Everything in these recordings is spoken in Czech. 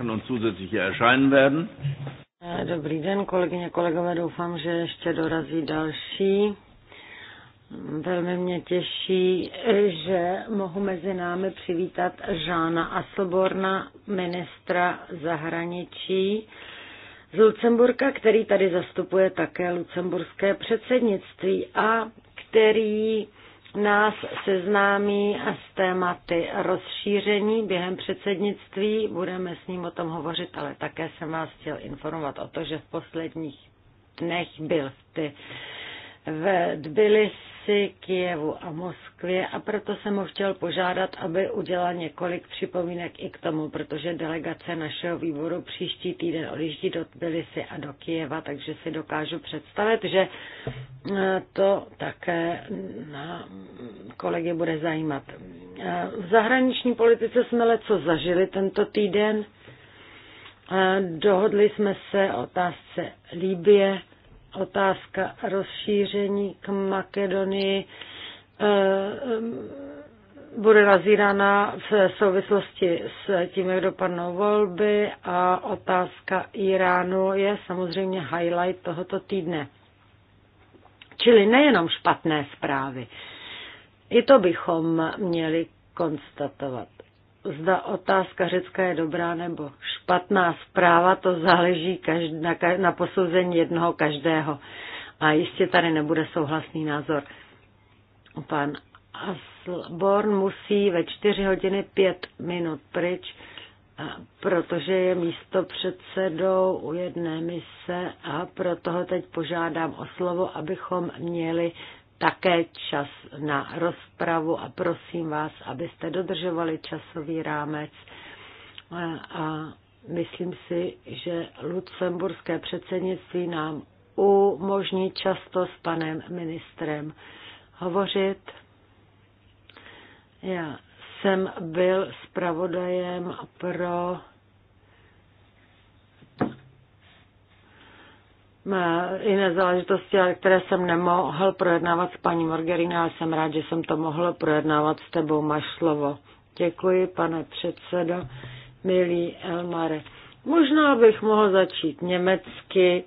und zusätzliche erscheinen werden. Eh, dobrý den, kolegyně, kolegové, doufám, že ještě dorazí další. Velmi mě těší, že mohu mezi námi přivítat Žána Asoborna, ministra zahraničí z Lucemburka, který tady zastupuje také lucemburské předsednictví a který nás seznámí s tématy rozšíření během předsednictví. Budeme s ním o tom hovořit, ale také jsem vás chtěl informovat o to, že v posledních dnech byl v ty v Tbilisi, Kijevu a Moskvě a proto jsem ho chtěl požádat, aby udělal několik připomínek i k tomu, protože delegace našeho výboru příští týden odjíždí do Tbilisi a do Kijeva, takže si dokážu představit, že eh, to také na kolegy bude zajímat. Eh, v zahraniční politice jsme leco zažili tento týden. Eh, dohodli jsme se o otázce Líbie otázka rozšíření k Makedonii eh, bude nazírána v souvislosti s tím, jak dopadnou volby a otázka Iránu je samozřejmě highlight tohoto týdne. Čili nejenom špatné zprávy. I to bychom měli konstatovat zda otázka Řecka je dobrá nebo špatná zpráva, to záleží každý, na, na posouzení jednoho každého. A jistě tady nebude souhlasný názor. Pan Asborn musí ve 4 hodiny 5 minut pryč, protože je místo předsedou u jedné mise a proto ho teď požádám o slovo, abychom měli také čas na rozpravu a prosím vás, abyste dodržovali časový rámec a myslím si, že lucemburské předsednictví nám umožní často s panem ministrem hovořit. Já jsem byl zpravodajem pro jiné záležitosti, které jsem nemohl projednávat s paní Morgerina, ale jsem rád, že jsem to mohl projednávat s tebou. Máš slovo. Děkuji, pane předsedo, milý Elmare. Možná bych mohl začít německy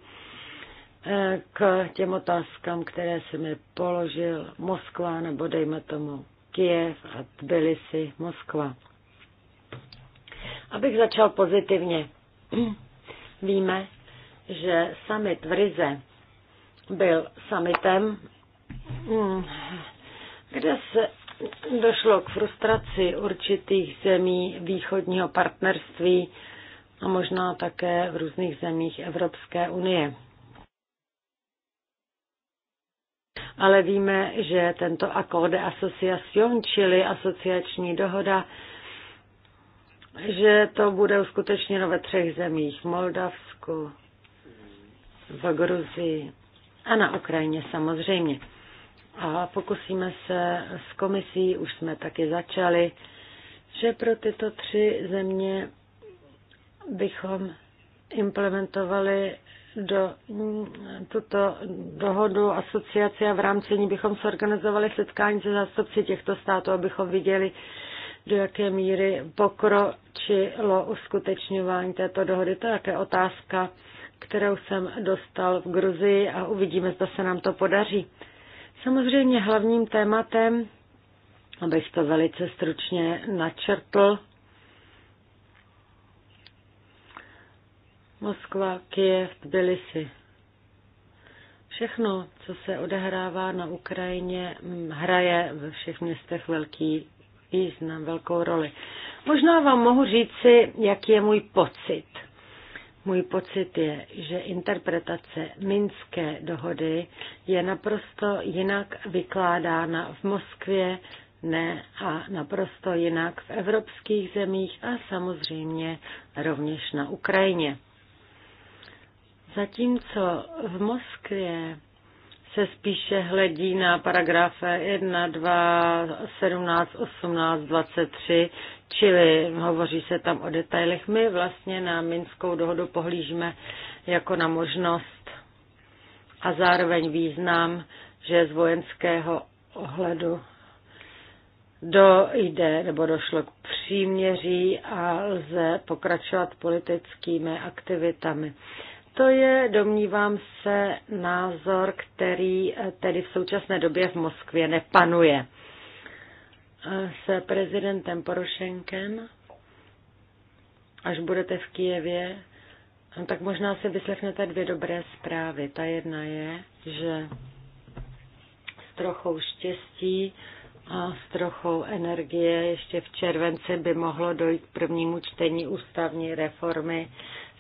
eh, k těm otázkám, které se mi položil Moskva, nebo dejme tomu Kiev a Tbilisi, Moskva. Abych začal pozitivně. Víme, že summit v Rize byl summitem, mm, kde se došlo k frustraci určitých zemí východního partnerství a možná také v různých zemích Evropské unie. Ale víme, že tento akord de association, čili asociační dohoda, že to bude uskutečněno ve třech zemích. Moldavsku, v Gruzii a na Ukrajině samozřejmě. A pokusíme se s komisí, už jsme taky začali, že pro tyto tři země bychom implementovali do tuto dohodu asociace a v rámci ní bychom se organizovali setkání se zástupci těchto států, abychom viděli, do jaké míry pokročilo uskutečňování této dohody. To je také otázka kterou jsem dostal v Gruzii a uvidíme, zda se nám to podaří. Samozřejmě hlavním tématem, abych to velice stručně načrtl, Moskva, Kiev, Tbilisi. Všechno, co se odehrává na Ukrajině, hraje ve všech městech velký význam, velkou roli. Možná vám mohu říci, jaký je můj pocit – můj pocit je, že interpretace Minské dohody je naprosto jinak vykládána v Moskvě ne a naprosto jinak v evropských zemích a samozřejmě rovněž na Ukrajině. Zatímco v Moskvě se spíše hledí na paragrafe 1, 2, 17, 18, 23 Čili hovoří se tam o detailech. My vlastně na Minskou dohodu pohlížíme jako na možnost a zároveň význam, že z vojenského ohledu dojde nebo došlo k příměří a lze pokračovat politickými aktivitami. To je, domnívám se, názor, který tedy v současné době v Moskvě nepanuje s prezidentem Porošenkem, až budete v Kijevě, no tak možná si vyslechnete dvě dobré zprávy. Ta jedna je, že s trochou štěstí a s trochou energie ještě v červenci by mohlo dojít k prvnímu čtení ústavní reformy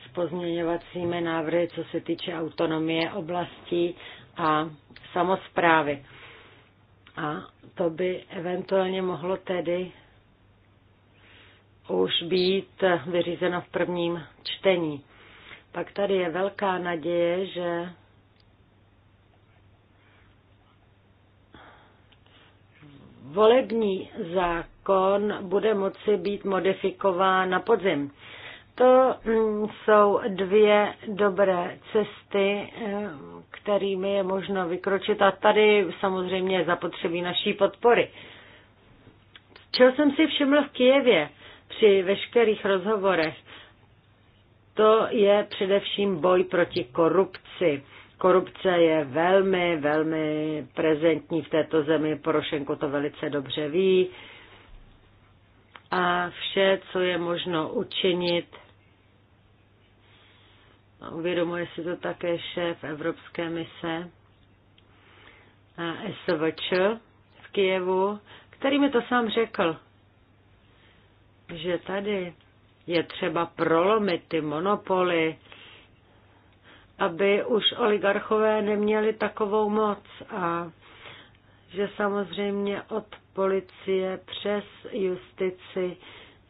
s pozměňovacími návrhy, co se týče autonomie oblastí a samozprávy. A to by eventuálně mohlo tedy už být vyřízeno v prvním čtení. Pak tady je velká naděje, že volební zákon bude moci být modifikován na podzim. To mm, jsou dvě dobré cesty, kterými je možno vykročit a tady samozřejmě zapotřebí naší podpory. Čeho jsem si všiml v Kijevě při veškerých rozhovorech, to je především boj proti korupci. Korupce je velmi, velmi prezentní v této zemi, Porošenko to velice dobře ví. A vše, co je možno učinit, a uvědomuje si to také šéf Evropské mise SVČ v Kijevu, který mi to sám řekl, že tady je třeba prolomit ty monopoly, aby už oligarchové neměli takovou moc a že samozřejmě od policie přes justici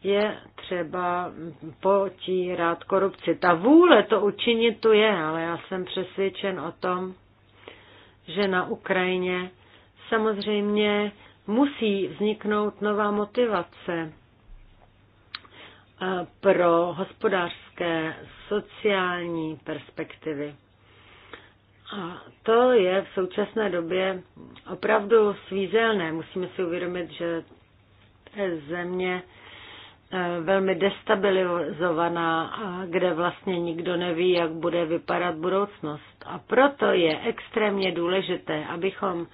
je třeba potírat korupci. Ta vůle to učinit tu je, ale já jsem přesvědčen o tom, že na Ukrajině samozřejmě musí vzniknout nová motivace eh, pro hospodářské, sociální perspektivy. A to je v současné době opravdu svízelné. Musíme si uvědomit, že země Eh, velmi destabilizovaná, kde vlastně nikdo neví, jak bude vypadat budoucnost. A proto je extrémně důležité, abychom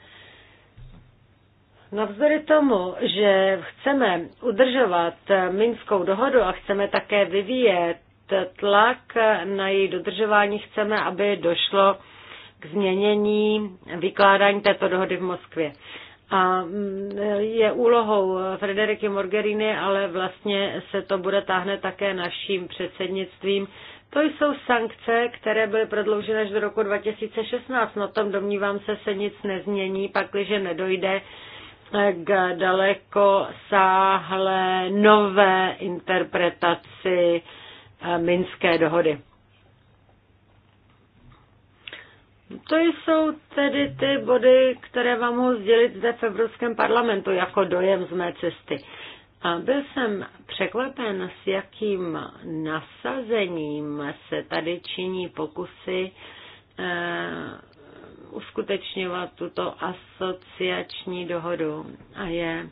Navzdory tomu, že chceme udržovat Minskou dohodu a chceme také vyvíjet tlak na její dodržování, chceme, aby došlo k změnění vykládání této dohody v Moskvě a mm, je úlohou Frederiky Morgerini, ale vlastně se to bude táhne také naším předsednictvím. To jsou sankce, které byly prodlouženy až do roku 2016. Na no, tom domnívám se se nic nezmění, pakliže nedojde k daleko sáhlé nové interpretaci eh, Minské dohody. To jsou tedy ty body, které vám mohu sdělit zde v Evropském parlamentu jako dojem z mé cesty. A byl jsem překvapen, s jakým nasazením se tady činí pokusy eh, uskutečňovat tuto asociační dohodu. A je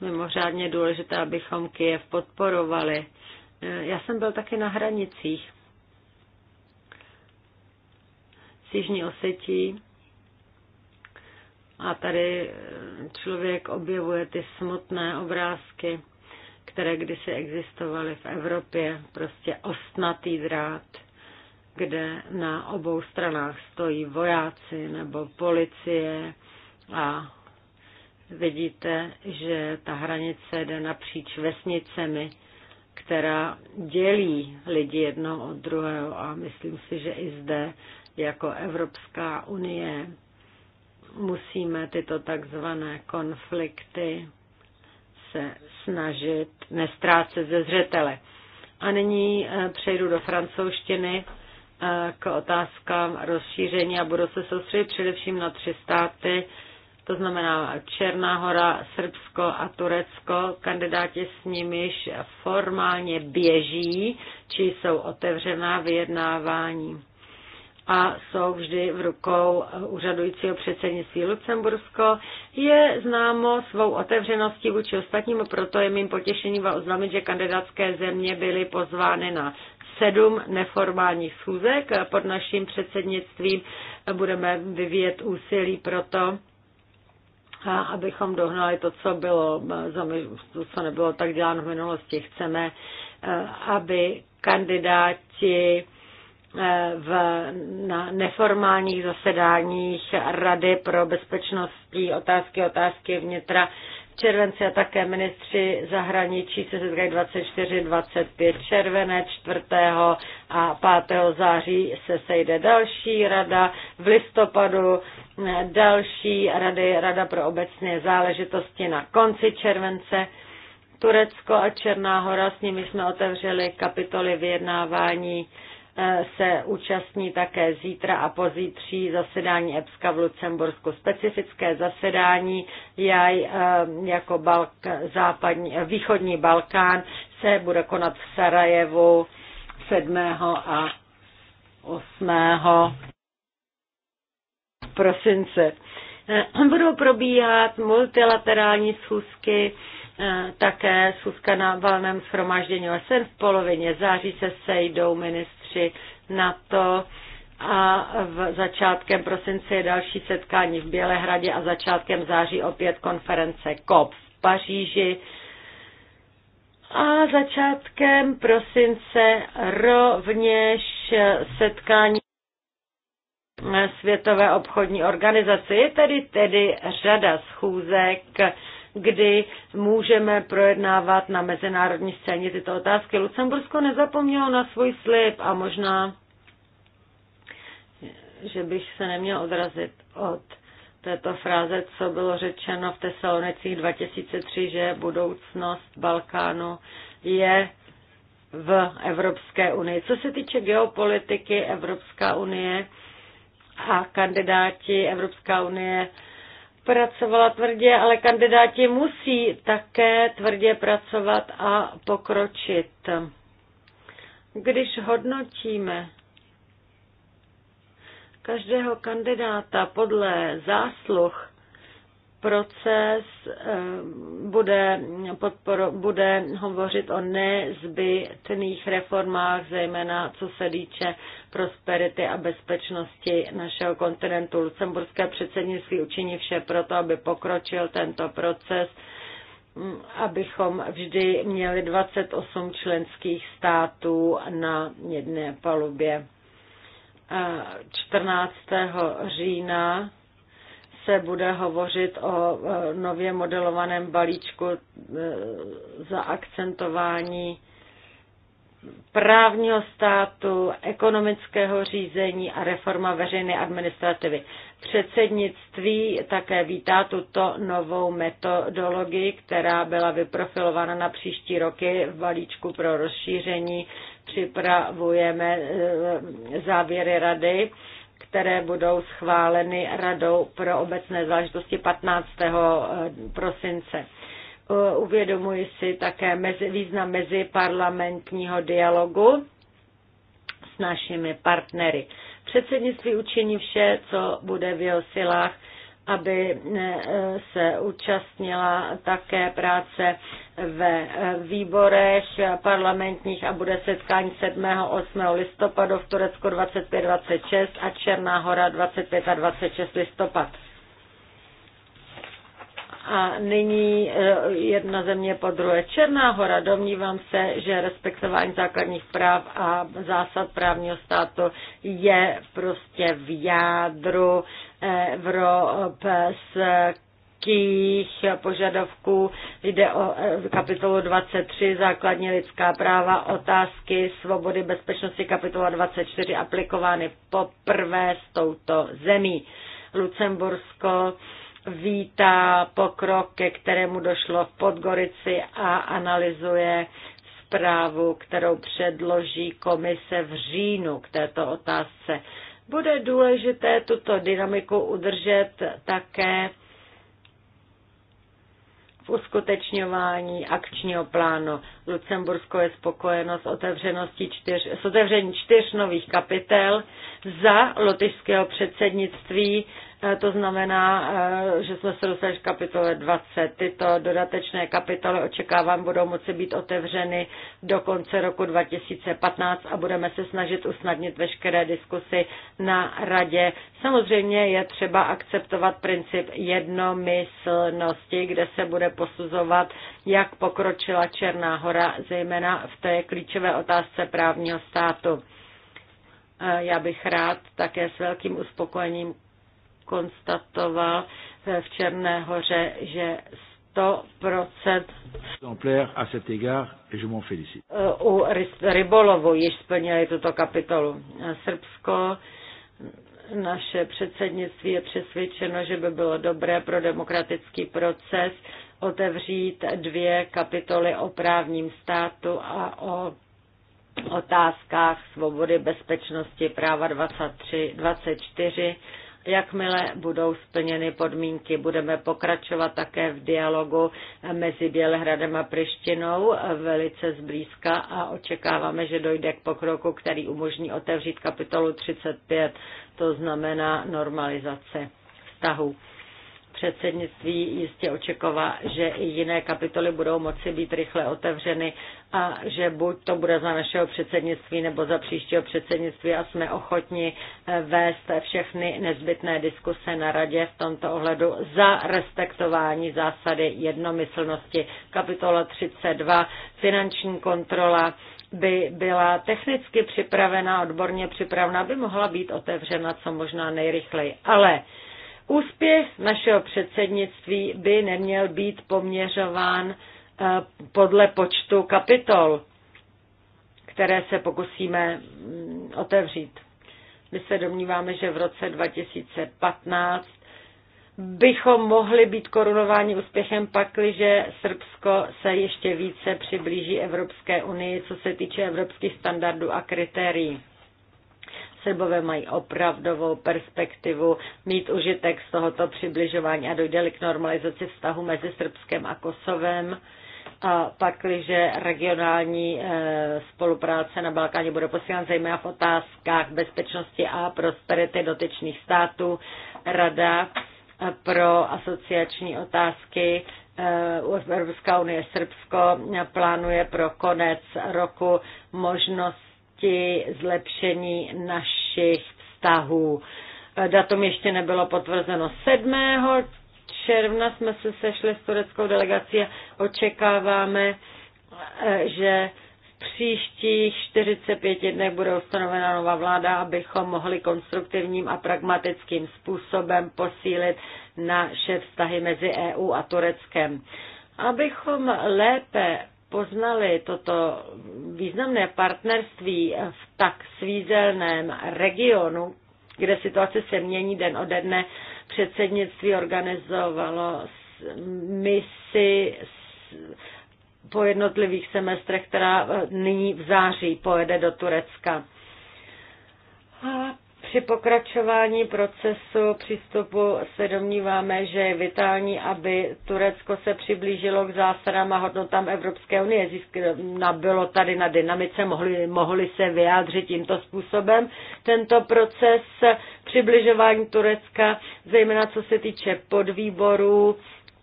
mimořádně důležité, abychom Kiev podporovali. Eh, já jsem byl taky na hranicích Jižní Osetí. A tady eh, člověk objevuje ty smutné obrázky, které kdysi existovaly v Evropě, prostě ostnatý drát, kde na obou stranách stojí vojáci nebo policie a vidíte, že ta hranice jde napříč vesnicemi, která dělí lidi jednoho od druhého a myslím si, že i zde jako Evropská unie musíme tyto takzvané konflikty se snažit nestrácet ze zřetele. A nyní eh, přejdu do francouzštiny eh, k otázkám rozšíření a budu se soustředit především na tři státy, to znamená Černá hora, Srbsko a Turecko. Kandidáti s nimiž formálně běží, či jsou otevřená vyjednávání a jsou vždy v rukou úřadujícího předsednictví Lucembursko, je známo svou otevřeností vůči ostatním, proto je mým potěšením oznámit, že kandidátské země byly pozvány na sedm neformálních schůzek. Pod naším předsednictvím budeme vyvíjet úsilí pro to, abychom dohnali to, co, bylo, to, co nebylo tak děláno v minulosti. Chceme, eh, aby kandidáti Eh, v, na neformálních zasedáních Rady pro bezpečnostní otázky, otázky vnitra v červenci a také ministři zahraničí se setkají 24, 25 červené, 4. a 5. září se sejde další rada, v listopadu eh, další rady, Rada pro obecné záležitosti na konci července. Turecko a Černá hora, s nimi jsme otevřeli kapitoly vyjednávání Eh, se účastní také zítra a pozítří zasedání EPSKA v Lucembursku. Specifické zasedání jaj eh, jako Balk- západní, eh, východní Balkán se bude konat v Sarajevu 7. a 8. prosince. Budou probíhat multilaterální schůzky Eh, také schůzka na valném schromáždění OSN v polovině září se sejdou ministři NATO a v začátkem prosince je další setkání v Bělehradě a začátkem září opět konference COP v Paříži a začátkem prosince rovněž setkání Světové obchodní organizace. Je tedy tedy řada schůzek kdy můžeme projednávat na mezinárodní scéně tyto otázky. Lucembursko nezapomnělo na svůj slib a možná, že bych se neměl odrazit od této fráze, co bylo řečeno v Tesalonicích 2003, že budoucnost Balkánu je v Evropské unii. Co se týče geopolitiky, Evropská unie a kandidáti Evropská unie pracovala tvrdě, ale kandidáti musí také tvrdě pracovat a pokročit. Když hodnotíme každého kandidáta podle zásluh, proces eh, bude, podporo, bude hovořit o nezbytných reformách, zejména co se týče prosperity a bezpečnosti našeho kontinentu. Lucemburské předsednictví učiní vše proto, aby pokročil tento proces, abychom vždy měli 28 členských států na jedné palubě. 14. Eh, října se bude hovořit o e, nově modelovaném balíčku e, za akcentování právního státu, ekonomického řízení a reforma veřejné administrativy. Předsednictví také vítá tuto novou metodologii, která byla vyprofilována na příští roky v balíčku pro rozšíření. Připravujeme e, závěry rady které budou schváleny Radou pro obecné záležitosti 15. Eh, prosince. Eh, uvědomuji si také mezi, význam mezi parlamentního dialogu s našimi partnery. Předsednictví učiní vše, co bude v jeho silách, aby eh, se účastnila také práce ve eh, výborech parlamentních a bude setkání 7. 8. listopadu v Turecku 25-26 a Černá hora 25 a 26 listopad. A nyní eh, jedna země po druhé. Černá hora, domnívám se, že respektování základních práv a zásad právního státu je prostě v jádru evropských požadavků. Jde o eh, kapitolu 23, základní lidská práva, otázky svobody bezpečnosti, kapitola 24, aplikovány poprvé s touto zemí. Lucembursko vítá pokrok, ke kterému došlo v Podgorici a analyzuje zprávu, kterou předloží komise v říjnu k této otázce. Bude důležité tuto dynamiku udržet také v uskutečňování akčního plánu. Lucembursko je spokojeno s, otevřeností čtyř, s otevření čtyř nových kapitel za lotyšského předsednictví E, to znamená, e, že jsme se dostali v kapitole 20. Tyto dodatečné kapitoly očekávám budou moci být otevřeny do konce roku 2015 a budeme se snažit usnadnit veškeré diskusy na radě. Samozřejmě je třeba akceptovat princip jednomyslnosti, kde se bude posuzovat, jak pokročila Černá hora, zejména v té klíčové otázce právního státu. E, já bych rád také s velkým uspokojením konstatoval v Černé hoře, že 100% je eh, u rybolovu již splnili tuto kapitolu. Srbsko naše předsednictví je přesvědčeno, že by bylo dobré pro demokratický proces otevřít dvě kapitoly o právním státu a o otázkách svobody, bezpečnosti, práva 23, 24 Jakmile budou splněny podmínky, budeme pokračovat také v dialogu mezi Bělehradem a Prištinou velice zblízka a očekáváme, že dojde k pokroku, který umožní otevřít kapitolu 35, to znamená normalizace vztahu předsednictví jistě očekává, že i jiné kapitoly budou moci být rychle otevřeny a že buď to bude za našeho předsednictví nebo za příštího předsednictví a jsme ochotni eh, vést všechny nezbytné diskuse na radě v tomto ohledu za respektování zásady jednomyslnosti. Kapitola 32, finanční kontrola, by byla technicky připravena, odborně připravena, by mohla být otevřena co možná nejrychleji. Ale Úspěch našeho předsednictví by neměl být poměřován eh, podle počtu kapitol, které se pokusíme mm, otevřít. My se domníváme, že v roce 2015 bychom mohli být korunováni úspěchem pakliže Srbsko se ještě více přiblíží Evropské unii, co se týče evropských standardů a kritérií. Srbové mají opravdovou perspektivu mít užitek z tohoto přibližování a dojde k normalizaci vztahu mezi Srbskem a Kosovem. A pakliže regionální e, spolupráce na Balkáně bude posílána zejména v otázkách bezpečnosti a prosperity dotyčných států, Rada e, pro asociační otázky e, Evropská unie Srbsko plánuje pro konec roku možnost oblasti zlepšení našich vztahů. Datum ještě nebylo potvrzeno 7. června jsme se sešli s tureckou delegací a očekáváme, eh, že příštích 45 dnech bude ustanovena nová vláda, abychom mohli konstruktivním a pragmatickým způsobem posílit naše vztahy mezi EU a Tureckem. Abychom lépe poznali toto významné partnerství v tak svízelném regionu, kde situace se mění den ode dne, předsednictví organizovalo misi po jednotlivých semestrech, která eh, nyní v září pojede do Turecka. A při pokračování procesu přístupu se domníváme, že je vitální, aby Turecko se přiblížilo k zásadám a hodnotám Evropské unie. Bylo tady na dynamice, mohli, mohli se vyjádřit tímto způsobem. Tento proces přibližování Turecka, zejména co se týče podvýborů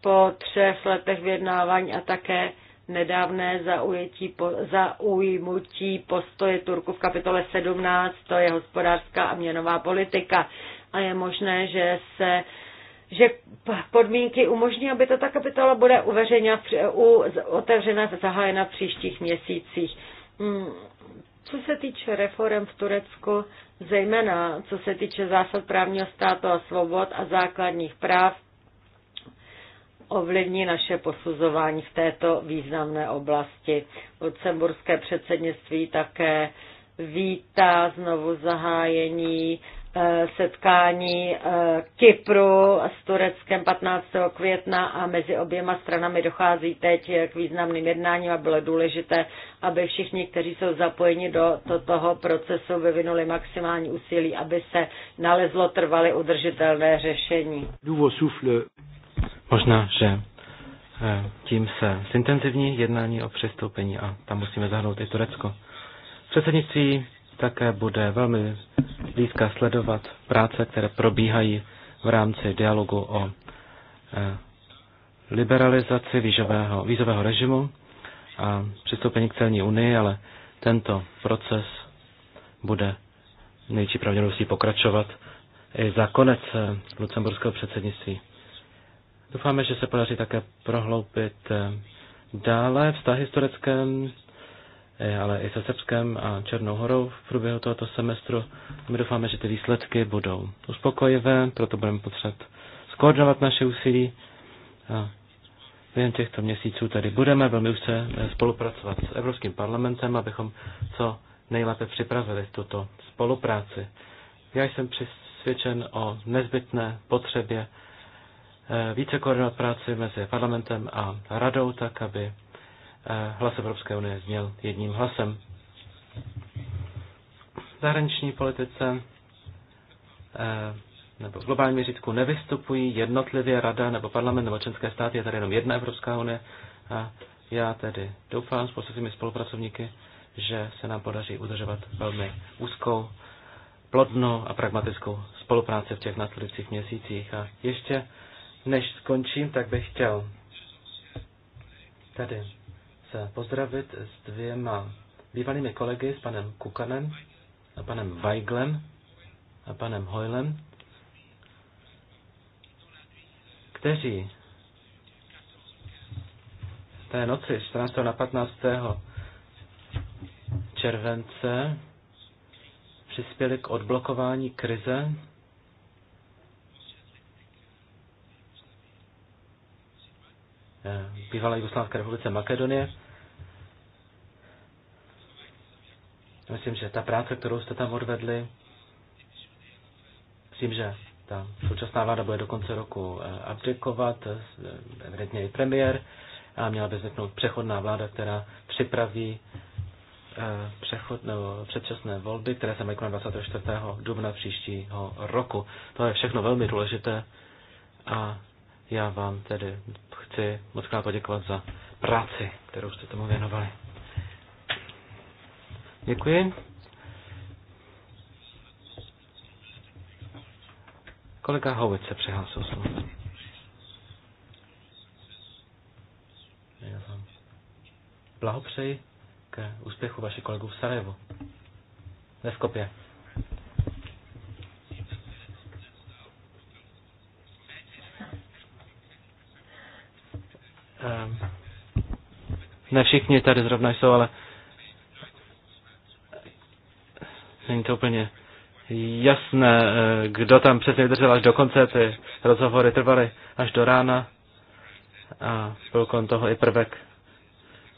po třech letech vyjednávání a také nedávné zaujetí, zaujmutí postoje Turku v kapitole 17, to je hospodářská a měnová politika. A je možné, že se že podmínky umožní, aby tato kapitola bude uveřejněna, u, otevřena, zahájena v příštích měsících. Hmm, co se týče reform v Turecku, zejména co se týče zásad právního státu a svobod a základních práv, ovlivní naše posuzování v této významné oblasti. Lucemburské předsednictví také vítá znovu zahájení eh, setkání eh, Kypru s Tureckem 15. května a mezi oběma stranami dochází teď k významným jednáním a bylo důležité, aby všichni, kteří jsou zapojeni do toho procesu, vyvinuli maximální úsilí, aby se nalezlo trvalé udržitelné řešení. Možná, že eh, tím se zintenzivní jednání o přistoupení a tam musíme zahrnout i Turecko. Předsednictví také bude velmi blízka sledovat práce, které probíhají v rámci dialogu o eh, liberalizaci vízového, vízového režimu a přistoupení k celní unii, ale tento proces bude největší pravděpodobností pokračovat i za konec eh, lucemburského předsednictví. Doufáme, že se podaří také prohloubit eh, dále vztahy s Tureckem, eh, ale i se Srbskem a Černou horou v průběhu tohoto semestru. My doufáme, že ty výsledky budou uspokojivé, proto budeme potřebovat skoordinovat naše úsilí. A během těchto měsíců tady budeme velmi se eh, spolupracovat s Evropským parlamentem, abychom co nejlépe připravili tuto spolupráci. Já jsem přesvědčen o nezbytné potřebě Eh, více koordinovat práci mezi parlamentem a radou, tak aby eh, hlas Evropské unie zněl jedním hlasem. V zahraniční politice eh, nebo v globálním měřítku nevystupují jednotlivě rada nebo parlament nebo členské státy, je tady jenom jedna Evropská unie a já tedy doufám s posledními spolupracovníky, že se nám podaří udržovat velmi úzkou, plodnou a pragmatickou spolupráci v těch následujících měsících. A ještě než skončím, tak bych chtěl tady se pozdravit s dvěma bývalými kolegy, s panem Kukanem a panem Weiglem a panem Hoylem, kteří té noci 14. na 15. července přispěli k odblokování krize Eh, bývalé Jugoslávské republice Makedonie. Myslím, že ta práce, kterou jste tam odvedli, myslím, že ta současná vláda bude do konce roku eh, abdikovat, eh, evidentně i premiér, a měla by vzniknout přechodná vláda, která připraví přechod, nebo předčasné volby, které se mají konat 24. dubna příštího roku. To je všechno velmi důležité a já vám tedy chci moc krát poděkovat za práci, kterou jste tomu věnovali. Děkuji. Kolega Howitt se přihlásil slovo. blahopřeji k úspěchu vašich kolegů v Sarajevu. Ve Skopě. Eh, ne všichni tady zrovna jsou, ale není to úplně jasné, eh, kdo tam přesně držel až do konce, ty rozhovory trvaly až do rána a byl kon toho i prvek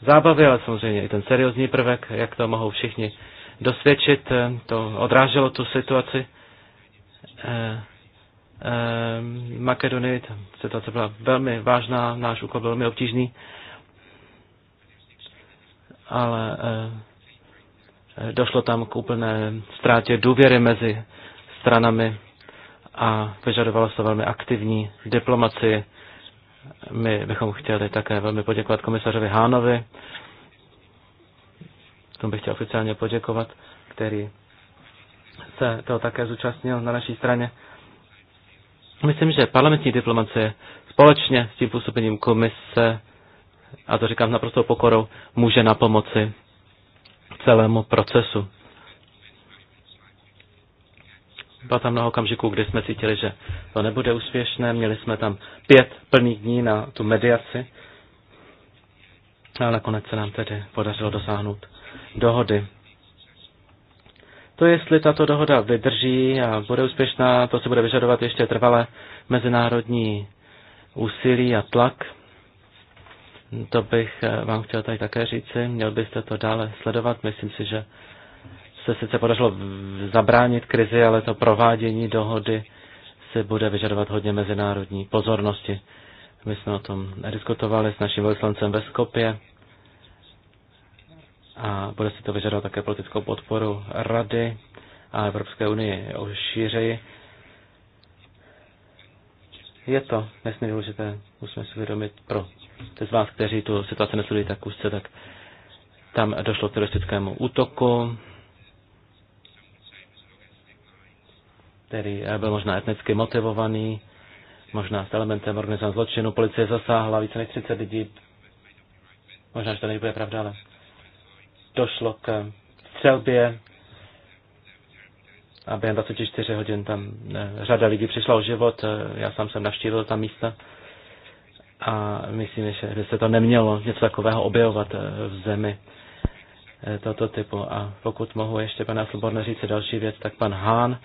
zábavy, ale samozřejmě i ten seriózní prvek, jak to mohou všichni dosvědčit, eh, to odráželo tu situaci. Ehm, Makedonii. Ta situace byla velmi vážná, náš úkol byl velmi obtížný. Ale eh, došlo tam k úplné ztrátě důvěry mezi stranami a vyžadovalo se velmi aktivní diplomaci. My bychom chtěli také velmi poděkovat komisařovi Hánovi, tomu bych chtěl oficiálně poděkovat, který se to také zúčastnil na naší straně. Myslím, že parlamentní diplomacie společně s tím působením komise, a to říkám naprosto pokorou, může na pomoci celému procesu. Bylo tam mnoho okamžiků, kdy jsme cítili, že to nebude úspěšné. Měli jsme tam pět plných dní na tu mediaci, ale nakonec se nám tedy podařilo dosáhnout dohody. To, jestli tato dohoda vydrží a bude úspěšná, to se bude vyžadovat ještě trvalé mezinárodní úsilí a tlak. To bych eh, vám chtěl tady také říci. Měl byste to dále sledovat. Myslím si, že se sice podařilo zabránit krizi, ale to provádění dohody se bude vyžadovat hodně mezinárodní pozornosti. My jsme o tom diskutovali s naším vojslancem ve Skopě a bude si to vyžadovat také politickou podporu Rady a Evropské unie o šířeji. Je to nesmírně důležité, musíme si uvědomit pro ty z vás, kteří tu situaci nesledují tak úzce, tak tam došlo k teroristickému útoku, který byl možná etnicky motivovaný, možná s elementem organizovaného zločinu. Policie zasáhla více než 30 lidí. Možná, že to nebude pravda, ale došlo k střelbě a během 24 hodin tam eh, řada lidí přišla o život. Eh, já sám jsem navštívil ta místa a myslím, že by se to nemělo něco takového objevovat eh, v zemi tohoto typu. A pokud mohu ještě, pana Sloborne, říct další věc, tak pan Hán,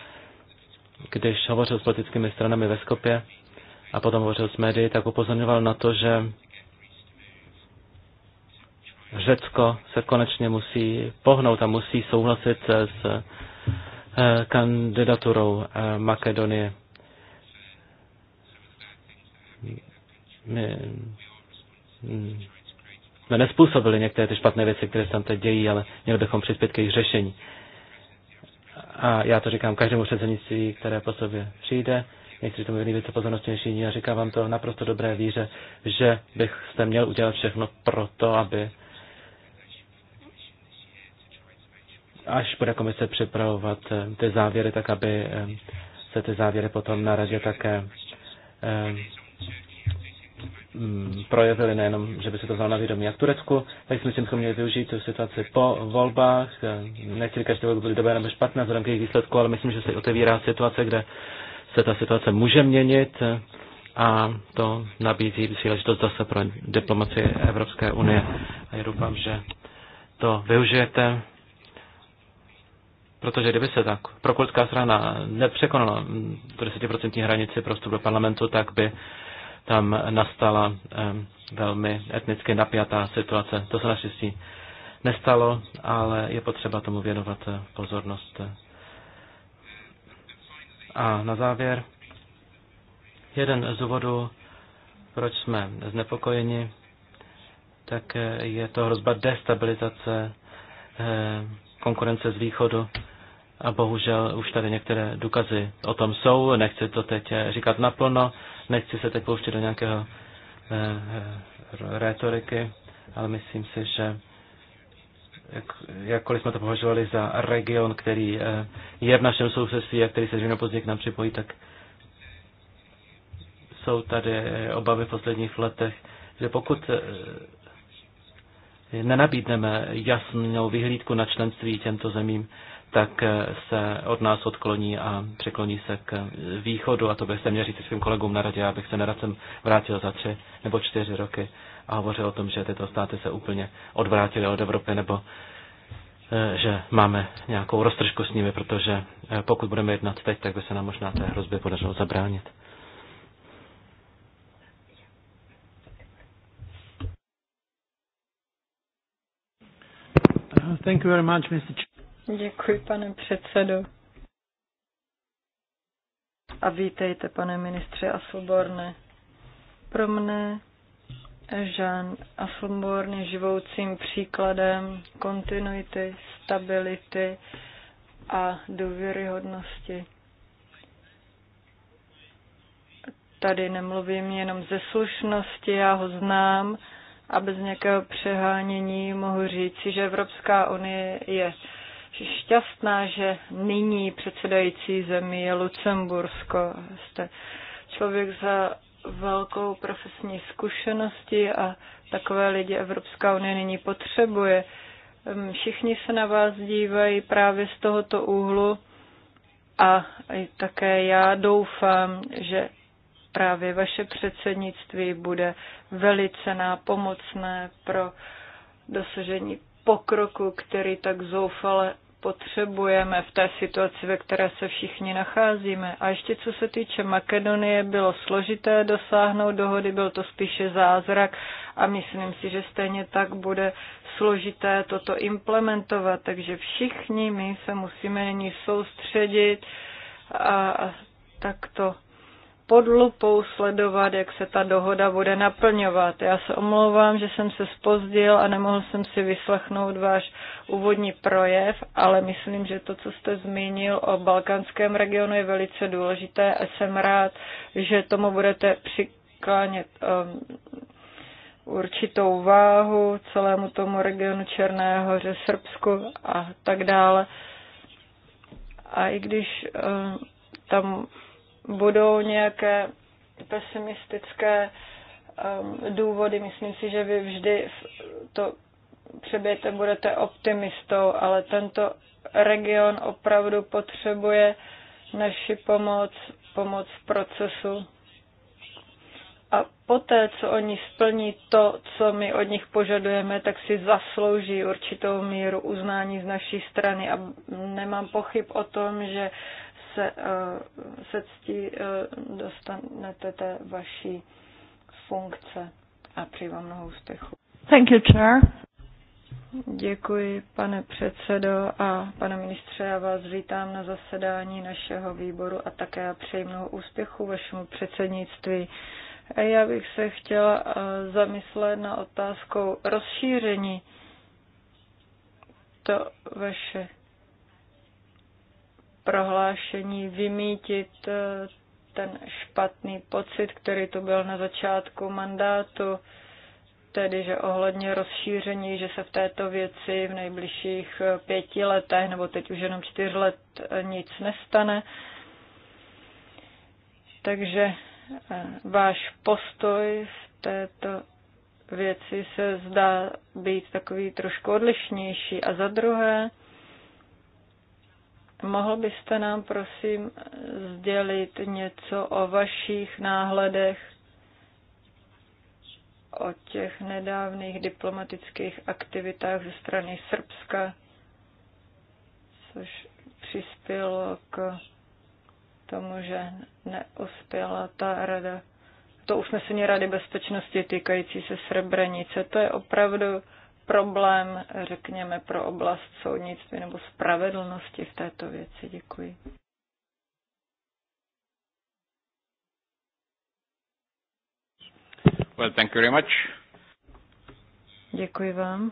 když hovořil s politickými stranami ve Skopě a potom hovořil s médií, tak upozorňoval na to, že Řecko se konečně musí pohnout a musí souhlasit s eh, kandidaturou eh, Makedonie. My, mm, jsme nespůsobili některé ty špatné věci, které se tam teď dějí, ale měli bychom přispět k jejich řešení. A já to říkám každému předsednictví, které po sobě přijde. Někteří tomu věnují více pozornosti než jiní a říkám vám to naprosto dobré víře, že byste měl udělat všechno pro to, aby až bude komise připravovat eh, ty závěry, tak aby eh, se ty závěry potom na radě také eh, mm, projevily nejenom, že by se to vzalo na vědomí jak v Turecku, tak si myslím, že měli využít tu situaci po volbách. Nechci říkat, že to byly dobré nebo špatné vzhledem k jejich výsledku, ale myslím, že se otevírá situace, kde se ta situace může měnit a to nabízí příležitost zase pro diplomaci Evropské unie. A já doufám, že to využijete. Protože kdyby se tak prokurská strana nepřekonala 10% hranici pro vstup do parlamentu, tak by tam nastala velmi etnicky napjatá situace. To se naštěstí nestalo, ale je potřeba tomu věnovat eh, pozornost. A na závěr, jeden z důvodů, proč jsme znepokojeni, tak eh, je to hrozba destabilizace eh, konkurence z východu. A bohužel už tady některé důkazy o tom jsou. Nechci to teď eh, říkat naplno, nechci se teď pouštět do nějakého eh, eh, retoriky, ale myslím si, že jakkoliv jsme to považovali za region, který je v našem sousedství a který se dřív později k nám připojí, tak jsou tady obavy v posledních letech, že pokud nenabídneme jasnou vyhlídku na členství těmto zemím, tak se od nás odkloní a překloní se k východu. A to bych se měl říct svým kolegům na radě, abych se nerad sem vrátil za tři nebo čtyři roky a hovořil o tom, že tyto státy se úplně odvrátily od Evropy nebo eh, že máme nějakou roztržku s nimi, protože eh, pokud budeme jednat teď, tak by se nám možná té hrozby podařilo zabránit. Thank you very much, Mr. Děkuji, pane předsedo. A vítejte, pane ministře Asoborne. Pro mne Jean Asoborne je živoucím příkladem kontinuity, stability a důvěryhodnosti. Tady nemluvím jenom ze slušnosti, já ho znám a bez nějakého přehánění mohu říci, že Evropská unie je šťastná, že nyní předsedající zemi je Lucembursko. Jste člověk za velkou profesní zkušenosti a takové lidi Evropská unie nyní potřebuje. Ehm, všichni se na vás dívají právě z tohoto úhlu a také já doufám, že právě vaše předsednictví bude velice nápomocné pro dosažení pokroku, který tak zoufale potřebujeme v té situaci, ve které se všichni nacházíme. A ještě co se týče Makedonie, bylo složité dosáhnout dohody, byl to spíše zázrak a myslím si, že stejně tak bude složité toto implementovat. Takže všichni my se musíme nyní soustředit a takto pod lupou sledovat, jak se ta dohoda bude naplňovat. Já se omlouvám, že jsem se spozdil a nemohl jsem si vyslechnout váš úvodní projev, ale myslím, že to, co jste zmínil o balkánském regionu, je velice důležité a jsem rád, že tomu budete přiklánět um, určitou váhu celému tomu regionu Černého hoře, Srbsku a tak dále. A i když um, tam budou nějaké pesimistické um, důvody. Myslím si, že vy vždy to přebějete, budete optimistou, ale tento region opravdu potřebuje naši pomoc, pomoc v procesu. A poté, co oni splní to, co my od nich požadujeme, tak si zaslouží určitou míru uznání z naší strany. A nemám pochyb o tom, že se, uh, se cti uh, dostanete té vaší funkce a přeji vám mnoho úspěchu. Thank you, Chair. Děkuji, pane předsedo a pane ministře, já vás vítám na zasedání našeho výboru a také přeji mnoho úspěchu vašemu předsednictví. Já bych se chtěla eh, zamyslet na otázkou rozšíření to vaše prohlášení vymítit eh, ten špatný pocit, který tu byl na začátku mandátu, tedy že ohledně rozšíření, že se v této věci v nejbližších eh, pěti letech nebo teď už jenom čtyř let eh, nic nestane. Takže váš postoj v této věci se zdá být takový trošku odlišnější. A za druhé, Mohl byste nám prosím sdělit něco o vašich náhledech, o těch nedávných diplomatických aktivitách ze strany Srbska, což přispělo k tomu, že neuspěla ta rada, to usnesení Rady bezpečnosti týkající se Srebrenice. To je opravdu problém, řekněme, pro oblast soudnictví nebo spravedlnosti v této věci. Děkuji. Well, thank you very much. Děkuji vám.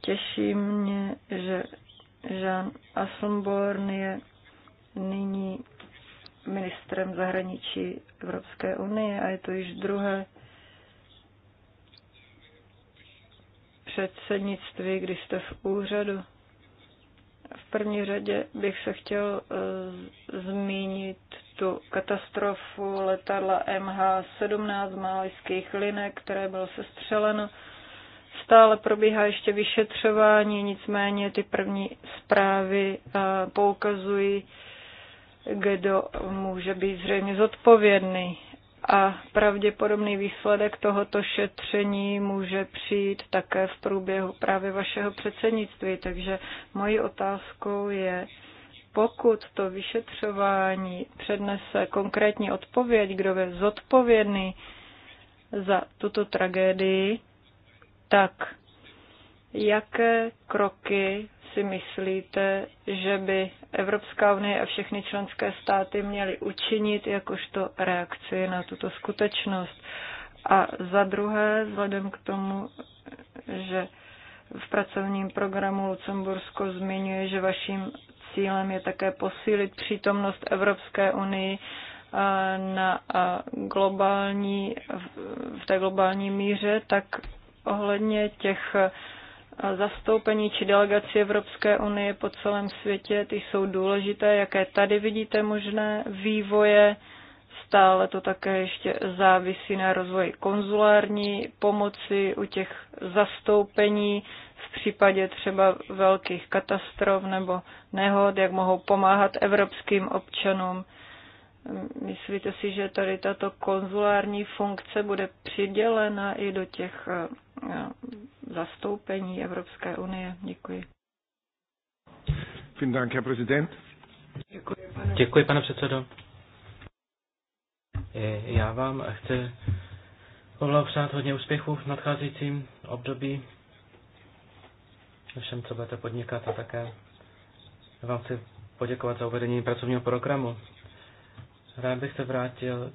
Těší mě, že Jean Asselborn je nyní ministrem zahraničí Evropské unie a je to již druhé předsednictví, když jste v úřadu. V první řadě bych se chtěl eh, zmínit tu katastrofu letadla MH17 malajských linek, které bylo sestřeleno. Stále probíhá ještě vyšetřování, nicméně ty první zprávy eh, poukazují, kdo může být zřejmě zodpovědný a pravděpodobný výsledek tohoto šetření může přijít také v průběhu právě vašeho předsednictví. Takže mojí otázkou je, pokud to vyšetřování přednese konkrétní odpověď, kdo je zodpovědný za tuto tragédii, tak jaké kroky si myslíte, že by Evropská unie a všechny členské státy měly učinit jakožto reakci na tuto skutečnost? A za druhé, vzhledem k tomu, že v pracovním programu Lucembursko zmiňuje, že vaším cílem je také posílit přítomnost Evropské unii eh, na eh, globální, v té globální míře, tak ohledně těch zastoupení či delegaci Evropské unie po celém světě, ty jsou důležité, jaké tady vidíte možné vývoje, stále to také ještě závisí na rozvoji konzulární pomoci u těch zastoupení v případě třeba velkých katastrof nebo nehod, jak mohou pomáhat evropským občanům. Myslíte si, že tady tato konzulární funkce bude přidělena i do těch eh, zastoupení Evropské unie? Děkuji. Děkuji, pane, Děkuji, pane předsedo. Eh, já vám chci poblahopřát hodně úspěchů v nadcházejícím období všem, co budete podnikat a také vám chci poděkovat za uvedení pracovního programu Rád bych se vrátil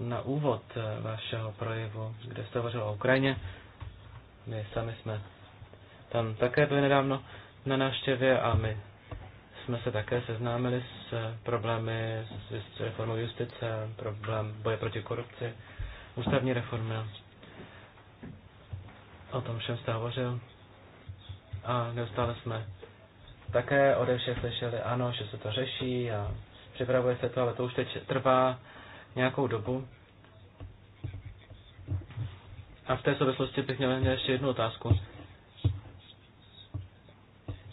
na úvod eh, vašeho projevu, kde jste hovořil o Ukrajině. My sami jsme tam také byli nedávno na návštěvě a my jsme se také seznámili s eh, problémy s reformou justice, problém boje proti korupci, ústavní reformy. O tom všem jste hovořil. A neustále jsme také ode všech slyšeli, ano, že se to řeší a připravuje se to, ale to už teď trvá nějakou dobu. A v té souvislosti bych měl ještě jednu otázku.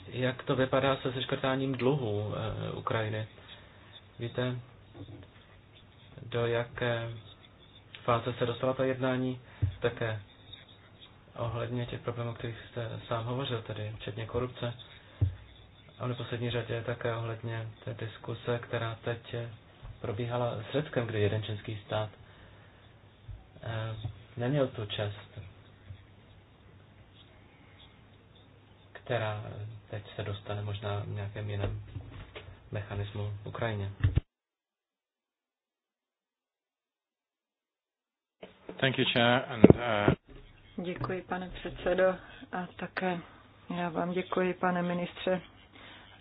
Jak to vypadá se seškrtáním dluhu e, eh, Ukrajiny? Víte, do jaké fáze se dostala ta jednání? Také ohledně těch problémů, o kterých jste sám hovořil, tedy včetně korupce ale v neposlední řadě také ohledně té diskuse, která teď probíhala s Řeckem, kdy jeden český stát eh, neměl tu čest, která teď se dostane možná v nějakém jiném mechanismu Ukrajině. Thank you, Chair, and, uh... Děkuji, pane předsedo, a také já vám děkuji, pane ministře,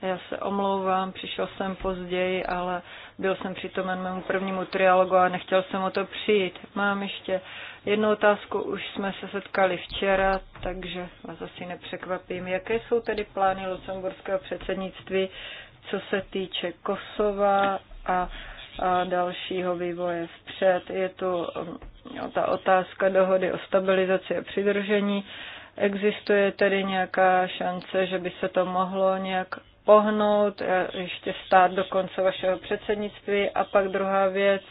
já se omlouvám, přišel jsem později, ale byl jsem přitomen mému prvnímu trialogu a nechtěl jsem o to přijít. Mám ještě jednu otázku, už jsme se setkali včera, takže vás asi nepřekvapím. Jaké jsou tedy plány lucemburského předsednictví, co se týče Kosova a, a dalšího vývoje vpřed? Je tu um, ta otázka dohody o stabilizaci a přidružení. Existuje tedy nějaká šance, že by se to mohlo nějak pohnout, eh, ještě stát do konce vašeho předsednictví. A pak druhá věc,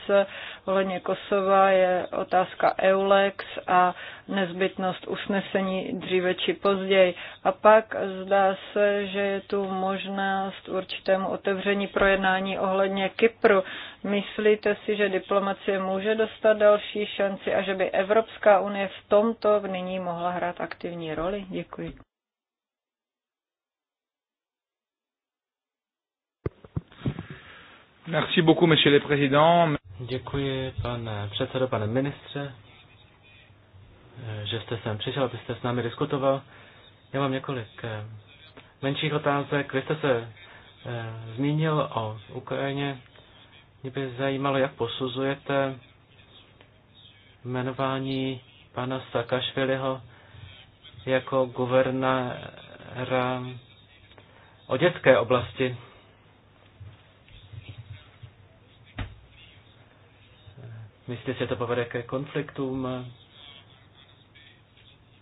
ohledně Kosova je otázka EULEX a nezbytnost usnesení dříve či později. A pak zdá se, že je tu možnost určitému otevření projednání ohledně Kypru. Myslíte si, že diplomacie může dostat další šanci a že by Evropská unie v tomto v nyní mohla hrát aktivní roli? Děkuji. Merci beaucoup, monsieur le président. Děkuji, pane předsedo, pane ministře, že jste sem přišel, abyste s námi diskutoval. Já mám několik eh, menších otázek. Vy jste se eh, zmínil o Ukrajině. Mě by zajímalo, jak posuzujete jmenování pana Sakašviliho jako guvernéra o dětské oblasti Myslíte, že to povede ke konfliktům?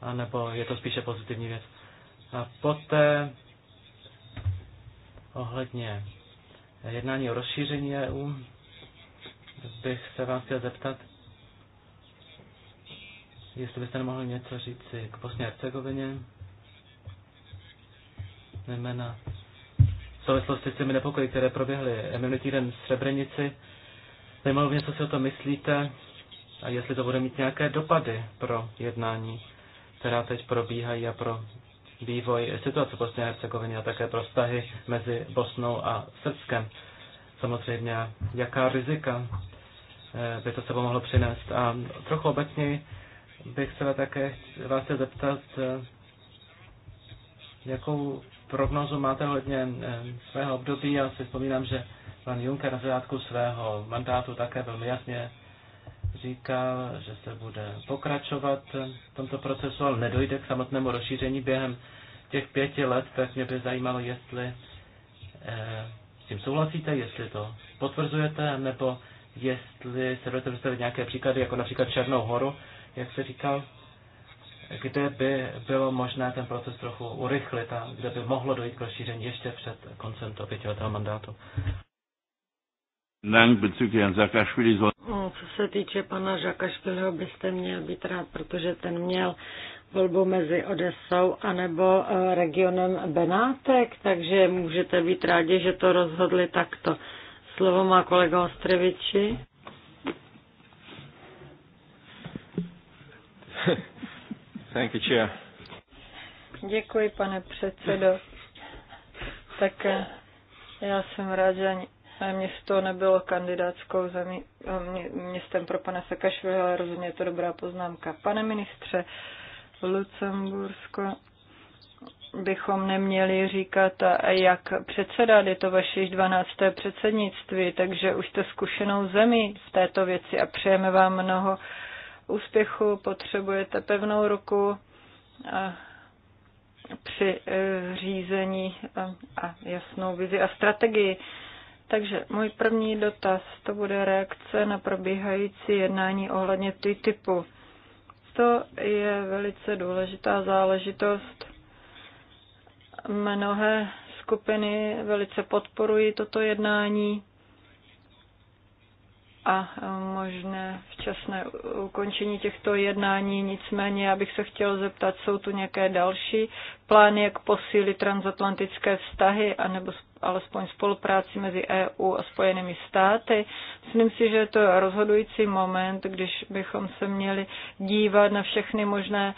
A nebo je to spíše pozitivní věc? A poté ohledně jednání o rozšíření EU bych se vás chtěl zeptat, jestli byste nemohli něco říci k Bosně a Hercegovině, zejména v souvislosti s těmi nepokoji, které proběhly minulý týden v Srebrenici, Zajímalo mě, co si o to myslíte a jestli to bude mít nějaké dopady pro jednání, která teď probíhají a pro vývoj situace Bosny a Hercegoviny a také pro vztahy mezi Bosnou a Srbskem. Samozřejmě, jaká rizika eh, by to sebou mohlo přinést. A trochu obecně bych se také vás chtěl zeptat, eh, jakou prognozu máte hodně eh, svého období. Já si vzpomínám, že Pan Juncker na začátku svého mandátu také velmi jasně říkal, že se bude pokračovat v tomto procesu, ale nedojde k samotnému rozšíření během těch pěti let, tak mě by zajímalo, jestli eh, s tím souhlasíte, jestli to potvrzujete, nebo jestli se budete představit nějaké příklady, jako například Černou horu, jak se říkal, kde by bylo možné ten proces trochu urychlit a kde by mohlo dojít k rozšíření ještě před koncem toho pětiletého mandátu. No, co se týče pana Žakašviliho, byste měl být rád, protože ten měl volbu mezi Odesou a nebo eh, regionem Benátek, takže můžete být rádi, že to rozhodli takto. Slovo má kolega Ostreviči. Thank you, chair. Děkuji, pane předsedo. Tak eh, já jsem rád, že ani město nebylo kandidátskou zemí, eh, městem pro pana Sakašvili, ale rozhodně je to dobrá poznámka. Pane ministře, Lucembursko bychom neměli říkat, eh, jak předsedat, je to vaše již 12. předsednictví, takže už jste zkušenou zemi v této věci a přejeme vám mnoho úspěchu, potřebujete pevnou ruku a eh, při řízení a jasnou vizi a strategii. Takže můj první dotaz, to bude reakce na probíhající jednání ohledně TTIPu. To je velice důležitá záležitost. Mnohé skupiny velice podporují toto jednání a e, možné včasné ukončení těchto jednání. Nicméně já bych se chtěl zeptat, jsou tu nějaké další plány, jak posílit transatlantické vztahy, anebo alespoň spolupráci mezi EU a Spojenými státy. Myslím si, že je to rozhodující moment, když bychom se měli dívat na všechny možné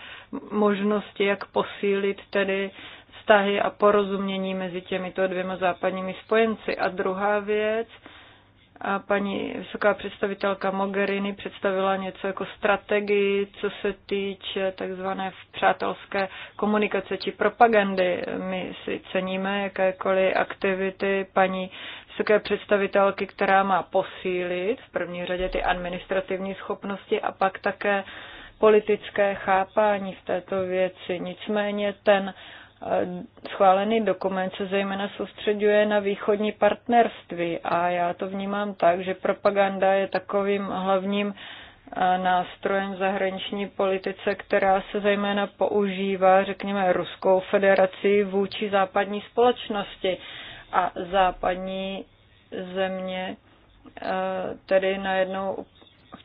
možnosti, jak posílit tedy vztahy a porozumění mezi těmito dvěma západními spojenci. A druhá věc, a paní vysoká představitelka Mogherini představila něco jako strategii, co se týče takzvané přátelské komunikace či propagandy. My si ceníme jakékoliv aktivity paní vysoké představitelky, která má posílit v první řadě ty administrativní schopnosti a pak také politické chápání v této věci. Nicméně ten Eh, schválený dokument se zejména soustředuje na východní partnerství a já to vnímám tak, že propaganda je takovým hlavním eh, nástrojem zahraniční politice, která se zejména používá, řekněme, Ruskou federaci vůči západní společnosti a západní země eh, tedy najednou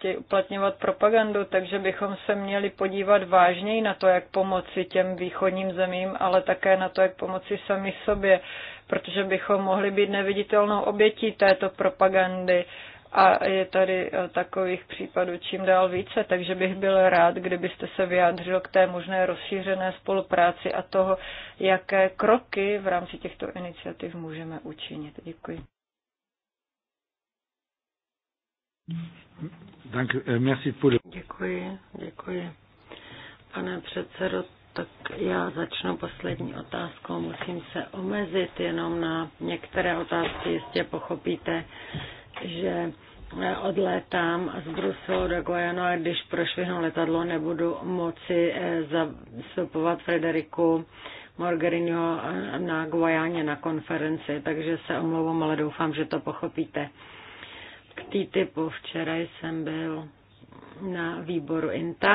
chtějí uplatňovat propagandu, takže bychom se měli podívat vážněji na to, jak pomoci těm východním zemím, ale také na to, jak pomoci sami sobě, protože bychom mohli být neviditelnou obětí této propagandy a je tady eh, takových případů čím dál více, takže bych byl rád, kdybyste se vyjádřil k té možné rozšířené spolupráci a toho, jaké kroky v rámci těchto iniciativ můžeme učinit. Děkuji. Eh, děkuji, děkuji. Pane předsedo, tak já začnu poslední otázkou. Musím se omezit jenom na některé otázky. Jistě pochopíte, že eh, odlétám z Bruselu do Gojano a když prošvihnu letadlo, nebudu moci eh, zastupovat Frederiku Morgeriniho na Guajáně na konferenci, takže se omlouvám, ale doufám, že to pochopíte. K typu. včera jsem byl na výboru INTA.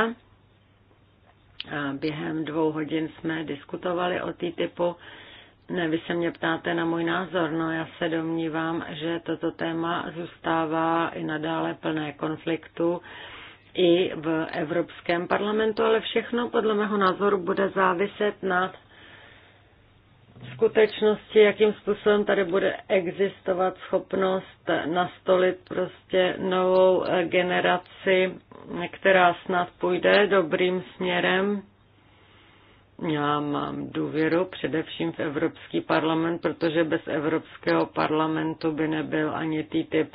A během dvou hodin jsme diskutovali o typu. Ne, vy se mě ptáte na můj názor, no já se domnívám, že toto téma zůstává i nadále plné konfliktu i v Evropském parlamentu, ale všechno podle mého názoru bude záviset na skutečnosti, jakým způsobem tady bude existovat schopnost nastolit prostě novou eh, generaci, která snad půjde dobrým směrem. Já mám důvěru především v Evropský parlament, protože bez Evropského parlamentu by nebyl ani TTIP,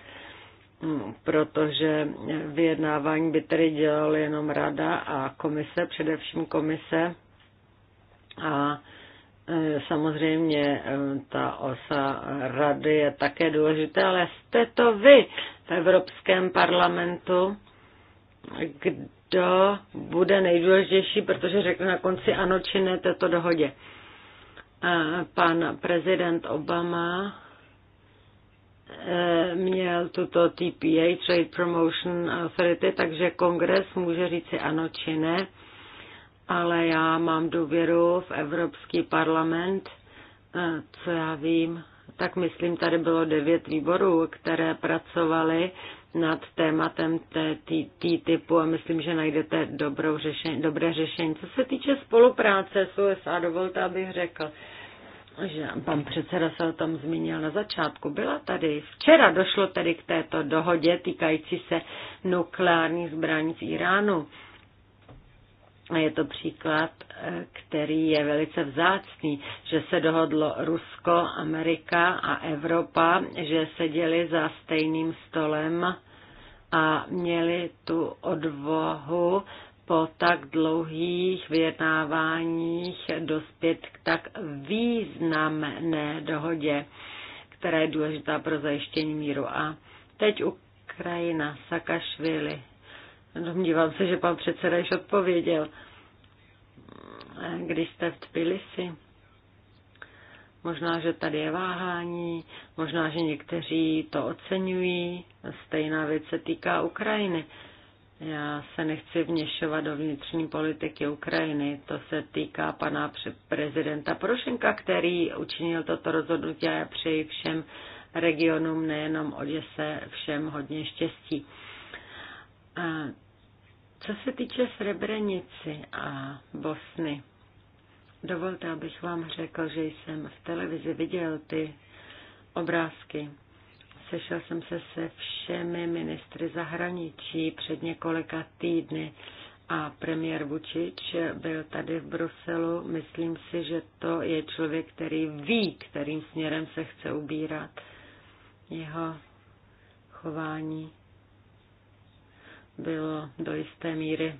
hm, protože vyjednávání by tedy dělal jenom rada a komise, především komise. A Eh, samozřejmě eh, ta osa rady je také důležitá, ale jste to vy v Evropském parlamentu, kdo bude nejdůležitější, protože řekne na konci ano či ne této dohodě. Eh, pan prezident Obama měl tuto TPA, Trade Promotion Authority, takže kongres může říci ano či ne ale já mám důvěru v Evropský parlament, eh, co já vím, tak myslím, tady bylo devět výborů, které pracovaly nad tématem typu a myslím, že najdete dobrou řešení, dobré řešení. Co se týče spolupráce s USA, dovolte, abych řekl, že pan předseda se o tom zmínil na začátku. Byla tady, včera došlo tedy k této dohodě týkající se nukleárních zbraní z Iránu. Je to příklad, eh, který je velice vzácný, že se dohodlo Rusko, Amerika a Evropa, že seděli za stejným stolem a měli tu odvohu po tak dlouhých vyjednáváních dospět k tak významné dohodě, která je důležitá pro zajištění míru. A teď Ukrajina, Sakašvili. Domnívám se, že pan předseda již odpověděl. Když jste v Tbilisi, možná, že tady je váhání, možná, že někteří to oceňují. Stejná věc se týká Ukrajiny. Já se nechci vněšovat do vnitřní politiky Ukrajiny. To se týká pana prezidenta Porošenka, který učinil toto rozhodnutí a já přeji všem regionům, nejenom Oděse, všem hodně štěstí. Co se týče Srebrenici a Bosny, dovolte, abych vám řekl, že jsem v televizi viděl ty obrázky. Sešel jsem se se všemi ministry zahraničí před několika týdny a premiér Vučič byl tady v Bruselu. Myslím si, že to je člověk, který ví, kterým směrem se chce ubírat. Jeho chování bylo do jisté míry.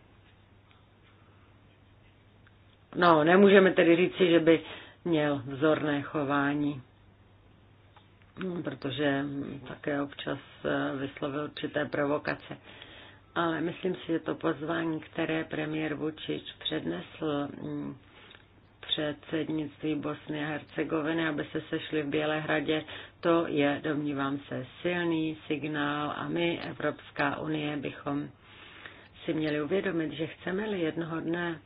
No, nemůžeme tedy říci, že by měl vzorné chování, protože také občas eh, vyslovil určité provokace. Ale myslím si, že to pozvání, které premiér Vučič přednesl mm, předsednictví Bosny a Hercegoviny, aby se sešli v Bělehradě. To je, domnívám se, silný signál a my, Evropská unie, bychom si měli uvědomit, že chceme-li jednoho dne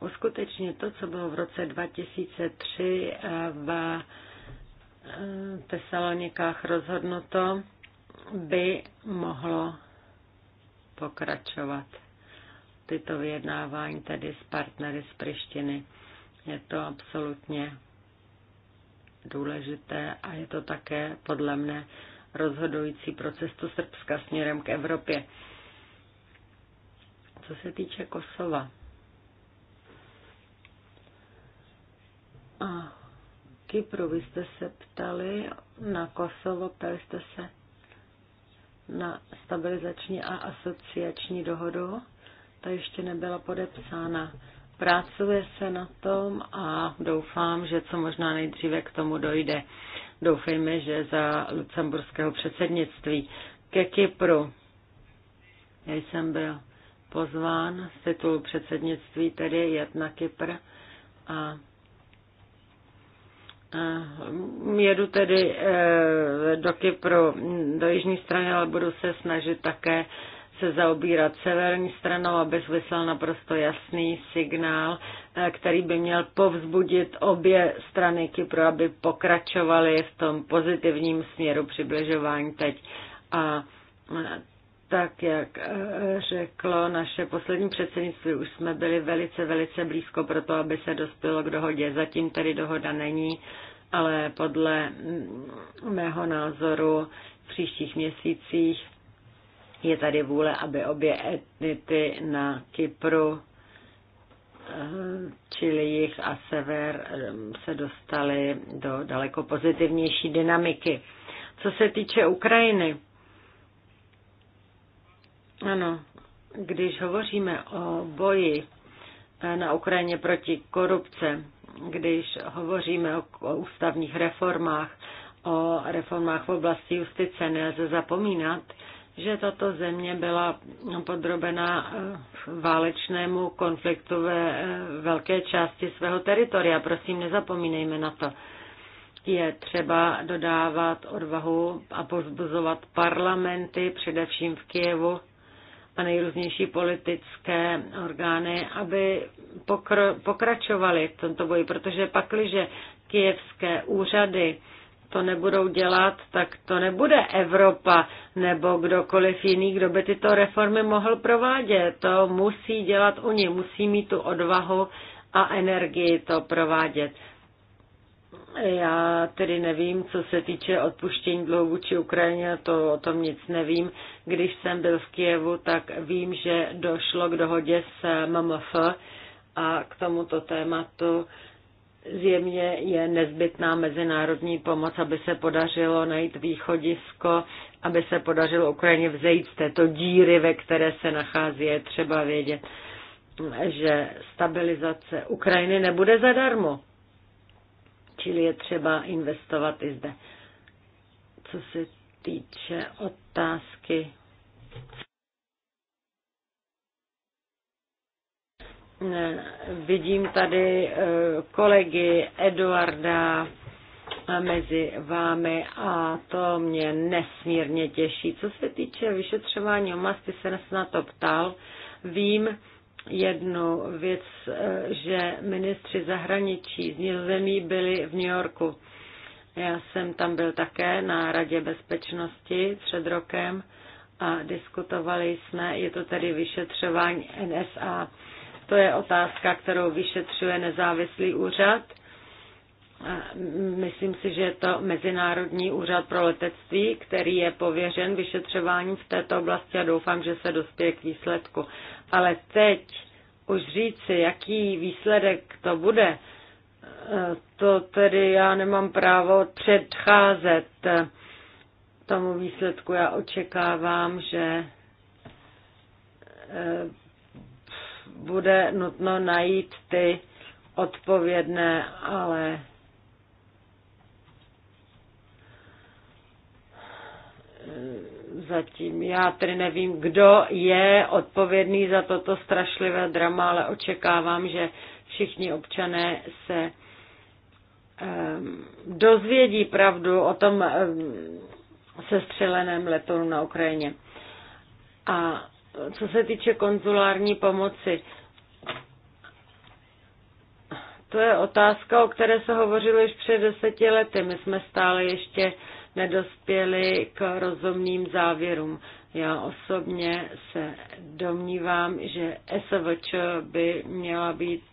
uskutečnit to, co bylo v roce 2003 eh, v eh, Tesalonikách rozhodnuto, by mohlo pokračovat tyto vyjednávání tedy s partnery z Prištiny. Je to absolutně důležité a je to také podle mne rozhodující pro cestu Srbska směrem k Evropě. Co se týče Kosova, a Kypru, vy jste se ptali na Kosovo, ptali jste se na stabilizační a asociační dohodu, ta ještě nebyla podepsána. Pracuje se na tom a doufám, že co možná nejdříve k tomu dojde. Doufejme, že za lucemburského předsednictví. Ke Kypru. Já jsem byl pozván z titulu předsednictví, tedy jet na Kypr a Jedu tedy eh, do Kypru, do jižní strany, ale budu se snažit také se zaobírat severní stranou, aby vyslal naprosto jasný signál, eh, který by měl povzbudit obě strany Kypru, aby pokračovaly v tom pozitivním směru přibližování teď. A eh, tak, jak eh, řeklo naše poslední předsednictví, už jsme byli velice, velice blízko pro to, aby se dospělo k dohodě. Zatím tedy dohoda není, ale podle mého názoru v příštích měsících je tady vůle, aby obě etnity na Kypru, eh, čili jich a sever, eh, se dostaly do daleko pozitivnější dynamiky. Co se týče Ukrajiny, ano, když hovoříme o boji eh, na Ukrajině proti korupce, když hovoříme o, o ústavních reformách, o reformách v oblasti justice, nelze zapomínat, že tato země byla no, podrobená eh, válečnému konfliktu ve eh, velké části svého teritoria. Prosím, nezapomínejme na to. Je třeba dodávat odvahu a pozbuzovat parlamenty, především v Kijevu, a nejrůznější politické orgány, aby pokračovali v tomto boji, protože pakliže kijevské úřady to nebudou dělat, tak to nebude Evropa nebo kdokoliv jiný, kdo by tyto reformy mohl provádět. To musí dělat oni, musí mít tu odvahu a energii to provádět. Já tedy nevím, co se týče odpuštění dluhu či Ukrajině, to o tom nic nevím. Když jsem byl v Kijevu, tak vím, že došlo k dohodě s MMF a k tomuto tématu Zjemně je nezbytná mezinárodní pomoc, aby se podařilo najít východisko, aby se podařilo Ukrajině vzejít z této díry, ve které se nachází. Je třeba vědět, že stabilizace Ukrajiny nebude zadarmo. Čili je třeba investovat i zde. Co se týče otázky Eh, vidím tady eh, kolegy Eduarda mezi vámi a to mě nesmírně těší. Co se týče vyšetřování o masty, se na to ptal. Vím jednu věc, eh, že ministři zahraničí z Nizozemí byli v New Yorku. Já jsem tam byl také na Radě bezpečnosti před rokem a diskutovali jsme, je to tedy vyšetřování NSA to je otázka, kterou vyšetřuje nezávislý úřad. Myslím si, že je to Mezinárodní úřad pro letectví, který je pověřen vyšetřováním v této oblasti a doufám, že se dospěje k výsledku. Ale teď už říci, jaký výsledek to bude, eh, to tedy já nemám právo předcházet eh, tomu výsledku. Já očekávám, že eh, bude nutno najít ty odpovědné, ale zatím já tedy nevím, kdo je odpovědný za toto strašlivé drama, ale očekávám, že všichni občané se um, dozvědí pravdu o tom um, sestřeleném letounu na Ukrajině. A co se týče konzulární pomoci, to je otázka, o které se hovořilo již před deseti lety. My jsme stále ještě nedospěli k rozumným závěrům. Já osobně se domnívám, že SVČ by měla být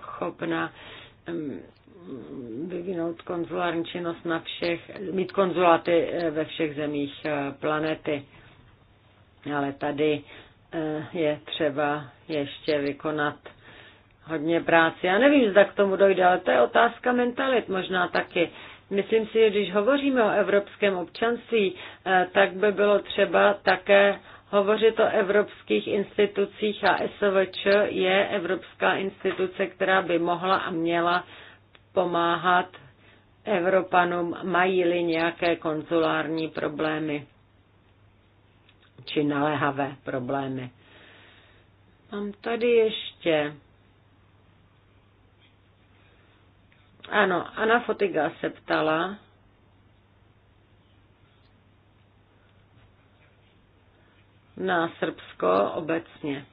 schopna vyvinout konzulární činnost na všech, mít konzuláty eh, ve všech zemích eh, planety ale tady eh, je třeba ještě vykonat hodně práce. Já nevím, zda k tomu dojde, ale to je otázka mentalit možná taky. Myslím si, že když hovoříme o evropském občanství, eh, tak by bylo třeba také hovořit o evropských institucích a SOVČ je evropská instituce, která by mohla a měla pomáhat Evropanům, mají-li nějaké konzulární problémy či naléhavé problémy. Mám tady ještě. Ano, Anna Fotiga se ptala, na Srbsko obecně.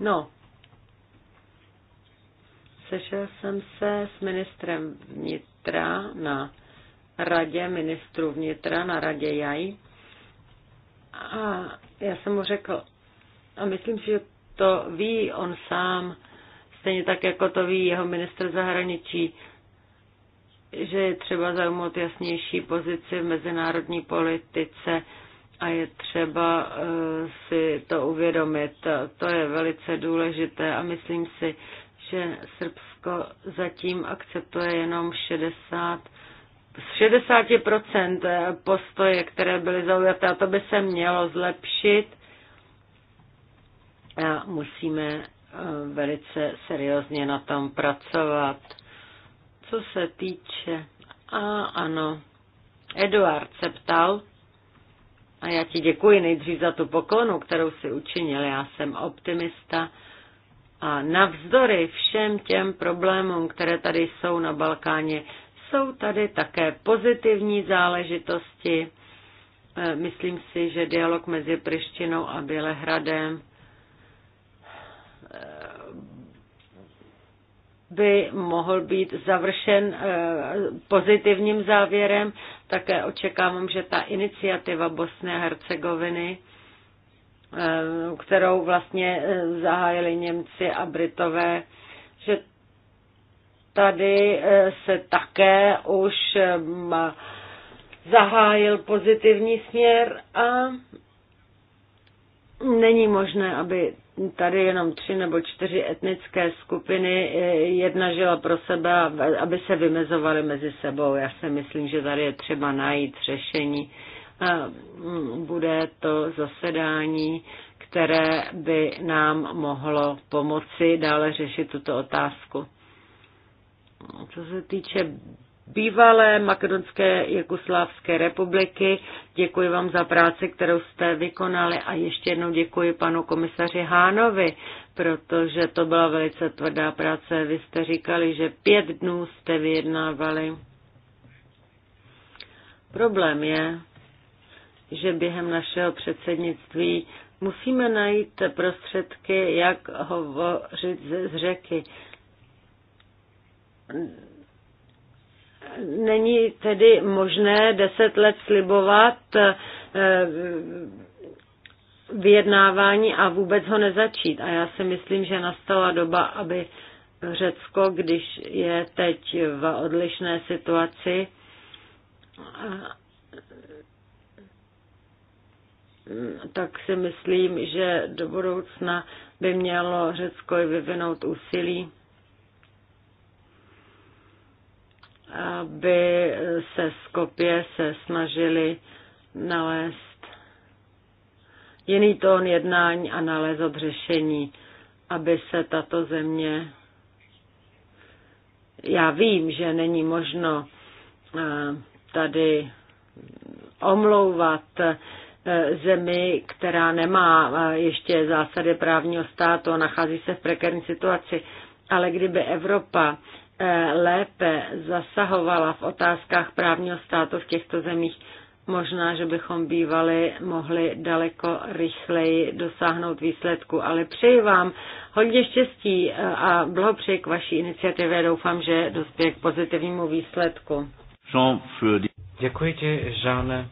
No, sešel jsem se s ministrem vnitra na radě ministru vnitra, na radě JAJ a já jsem mu řekl, a myslím si, že to ví on sám, stejně tak, jako to ví jeho ministr zahraničí, že je třeba zaujmout jasnější pozici v mezinárodní politice a je třeba uh, si to uvědomit. To je velice důležité a myslím si, že Srbsko zatím akceptuje jenom 60 z 60% eh, postoje, které byly zaujaté, a to by se mělo zlepšit. A musíme eh, velice seriózně na tom pracovat. Co se týče... A ano, Eduard se ptal, a já ti děkuji nejdřív za tu poklonu, kterou si učinil. Já jsem optimista. A navzdory všem těm problémům, které tady jsou na Balkáně, jsou tady také pozitivní záležitosti. E, myslím si, že dialog mezi Prištinou a Bělehradem e, by mohl být završen e, pozitivním závěrem. Také očekávám, že ta iniciativa Bosny a Hercegoviny, kterou vlastně zahájili Němci a Britové, že tady eh, se také už eh, zahájil pozitivní směr a není možné, aby tady jenom tři nebo čtyři etnické skupiny eh, jedna žila pro sebe, aby se vymezovaly mezi sebou. Já si myslím, že tady je třeba najít řešení. A mm, bude to zasedání, které by nám mohlo pomoci dále řešit tuto otázku. Co se týče bývalé Makedonské Jugoslávské republiky. Děkuji vám za práci, kterou jste vykonali a ještě jednou děkuji panu komisaři Hánovi, protože to byla velice tvrdá práce. Vy jste říkali, že pět dnů jste vyjednávali. Problém je, že během našeho předsednictví musíme najít prostředky, jak hovořit z řeky není tedy možné deset let slibovat eh, vyjednávání a vůbec ho nezačít. A já si myslím, že nastala doba, aby Řecko, když je teď v odlišné situaci, tak si myslím, že do budoucna by mělo Řecko i vyvinout úsilí aby se Skopě se snažili nalézt jiný tón jednání a nalézat řešení, aby se tato země. Já vím, že není možno eh, tady omlouvat eh, zemi, která nemá eh, ještě zásady právního státu a nachází se v prekérní situaci. Ale kdyby Evropa lépe zasahovala v otázkách právního státu v těchto zemích, možná, že bychom bývali mohli daleko rychleji dosáhnout výsledku. Ale přeji vám hodně štěstí a blahopřeji k vaší iniciativě. Doufám, že dospěje k pozitivnímu výsledku. Děkuji ti, Žáne,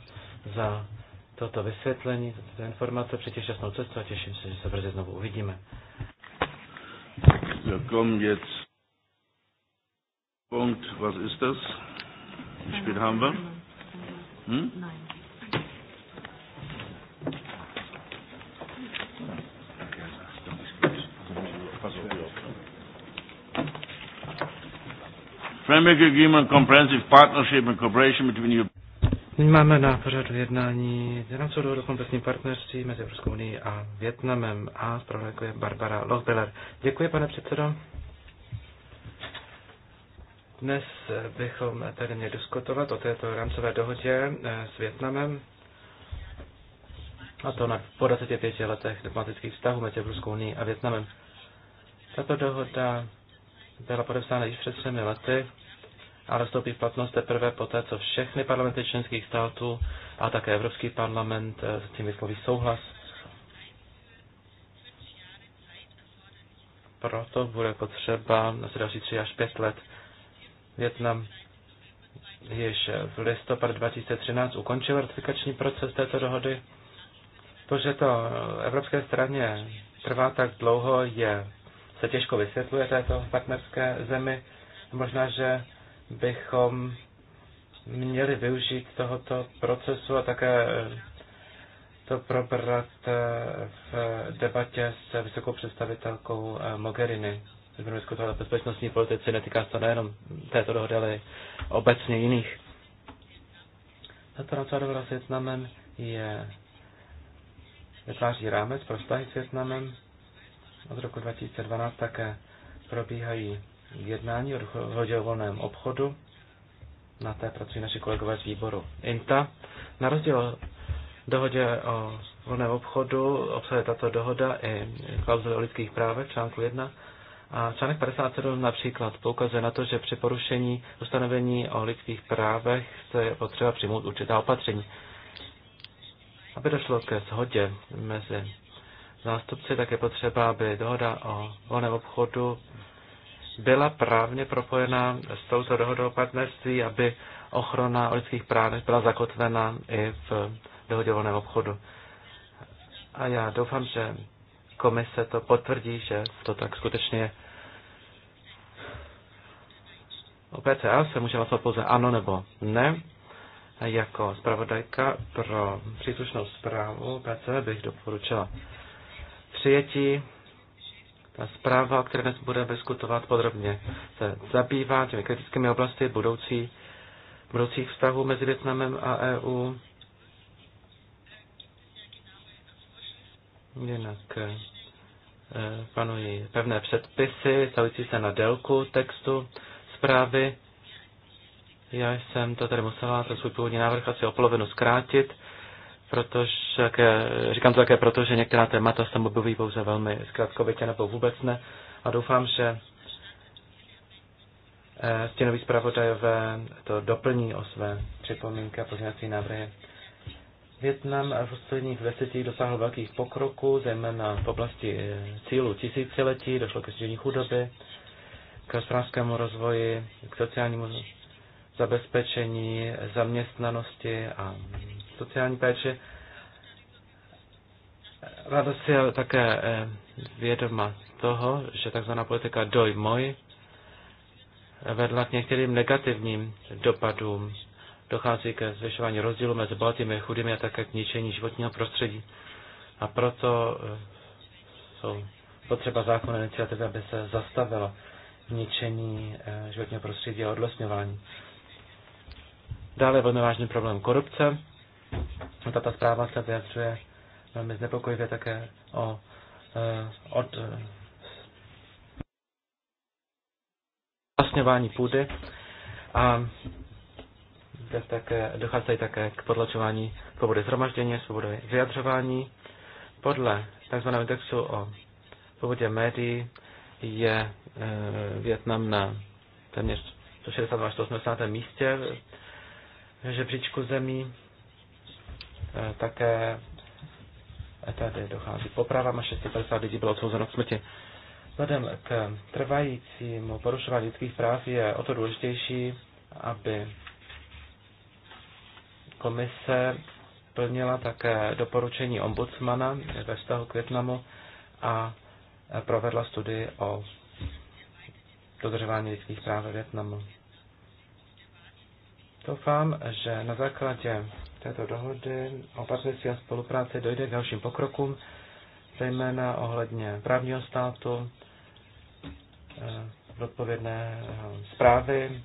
za toto vysvětlení, za tuto informace. Přeji šťastnou cestu a těším se, že se brzy znovu uvidíme. Wir jetzt Punkt, was ist das? Wie spät haben wir? Hm? Framework Agreement Comprehensive Partnership and Cooperation between Europe. Máme na pořadu jednání rámcovou dohodu komplexní partnerství mezi Evropskou unii a Větnamem a zpravodajkou je Barbara Lochbiller. Děkuji, pane předsedo. Dnes bychom tedy měli diskutovat o této rámcové dohodě eh, s Větnamem, a to na, po 25 letech diplomatických vztahů mezi Evropskou unii a Větnamem. Tato dohoda byla podepsána již před třemi lety, ale vstoupí v platnost teprve poté, co všechny parlamenty členských států a také Evropský parlament eh, s tím vysloví souhlas. Proto bude potřeba asi další tři až pět let Větnam již v listopadu 2013 ukončil ratifikační proces této dohody. To, že to evropské straně trvá tak dlouho, je, se těžko vysvětluje této partnerské zemi. Možná, že bychom měli využít tohoto procesu a také to probrat v debatě s vysokou představitelkou Mogherini budeme diskutovat o bezpečnostní politice, netýká se to nejenom této dohody, ale obecně jiných. Tato rozhodovala s Větnamem je vytváří rámec pro vztahy s Větnamem. Od roku 2012 také probíhají jednání o dohodě o volném obchodu. Na té pracují naši kolegové z výboru INTA. Na rozdíl dohodě o volném obchodu obsahuje tato dohoda i klauzule o lidských právech článku 1 a článek 57 například poukazuje na to, že při porušení ustanovení o lidských právech se je potřeba přijmout určitá opatření. Aby došlo ke shodě mezi zástupci, tak je potřeba, aby dohoda o volném obchodu byla právně propojená s touto dohodou o partnerství, aby ochrana lidských práv byla zakotvena i v dohodě o volném obchodu. A já doufám, že komise to potvrdí, že to tak skutečně je. O PCL se může hlasovat pouze ano nebo ne. Jako zpravodajka pro příslušnou zprávu PCL bych doporučila přijetí. Ta zpráva, o které dnes budeme diskutovat podrobně, se zabývá těmi kritickými oblasti budoucí, budoucích vztahů mezi Větnamem a EU. Jinak eh, panují pevné předpisy, stavující se na délku textu zprávy. Já jsem to tady musela, ten svůj původní návrh, asi o polovinu zkrátit, protože, říkám to také proto, že některá témata se tam bylo pouze velmi zkrátkovitě nebo vůbec ne. A doufám, že eh, stěnový zpravodajové to doplní o své připomínky a pozměňovací návrhy. Větnam v posledních desetích dosáhl velkých pokroků, zejména v oblasti eh, cílu tisíciletí, došlo ke snížení chudoby, k hospodářskému rozvoji, k sociálnímu zabezpečení, zaměstnanosti a sociální péči. Ráda si je také eh, vědoma toho, že tzv. politika doj moj vedla k některým negativním dopadům dochází ke zvyšování rozdílu mezi bohatými a chudými a také k ničení životního prostředí. A proto e, jsou potřeba zákonné iniciativy, aby se zastavilo ničení e, životního prostředí a odlesňování. Dále velmi vážný problém korupce. Tato zpráva se vyjadřuje velmi znepokojivě také o e, od vlastňování půdy. A Jde také, dochází také k podlačování svobody zhromaždění, svobody vyjadřování. Podle tzv. textu o svobodě médií je e, Větnam na téměř 162 až 180. místě v žebříčku zemí. E, také tady dochází k popravám a 650 lidí bylo odsouzeno k smrti. Vzhledem k trvajícímu porušování lidských práv je o to důležitější, aby Komise plnila také doporučení ombudsmana ve vztahu k Větnamu a provedla studii o dodržování lidských práv ve Větnamu. Doufám, že na základě této dohody o partnerství a spolupráci dojde k dalším pokrokům, zejména ohledně právního státu, eh, odpovědné eh, zprávy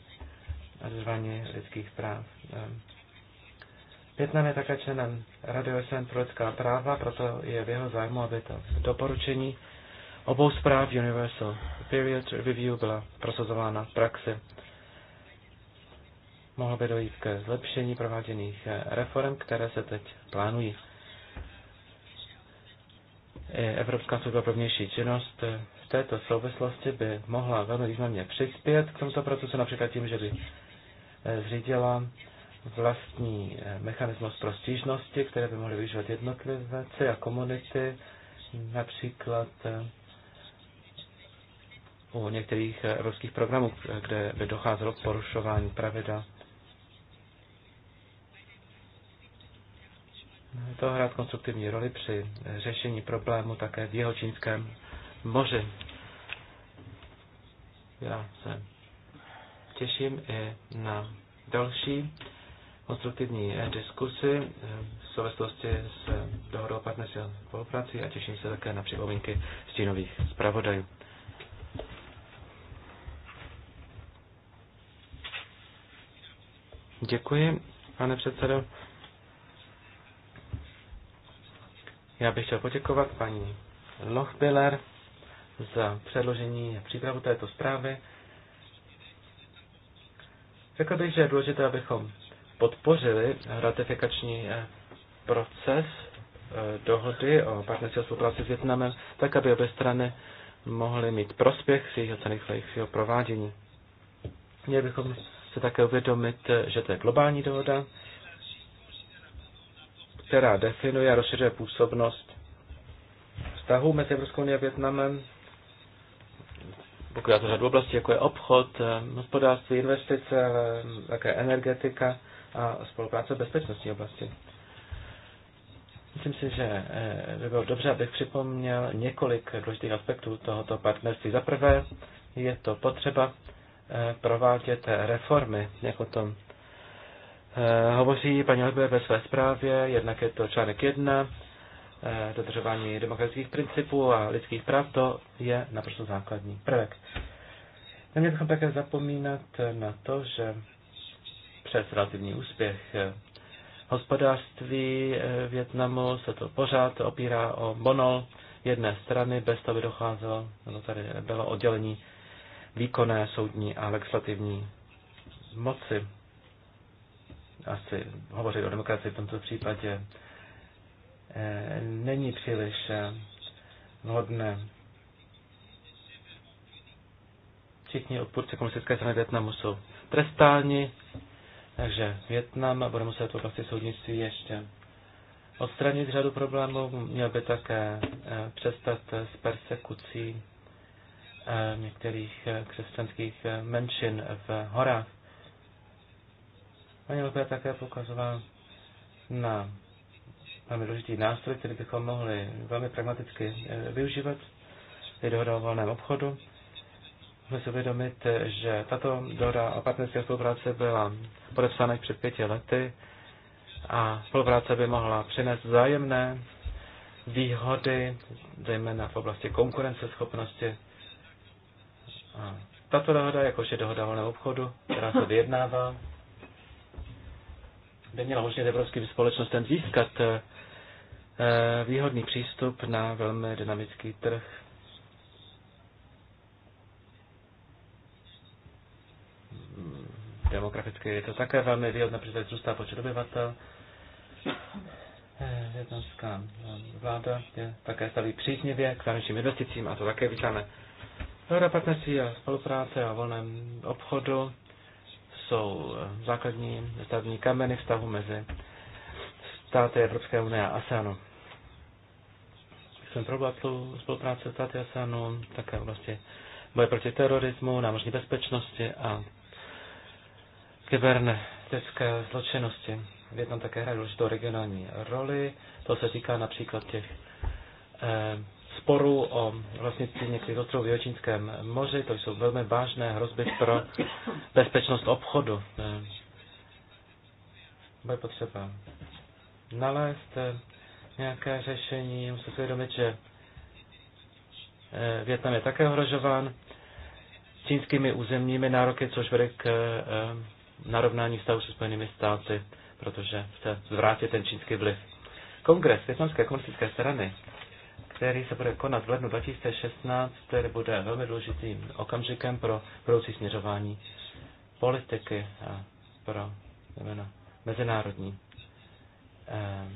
a dodržování lidských práv. Eh, Větnam je také členem Rady OSN pro lidská práva, proto je v jeho zájmu, aby to doporučení obou zpráv Universal Period Review byla prosazována v praxi. Mohlo by dojít ke zlepšení prováděných eh, reform, které se teď plánují. Eh, Evropská služba pro vnější činnost eh, v této souvislosti by mohla velmi významně přispět k tomuto procesu, například tím, že by zřídila vlastní eh, mechanismus pro stížnosti, které by mohly využívat jednotlivce a komunity, například eh, u některých evropských eh, programů, kde by docházelo k porušování pravidel. To hrát konstruktivní roli při řešení problému také v jeho čínském moři. Já se těším i na další konstruktivní eh, diskusi eh, v souvislosti s eh, dohodou partnerství a spolupráci a těším se také na připomínky stínových zpravodajů. Děkuji, pane předsedo. Já bych chtěl poděkovat paní Lochbiller za předložení a přípravu této zprávy. Řekl bych, že je důležité, abychom podpořili ratifikační eh, proces eh, dohody o partnerství a spolupráci s Větnamem, tak aby obě strany mohly mít prospěch z jejich rychlejšího provádění. Měli bychom se také uvědomit, že to je globální dohoda, která definuje a rozšiřuje působnost vztahů mezi Evropskou unii a Větnamem, pokud to řadu oblastí, jako je obchod, eh, hospodářství, investice, také energetika, a spolupráce v bezpečnostní oblasti. Myslím si, že eh, by bylo dobře, abych připomněl několik důležitých aspektů tohoto partnerství. Za prvé je to potřeba eh, provádět reformy, jak o tom eh, hovoří paní Lebe ve své zprávě. Jednak je to článek 1, dodržování demokratických principů a lidských práv, to je naprosto základní prvek. Neměli bychom také zapomínat na to, že přes relativní úspěch eh, hospodářství eh, Větnamu se to pořád opírá o monol jedné strany, bez toho by docházelo, no tady bylo oddělení výkonné soudní a legislativní moci. Asi hovořit o demokracii v tomto případě eh, není příliš vhodné. Všichni odpůrci komunistické strany Větnamu jsou trestáni, takže Větnam bude muset v oblasti soudnictví ještě odstranit řadu problémů, měl by také eh, přestat s persekucí eh, některých eh, křesťanských menšin v horách. Paní Lopé také poukazoval na velmi důležitý nástroj, který bychom mohli velmi pragmaticky využívat, je dohoda o volném obchodu. Musíme si uvědomit, že tato dohoda o partnerské spolupráci byla podepsána před pěti lety a spolupráce by mohla přinést zájemné výhody, zejména v oblasti konkurenceschopnosti. A tato dohoda, jakož je dohoda volného obchodu, která se vyjednává, by měla možnost evropským společnostem získat eh, výhodný přístup na velmi dynamický trh Demograficky je to také velmi výhodné, protože zrůstá počet obyvatel. Eh, Větnamská vláda je také staví příznivě k zahraničním investicím a to také vítáme. Dohoda partnerství a spolupráce a volném obchodu jsou eh, základní stavní kameny vztahu mezi státy Evropské unie a ASEANu. Jsem pro spolupráce státy ASEANu také v oblasti boje proti terorismu, námořní bezpečnosti a kybernetické zločinnosti. Vietnam také hraje důležitou regionální roli. To se týká například těch e, sporů o vlastnictví některých ostrovů v Jočínském moři. To jsou velmi vážné hrozby pro bezpečnost obchodu. E, bude potřeba nalézt e, nějaké řešení. Musím si vědomit, že e, Větnam je také ohrožován čínskými územními nároky, což vede k e, narovnání vztahu se Spojenými státy, protože se zvrátí ten čínský vliv. Kongres Větnamské komunistické strany, který se bude konat v lednu 2016, který bude velmi důležitým okamžikem pro budoucí směřování politiky a pro znamená, mezinárodní eh,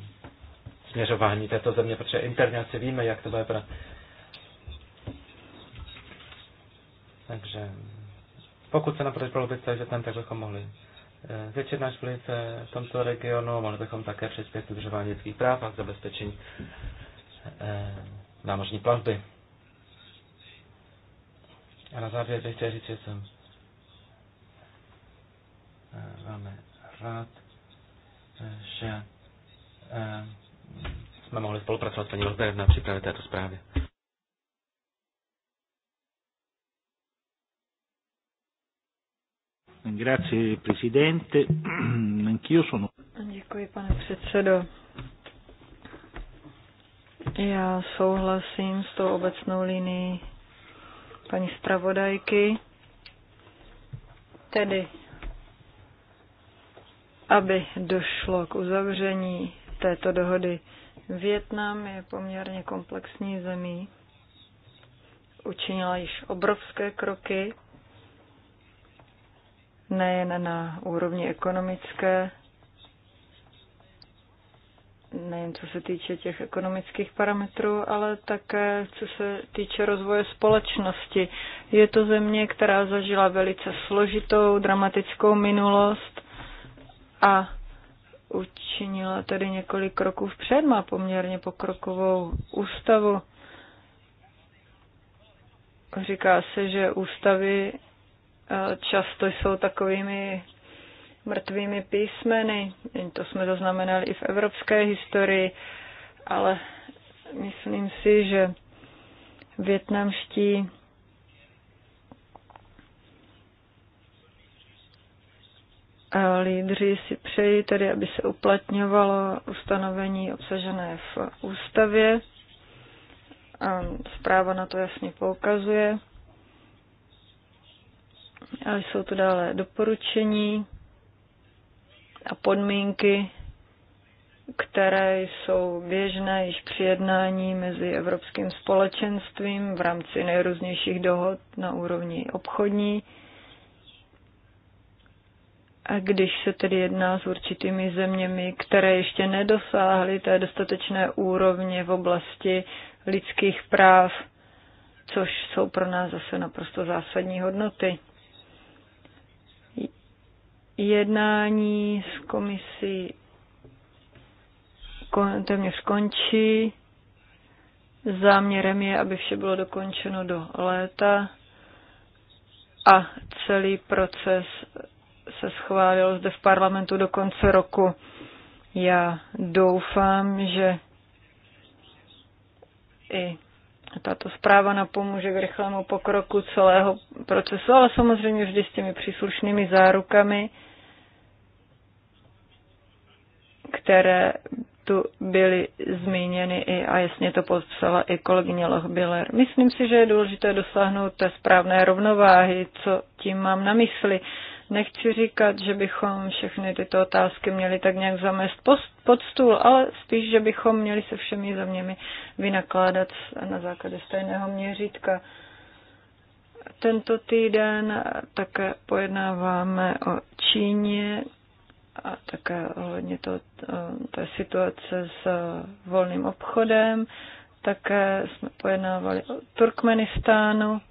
směřování této země, protože interně asi víme, jak to bude. pro... Takže pokud se nám podařilo že tam, tak bychom mohli eh, zvětšit náš vliv eh, v tomto regionu, mohli bychom také přispět k udržování lidských práv a k zabezpečení eh, námořní plavby. A na závěr bych chtěl říct, že jsem velmi rád, že jsme mohli spolupracovat s paní Rozberem na přípravě této zprávy. Grazie, presidente. Anch'io sono... Děkuji, pane předsedo. Já souhlasím s tou obecnou linií paní zpravodajky, tedy aby došlo k uzavření této dohody. Větnam je poměrně komplexní zemí, učinila již obrovské kroky nejen na úrovni ekonomické, nejen co se týče těch ekonomických parametrů, ale také co se týče rozvoje společnosti. Je to země, která zažila velice složitou, dramatickou minulost a učinila tedy několik kroků vpřed, má poměrně pokrokovou ústavu. Říká se, že ústavy často jsou takovými mrtvými písmeny. To jsme zaznamenali i v evropské historii, ale myslím si, že větnamští lídři si přejí tedy, aby se uplatňovalo ustanovení obsažené v ústavě. Zpráva na to jasně poukazuje. A jsou tu dále doporučení a podmínky, které jsou běžné již při jednání mezi Evropským společenstvím v rámci nejrůznějších dohod na úrovni obchodní. A když se tedy jedná s určitými zeměmi, které ještě nedosáhly té dostatečné úrovně v oblasti lidských práv, což jsou pro nás zase naprosto zásadní hodnoty jednání s komisí téměř končí. Záměrem je, aby vše bylo dokončeno do léta a celý proces se schválil zde v parlamentu do konce roku. Já doufám, že i tato zpráva napomůže k rychlému pokroku celého procesu, ale samozřejmě vždy s těmi příslušnými zárukami, které tu byly zmíněny i, a jasně to popsala i kolegyně Lochbiller. Myslím si, že je důležité dosáhnout té správné rovnováhy, co tím mám na mysli. Uh, Nechci říkat, že bychom všechny tyto otázky měli tak nějak zamést pod stůl, ale spíš, že bychom měli se všemi zeměmi vynakládat na základě stejného měřítka. Tento týden také pojednáváme o Číně a také ohledně to, té situace s volným obchodem. Také jsme pojednávali o Turkmenistánu,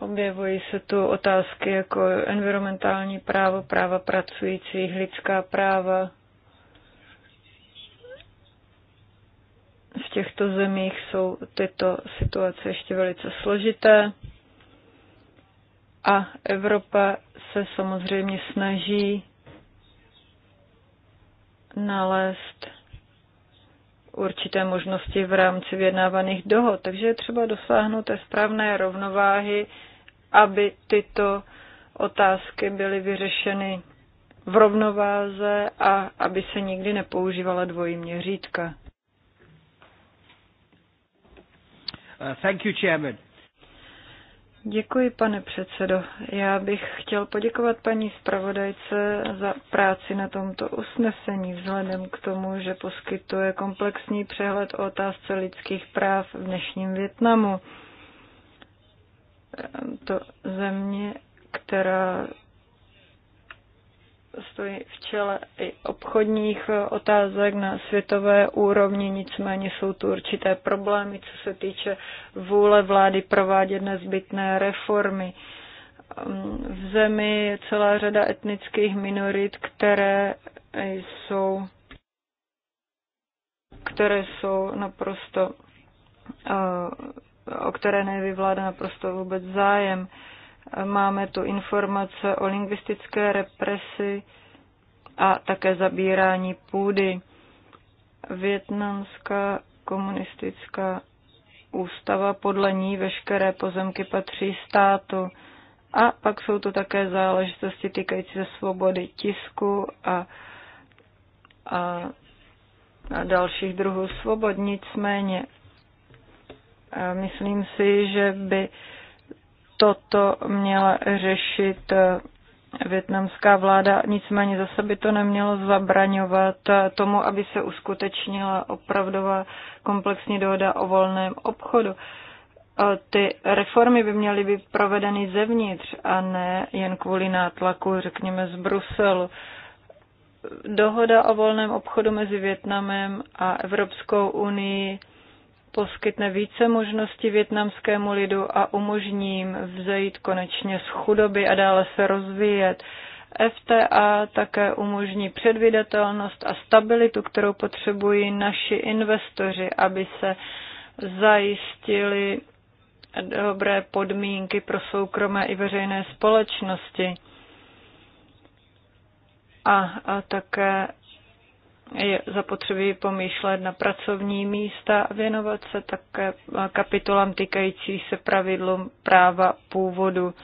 Objevují se tu otázky jako environmentální právo, práva pracujících, lidská práva. V těchto zemích jsou tyto situace ještě velice složité a Evropa se samozřejmě snaží nalézt určité možnosti v rámci vyjednávaných dohod. Takže je třeba dosáhnout té správné rovnováhy aby tyto otázky byly vyřešeny v rovnováze a aby se nikdy nepoužívala dvojí měřítka. Uh, thank you, Chairman. Děkuji, pane předsedo. Já bych chtěl poděkovat paní zpravodajce za práci na tomto usnesení vzhledem k tomu, že poskytuje komplexní přehled o otázce lidských práv v dnešním Větnamu. Ehm, to země, která stojí v čele i obchodních eh, otázek na světové úrovni, nicméně jsou tu určité problémy, co se týče vůle vlády provádět nezbytné reformy. Ehm, v zemi je celá řada etnických minorit, které jsou, které jsou naprosto eh, o které neví vláda naprosto vůbec zájem. Máme tu informace o lingvistické represi a také zabírání půdy. Větnamská komunistická ústava, podle ní veškeré pozemky patří státu. A pak jsou to také záležitosti týkající se svobody tisku a, a, a dalších druhů svobod. Nicméně Myslím si, že by toto měla řešit eh, větnamská vláda, nicméně zase by to nemělo zabraňovat eh, tomu, aby se uskutečnila opravdová komplexní dohoda o volném obchodu. Eh, ty reformy by měly být provedeny zevnitř a ne jen kvůli nátlaku, řekněme, z Bruselu. Dohoda o volném obchodu mezi Větnamem a Evropskou unii poskytne více možností větnamskému lidu a umožní jim vzejít konečně z chudoby a dále se rozvíjet. FTA také umožní předvydatelnost a stabilitu, kterou potřebují naši investoři, aby se zajistili dobré podmínky pro soukromé i veřejné společnosti. A, a také je zapotřebí pomýšlet na pracovní místa a věnovat se také kapitolám týkající se pravidlům práva původu.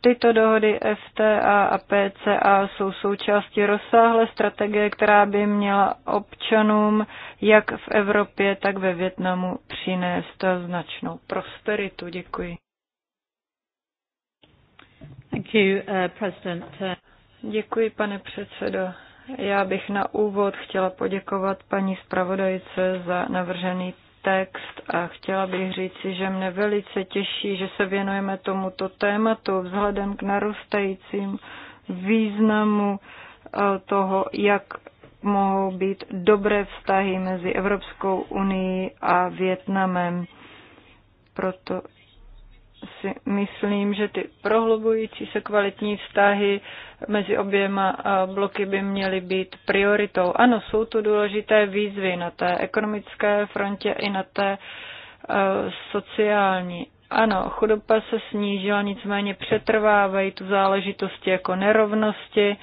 Tyto dohody FTA a PCA jsou součástí rozsáhlé strategie, která by měla občanům jak v Evropě, tak ve Větnamu přinést značnou prosperitu. Děkuji. Thank you, uh, President. Děkuji, pane předsedo. Já bych na úvod chtěla poděkovat paní zpravodajce za navržený text a chtěla bych říci, že mne velice těší, že se věnujeme tomuto tématu vzhledem k narůstajícím významu eh, toho, jak mohou být dobré vztahy mezi Evropskou unii a Větnamem. Proto si myslím, že ty prohlubující se kvalitní vztahy mezi oběma bloky by měly být prioritou. Ano, jsou to důležité výzvy na té ekonomické frontě i na té sociální. Ano, chudoba se snížila, nicméně přetrvávají tu záležitosti jako nerovnosti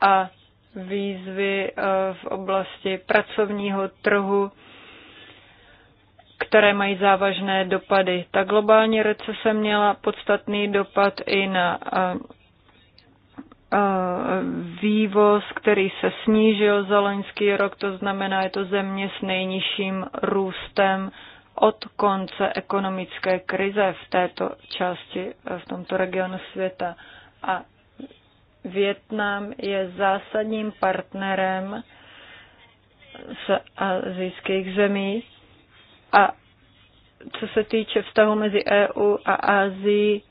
a výzvy v oblasti pracovního trhu které mají závažné dopady. Ta globální recese měla podstatný dopad i na vývoz, který se snížil za loňský rok, to znamená, je to země s nejnižším růstem od konce ekonomické krize v této části, v tomto regionu světa. A Větnam je zásadním partnerem z azijských zemí a co se týče vztahu mezi EU a Ázií,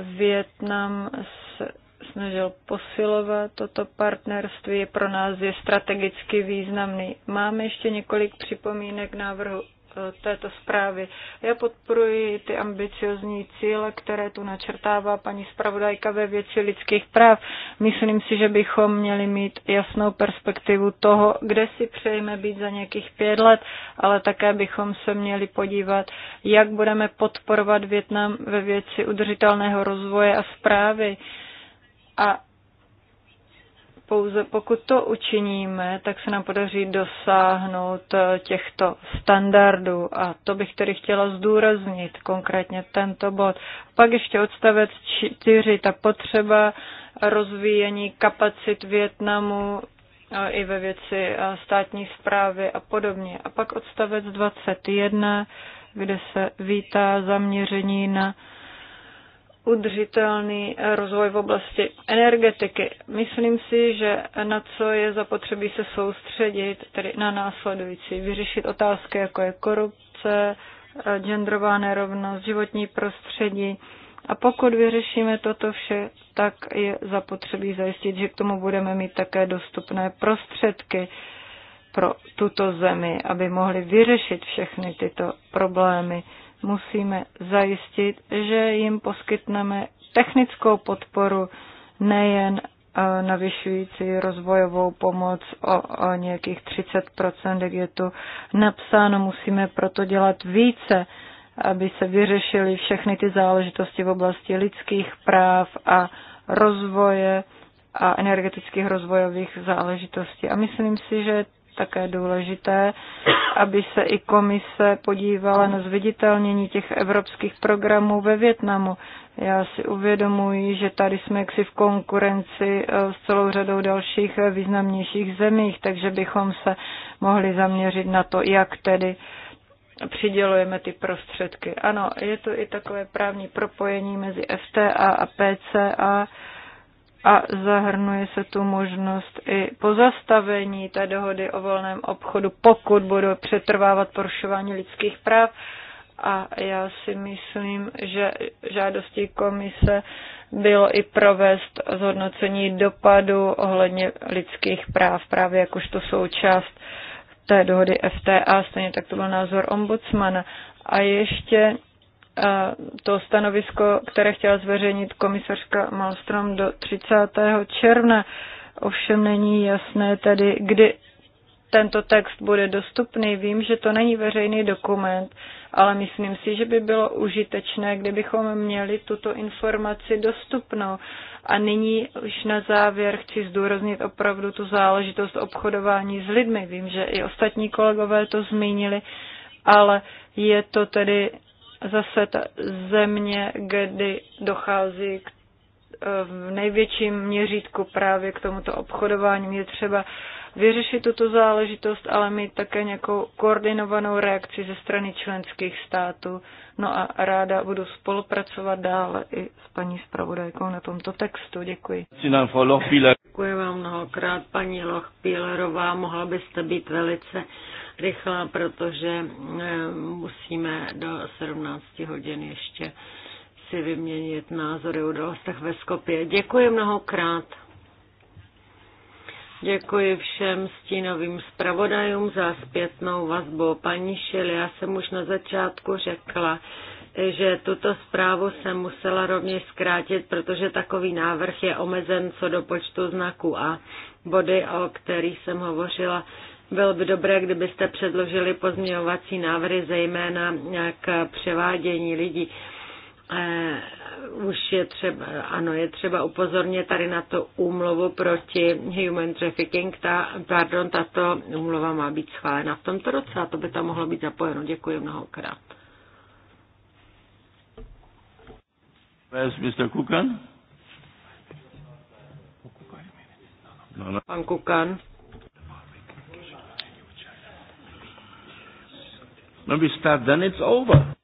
Větnam se snažil posilovat toto partnerství, je pro nás je strategicky významný. Máme ještě několik připomínek návrhu této zprávy. Já podporuji ty ambiciozní cíle, které tu načrtává paní zpravodajka ve věci lidských práv. Myslím si, že bychom měli mít jasnou perspektivu toho, kde si přejeme být za nějakých pět let, ale také bychom se měli podívat, jak budeme podporovat Větnam ve věci udržitelného rozvoje a zprávy. A pouze pokud to učiníme, tak se nám podaří dosáhnout eh, těchto standardů. A to bych tedy chtěla zdůraznit, konkrétně tento bod. Pak ještě odstavec čtyři ta potřeba rozvíjení kapacit Větnamu eh, i ve věci eh, státní zprávy a podobně. A pak odstavec 21, kde se vítá zaměření na udržitelný rozvoj v oblasti energetiky. Myslím si, že na co je zapotřebí se soustředit, tedy na následující, vyřešit otázky, jako je korupce, genderová nerovnost, životní prostředí. A pokud vyřešíme toto vše, tak je zapotřebí zajistit, že k tomu budeme mít také dostupné prostředky pro tuto zemi, aby mohli vyřešit všechny tyto problémy musíme zajistit, že jim poskytneme technickou podporu, nejen e, navyšující rozvojovou pomoc o, o nějakých 30%, jak je tu napsáno. Musíme proto dělat více, aby se vyřešily všechny ty záležitosti v oblasti lidských práv a rozvoje a energetických rozvojových záležitostí. A myslím si, že také důležité, aby se i komise podívala na zviditelnění těch evropských programů ve Větnamu. Já si uvědomuji, že tady jsme jaksi v konkurenci eh, s celou řadou dalších eh, významnějších zemích, takže bychom se mohli zaměřit na to, jak tedy přidělujeme ty prostředky. Ano, je to i takové právní propojení mezi FTA a PCA a zahrnuje se tu možnost i pozastavení té dohody o volném obchodu, pokud budou přetrvávat porušování lidských práv. A já si myslím, že žádostí komise bylo i provést zhodnocení dopadu ohledně lidských práv právě jakožto součást té dohody FTA, stejně tak to byl názor ombudsmana. A ještě to stanovisko, které chtěla zveřejnit komisařka Malstrom do 30. června. Ovšem není jasné tedy, kdy tento text bude dostupný. Vím, že to není veřejný dokument, ale myslím si, že by bylo užitečné, kdybychom měli tuto informaci dostupnou. A nyní už na závěr chci zdůraznit opravdu tu záležitost obchodování s lidmi. Vím, že i ostatní kolegové to zmínili, ale je to tedy zase ta země, kdy dochází k eh, v největším měřítku právě k tomuto obchodování. Je třeba vyřešit tuto záležitost, ale mít také nějakou koordinovanou reakci ze strany členských států. No a ráda budu spolupracovat dále i s paní zpravodajkou na tomto textu. Děkuji. Děkuji vám mnohokrát, paní Lochpílerová. Mohla byste být velice rychlá, protože eh, musíme do 17 hodin ještě si vyměnit názory o událostech ve Skopě. Děkuji mnohokrát. Děkuji všem stínovým zpravodajům za zpětnou vazbu. Paní Šili, já jsem už na začátku řekla, že tuto zprávu jsem musela rovněž zkrátit, protože takový návrh je omezen co do počtu znaků a body, o kterých jsem hovořila, bylo by dobré, kdybyste předložili pozměňovací návrhy zejména k převádění lidí eh, už je třeba, ano, je třeba upozornit tady na to úmluvu proti human trafficking. Ta, pardon, tato úmluva má být schválena v tomto roce a to by tam mohlo být zapojeno. Děkuji mnohokrát. Where's Mr. Kukan? No, no. Pan Kukan. When no, we start, then it's over.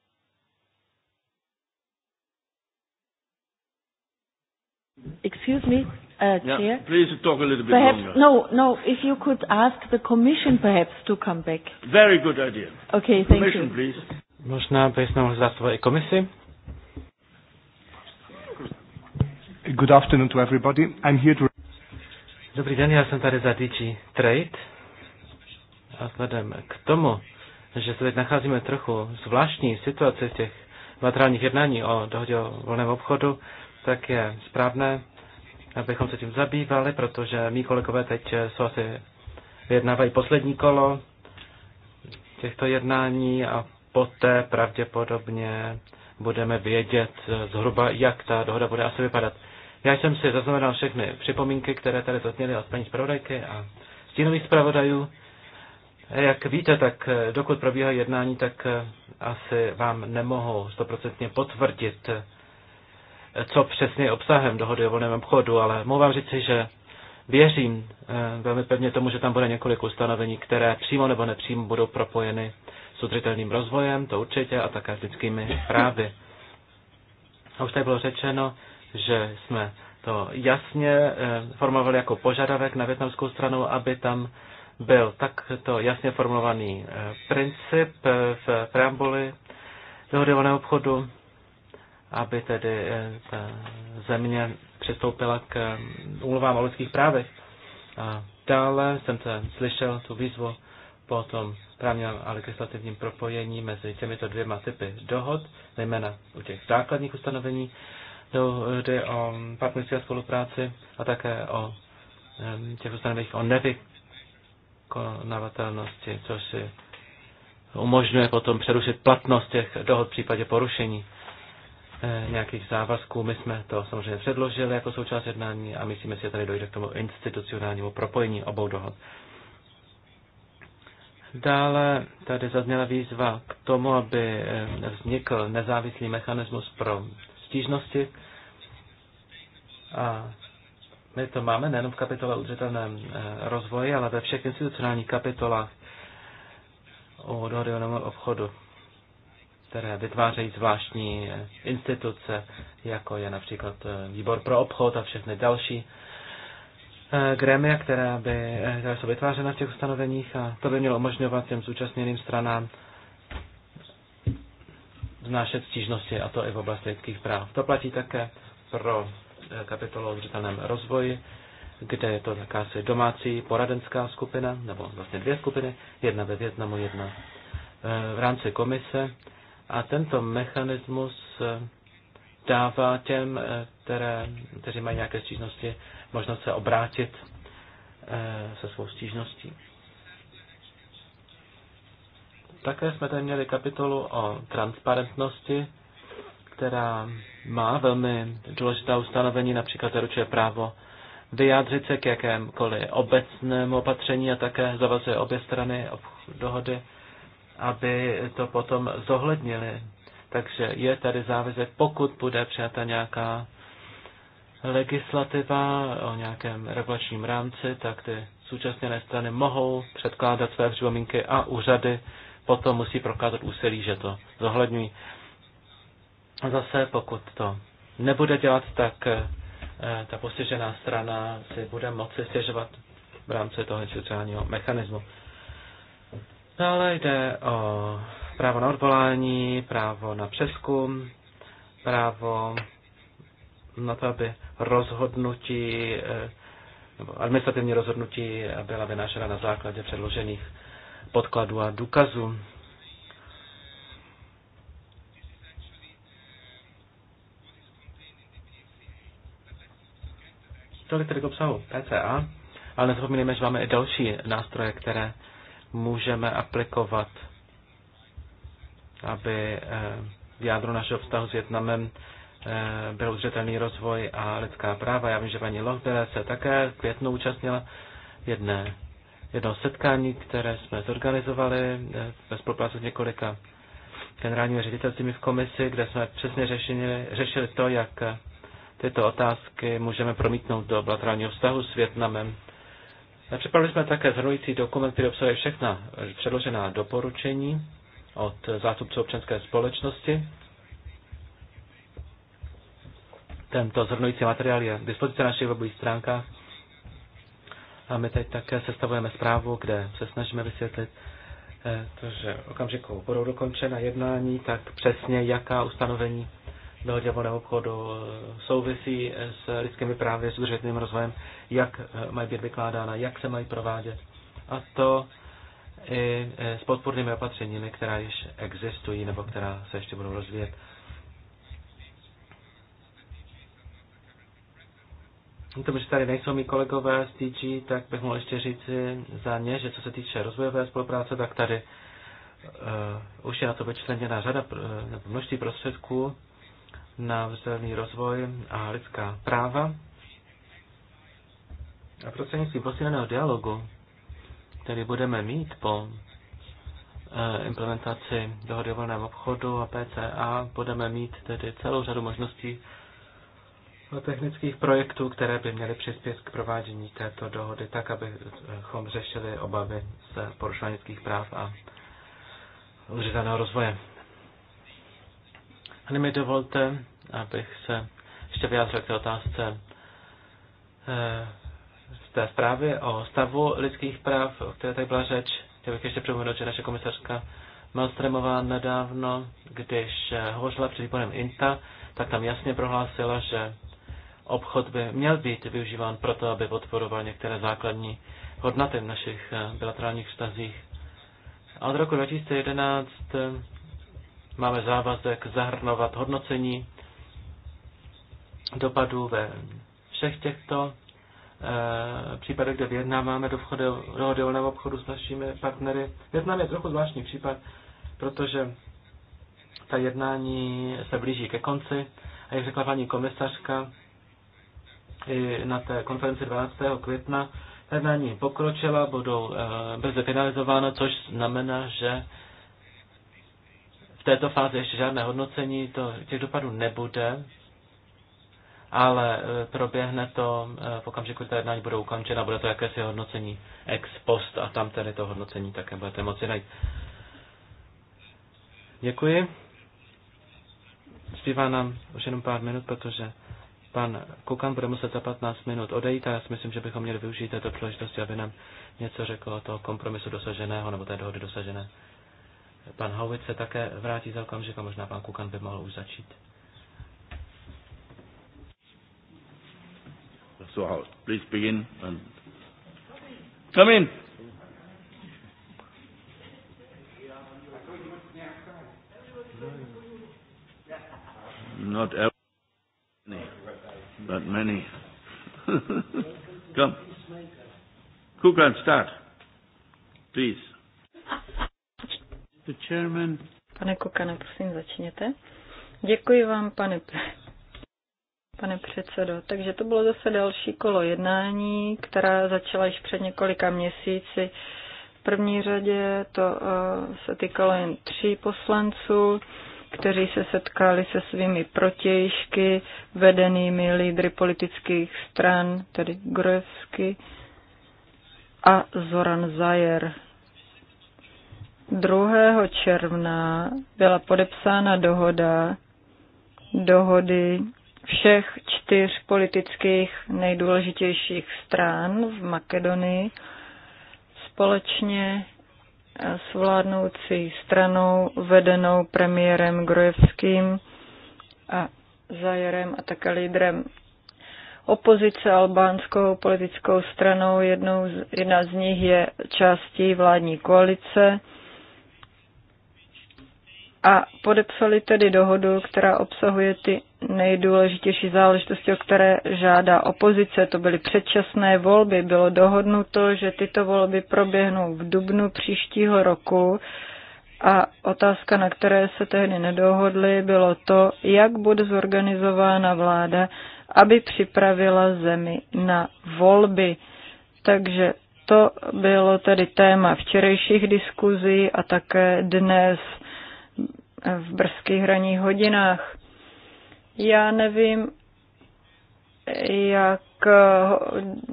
Excuse me, uh, yeah, Chair. Please talk a little bit perhaps, longer. No, no, if you could ask the Commission perhaps to come back. Very good idea. Okay, thank commission, you. Commission, Please. Možná bys mohl dát i komisi. Good afternoon to everybody. I'm here to... Dobrý den, já jsem tady za DG Trade. A vzhledem k tomu, že se teď nacházíme trochu zvláštní situace v těch materiálních jednání o dohodě o volném obchodu, tak je správné abychom se tím zabývali, protože mý kolegové teď eh, jsou asi vyjednávají poslední kolo těchto jednání a poté pravděpodobně budeme vědět eh, zhruba, jak ta dohoda bude asi vypadat. Já jsem si zaznamenal všechny připomínky, které tady zazněly od paní zpravodajky a stínových zpravodajů. Jak víte, tak eh, dokud probíhá jednání, tak asi vám nemohu stoprocentně potvrdit co přesně je obsahem dohody o volném obchodu, ale mohu vám říci, že věřím eh, velmi pevně tomu, že tam bude několik ustanovení, které přímo nebo nepřímo budou propojeny s udržitelným rozvojem, to určitě, a také s lidskými právy. A už tady bylo řečeno, že jsme to jasně eh, formovali jako požadavek na větnamskou stranu, aby tam byl takto jasně formulovaný eh, princip v preambuli dohody o obchodu, aby tedy eh, ta země přistoupila k eh, úmluvám o lidských právech. A dále jsem se slyšel tu výzvu po tom právním a legislativním propojení mezi těmito dvěma typy dohod, zejména u těch základních ustanovení, dohody o partnerské spolupráci a také o eh, těch ustanoveních o nevykonavatelnosti, což si umožňuje potom přerušit platnost těch dohod v případě porušení. Eh, nějakých závazků. My jsme to samozřejmě předložili jako součást jednání a myslíme si, že tady dojde k tomu institucionálnímu propojení obou dohod. Dále tady zazněla výzva k tomu, aby eh, vznikl nezávislý mechanismus pro stížnosti. A my to máme nejen v kapitole udržitelném eh, rozvoji, ale ve všech institucionálních kapitolách o dohody o obchodu které vytvářejí zvláštní instituce, jako je například eh, výbor pro obchod a všechny další eh, grémia, které, by, eh, které jsou vytvářena v těch ustanoveních a to by mělo umožňovat těm zúčastněným stranám vznášet stížnosti a to i v oblasti lidských práv. To platí také pro kapitolu o zřetelném rozvoji, kde je to jakási domácí poradenská skupina, nebo vlastně dvě skupiny, jedna ve Větnamu, jedna v rámci komise, a tento mechanismus eh, dává těm, eh, které, kteří mají nějaké stížnosti, možnost se obrátit eh, se svou stížností. Také jsme tady měli kapitolu o transparentnosti, která má velmi důležitá ustanovení, například zaručuje právo vyjádřit se k jakémkoliv obecnému opatření a také zavazuje obě strany dohody aby to potom zohlednili. Takže je tady závězek, pokud bude přijata nějaká legislativa o nějakém regulačním rámci, tak ty současněné strany mohou předkládat své připomínky a úřady potom musí prokázat úsilí, že to zohledňují. A zase, pokud to nebude dělat, tak eh, ta postižená strana si bude moci stěžovat v rámci toho institucionálního mechanismu. Dále jde o právo na odvolání, právo na přeskum, právo na to, aby rozhodnutí, eh, nebo administrativní rozhodnutí byla vynášena na základě předložených podkladů a důkazů. Tolik tedy k obsahu PCA, ale nezapomínejme, že máme i další nástroje, které můžeme aplikovat, aby eh, v jádru našeho vztahu s Větnamem eh, byl zřetelný rozvoj a lidská práva. Já vím, že paní Lohbele se také v květnu účastnila jedné, jedno setkání, které jsme zorganizovali eh, ve spolupráci s několika generálními ředitelstvími v komisi, kde jsme přesně řešili, řešili to, jak tyto otázky můžeme promítnout do bilaterálního vztahu s Větnamem. Připravili jsme také zhrnující dokument, který obsahuje všechna předložená doporučení od zástupců občanské společnosti. Tento zhrnující materiál je k dispozici na našich webových stránkách. A my teď také sestavujeme zprávu, kde se snažíme vysvětlit, eh, to, že okamžiku budou dokončena jednání, tak přesně jaká ustanovení dohodě obchodu eh, souvisí s lidskými právy, s udržitelným rozvojem, jak eh, mají být vykládána, jak se mají provádět. A to i eh, s podpornými opatřeními, která již existují nebo která se ještě budou rozvíjet. To že tady nejsou mý kolegové z TG, tak bych mohl ještě říci za ně, že co se týče rozvojové spolupráce, tak tady uh, už je na to vyčleněna řada, uh, množství prostředků, na vzdělený rozvoj a lidská práva. A prostřednictvím posíleného dialogu, který budeme mít po eh, implementaci dohody o volném obchodu a PCA, budeme mít tedy celou řadu možností technických projektů, které by měly přispět k provádění této dohody tak, abychom řešili obavy z porušování lidských práv a udržitelného rozvoje. A mi dovolte, abych se ještě vyjádřil k té otázce z eh, té zprávy o stavu lidských práv, o které tady byla řeč. Chtěl bych ještě připomenout, že naše komisařka Malstremová nedávno, když eh, hovořila před výborem INTA, tak tam jasně prohlásila, že obchod by měl být využíván proto, aby podporoval některé základní hodnoty v našich eh, bilaterálních vztazích. A od roku 2011 Máme závazek zahrnovat hodnocení dopadů ve všech těchto e, případech, kde vyjednáváme do vchody, dohody o obchodu s našimi partnery. Vietnam je trochu zvláštní případ, protože ta jednání se blíží ke konci a jak řekla paní komisařka i na té konferenci 12. května, jednání pokročila, budou e, brzy finalizována, což znamená, že této fázi ještě žádné hodnocení to, těch dopadů nebude, ale e, proběhne to e, v okamžiku, kdy ta jednání budou ukončena, bude to jakési hodnocení ex post a tam tedy to hodnocení také budete moci najít. Děkuji. Zbývá nám už jenom pár minut, protože pan Kukan bude muset za 15 minut odejít a já si myslím, že bychom měli využít této příležitosti, aby nám něco řekl o toho kompromisu dosaženého nebo té dohody dosažené. Pan Howitt se také vrátí za okamžik a možná pan Kukan by mohl už začít. So, please begin and come in. Not every, but many. Come. Who can start. Please. Pane Kokane, prosím, začněte. Děkuji vám, pane, pane předsedo. Takže to bylo zase další kolo jednání, která začala již před několika měsíci. V první řadě to uh, se týkalo jen tří poslanců, kteří se setkali se svými protějšky, vedenými lídry politických stran, tedy Grevsky a Zoran Zajer 2. června byla podepsána dohoda dohody všech čtyř politických nejdůležitějších stran v Makedonii společně s vládnoucí stranou vedenou premiérem Grojevským a Zajerem a také lídrem opozice albánskou politickou stranou. Jednou z, jedna z nich je částí vládní koalice a podepsali tedy dohodu, která obsahuje ty nejdůležitější záležitosti, o které žádá opozice. To byly předčasné volby. Bylo dohodnuto, že tyto volby proběhnou v dubnu příštího roku. A otázka, na které se tehdy nedohodli, bylo to, jak bude zorganizována vláda, aby připravila zemi na volby. Takže to bylo tedy téma včerejších diskuzí a také dnes v brzkých hraních hodinách. Já nevím, jak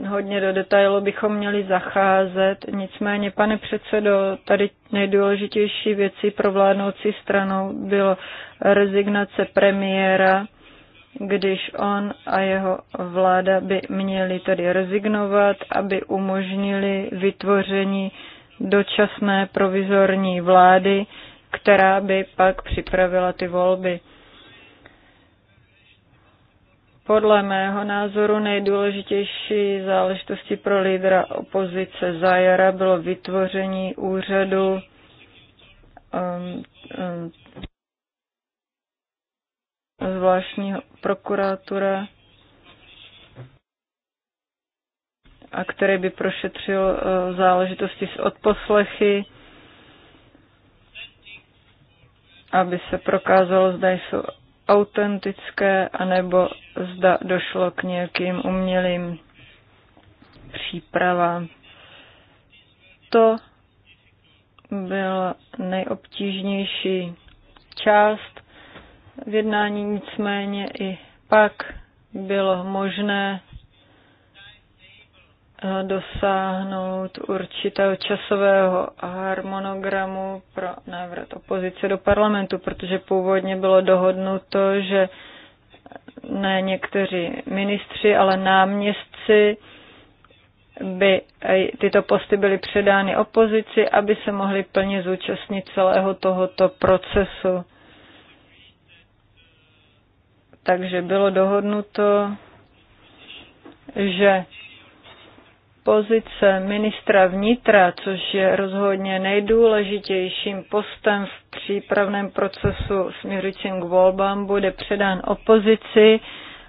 hodně do detailu bychom měli zacházet. Nicméně, pane předsedo, tady nejdůležitější věcí pro vládnoucí stranou bylo rezignace premiéra, když on a jeho vláda by měli tedy rezignovat, aby umožnili vytvoření dočasné provizorní vlády, která by pak připravila ty volby. Podle mého názoru nejdůležitější záležitosti pro lídra opozice Zajara bylo vytvoření úřadu um, um, zvláštního prokurátora, a který by prošetřil uh, záležitosti s odposlechy aby se prokázalo, zda jsou autentické, anebo zda došlo k nějakým umělým přípravám. To byla nejobtížnější část v jednání, nicméně i pak bylo možné Eh, dosáhnout určitého časového harmonogramu pro návrat opozice do parlamentu, protože původně bylo dohodnuto, že ne někteří ministři, ale náměstci by eh, tyto posty byly předány opozici, aby se mohli plně zúčastnit celého tohoto procesu. Takže bylo dohodnuto, že pozice ministra vnitra, což je rozhodně nejdůležitějším postem v přípravném procesu směřujícím k volbám, bude předán opozici,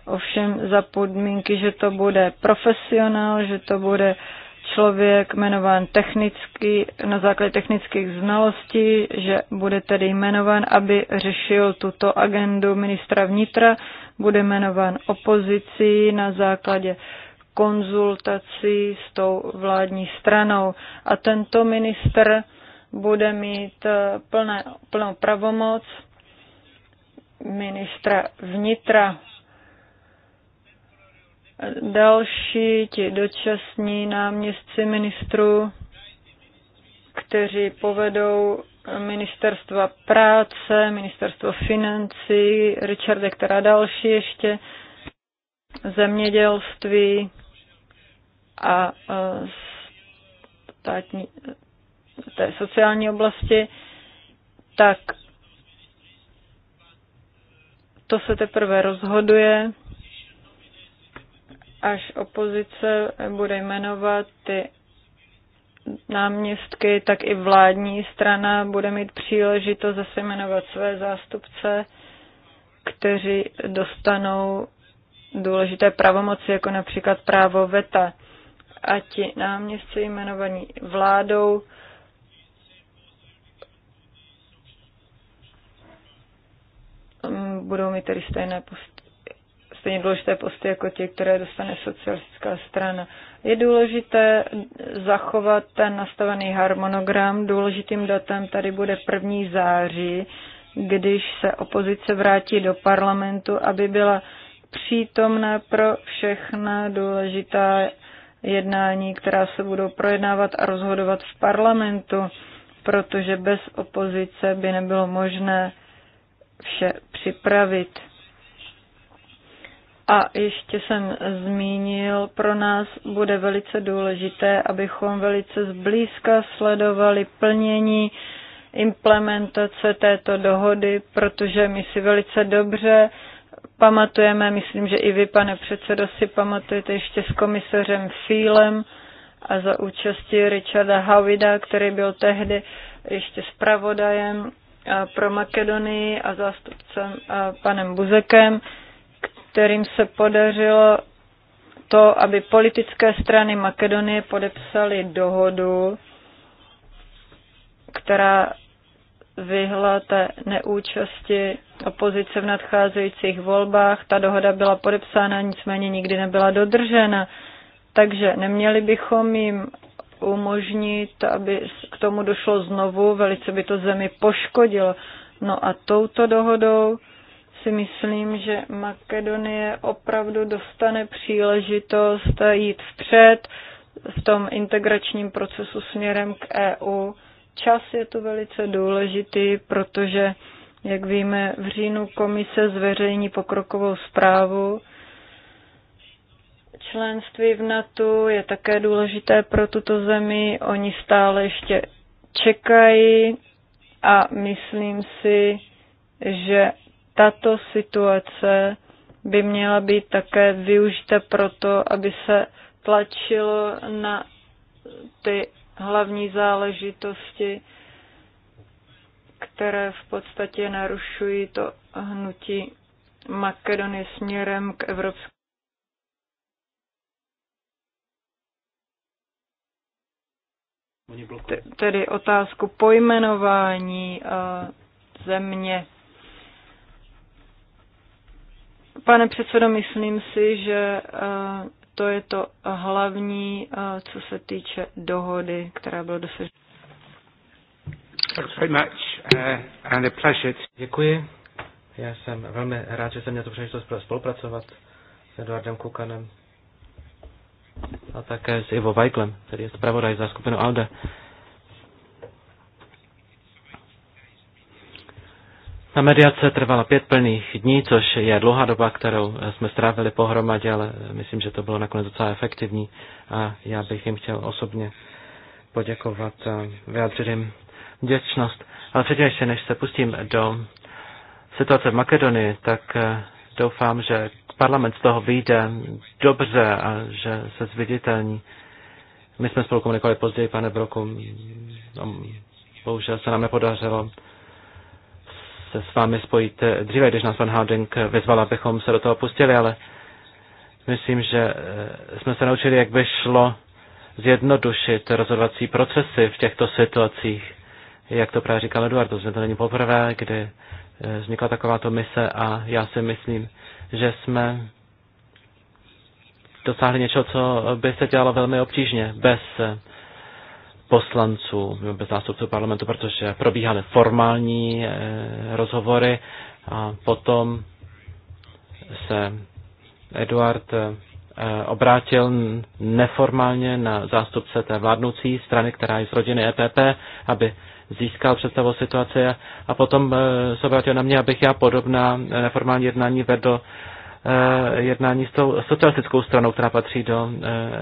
ovšem za podmínky, že to bude profesionál, že to bude člověk jmenován technicky, na základě technických znalostí, že bude tedy jmenován, aby řešil tuto agendu ministra vnitra, bude jmenován opozicí na základě konzultaci s tou vládní stranou. A tento minister bude mít eh, plné, plnou pravomoc ministra vnitra. Další ti dočasní náměstci ministru, kteří povedou ministerstva práce, ministerstvo financí, Richarde, která další ještě, zemědělství, a státní, té sociální oblasti, tak to se teprve rozhoduje, až opozice bude jmenovat ty náměstky, tak i vládní strana bude mít příležitost zase jmenovat své zástupce, kteří dostanou důležité pravomoci, jako například právo VETA a ti náměstci jmenovaní vládou mm, budou mít tedy stejné posty, stejně důležité posty jako ti, které dostane socialistická strana. Je důležité zachovat ten nastavený harmonogram. Důležitým datem tady bude 1. září, když se opozice vrátí do parlamentu, aby byla přítomná pro všechna důležitá jednání, která se budou projednávat a rozhodovat v parlamentu, protože bez opozice by nebylo možné vše připravit. A ještě jsem zmínil, pro nás bude velice důležité, abychom velice zblízka sledovali plnění implementace této dohody, protože my si velice dobře pamatujeme, myslím, že i vy, pane předsedo, si pamatujete ještě s komisařem Fílem a za účasti Richarda Havida, který byl tehdy ještě zpravodajem pro Makedonii a zástupcem a panem Buzekem, kterým se podařilo to, aby politické strany Makedonie podepsaly dohodu, která vyhláte neúčasti opozice v nadcházejících volbách. Ta dohoda byla podepsána, nicméně nikdy nebyla dodržena. Takže neměli bychom jim umožnit, aby k tomu došlo znovu, velice by to zemi poškodilo. No a touto dohodou si myslím, že Makedonie opravdu dostane příležitost jít vpřed v tom integračním procesu směrem k EU Čas je tu velice důležitý, protože, jak víme, v říjnu komise zveřejní pokrokovou zprávu. Členství v NATO je také důležité pro tuto zemi. Oni stále ještě čekají a myslím si, že tato situace by měla být také využita proto, aby se tlačilo na ty hlavní záležitosti, které v podstatě narušují to hnutí Makedonie směrem k Evropské tedy otázku pojmenování země. Pane předsedo, myslím si, že to je to hlavní, eh, co se týče dohody, která byla dosažena. Eh, Děkuji. Já jsem velmi rád, že jsem měl tu příležitost spolupracovat s Eduardem Kukanem a také s Ivo Weiklem, který je zpravodaj za skupinu ALDE. Ta mediace trvala pět plných dní, což je dlouhá doba, kterou jsme strávili pohromadě, ale myslím, že to bylo nakonec docela efektivní a já bych jim chtěl osobně poděkovat a vyjádřit jim vděčnost. Ale předtím, ještě než se pustím do situace v Makedonii, tak eh, doufám, že parlament z toho vyjde dobře a že se zviditelní. My jsme spolu komunikovali později, pane Broku, bohužel se nám nepodařilo se s vámi spojit dříve, když nás pan Harding vyzval, abychom se do toho pustili, ale myslím, že eh, jsme se naučili, jak by šlo zjednodušit rozhodovací procesy v těchto situacích. Jak to právě říkal Eduardo, že to není poprvé, kdy eh, vznikla takováto mise a já si myslím, že jsme dosáhli něčeho, co by se dělalo velmi obtížně bez eh, poslanců, bez zástupců parlamentu, protože probíhaly formální eh, rozhovory a potom se Eduard eh, obrátil neformálně na zástupce té vládnoucí strany, která je z rodiny EPP, aby získal představu situace situaci a potom eh, se obrátil na mě, abych já podobná neformální jednání vedl jednání s tou socialistickou stranou, která patří do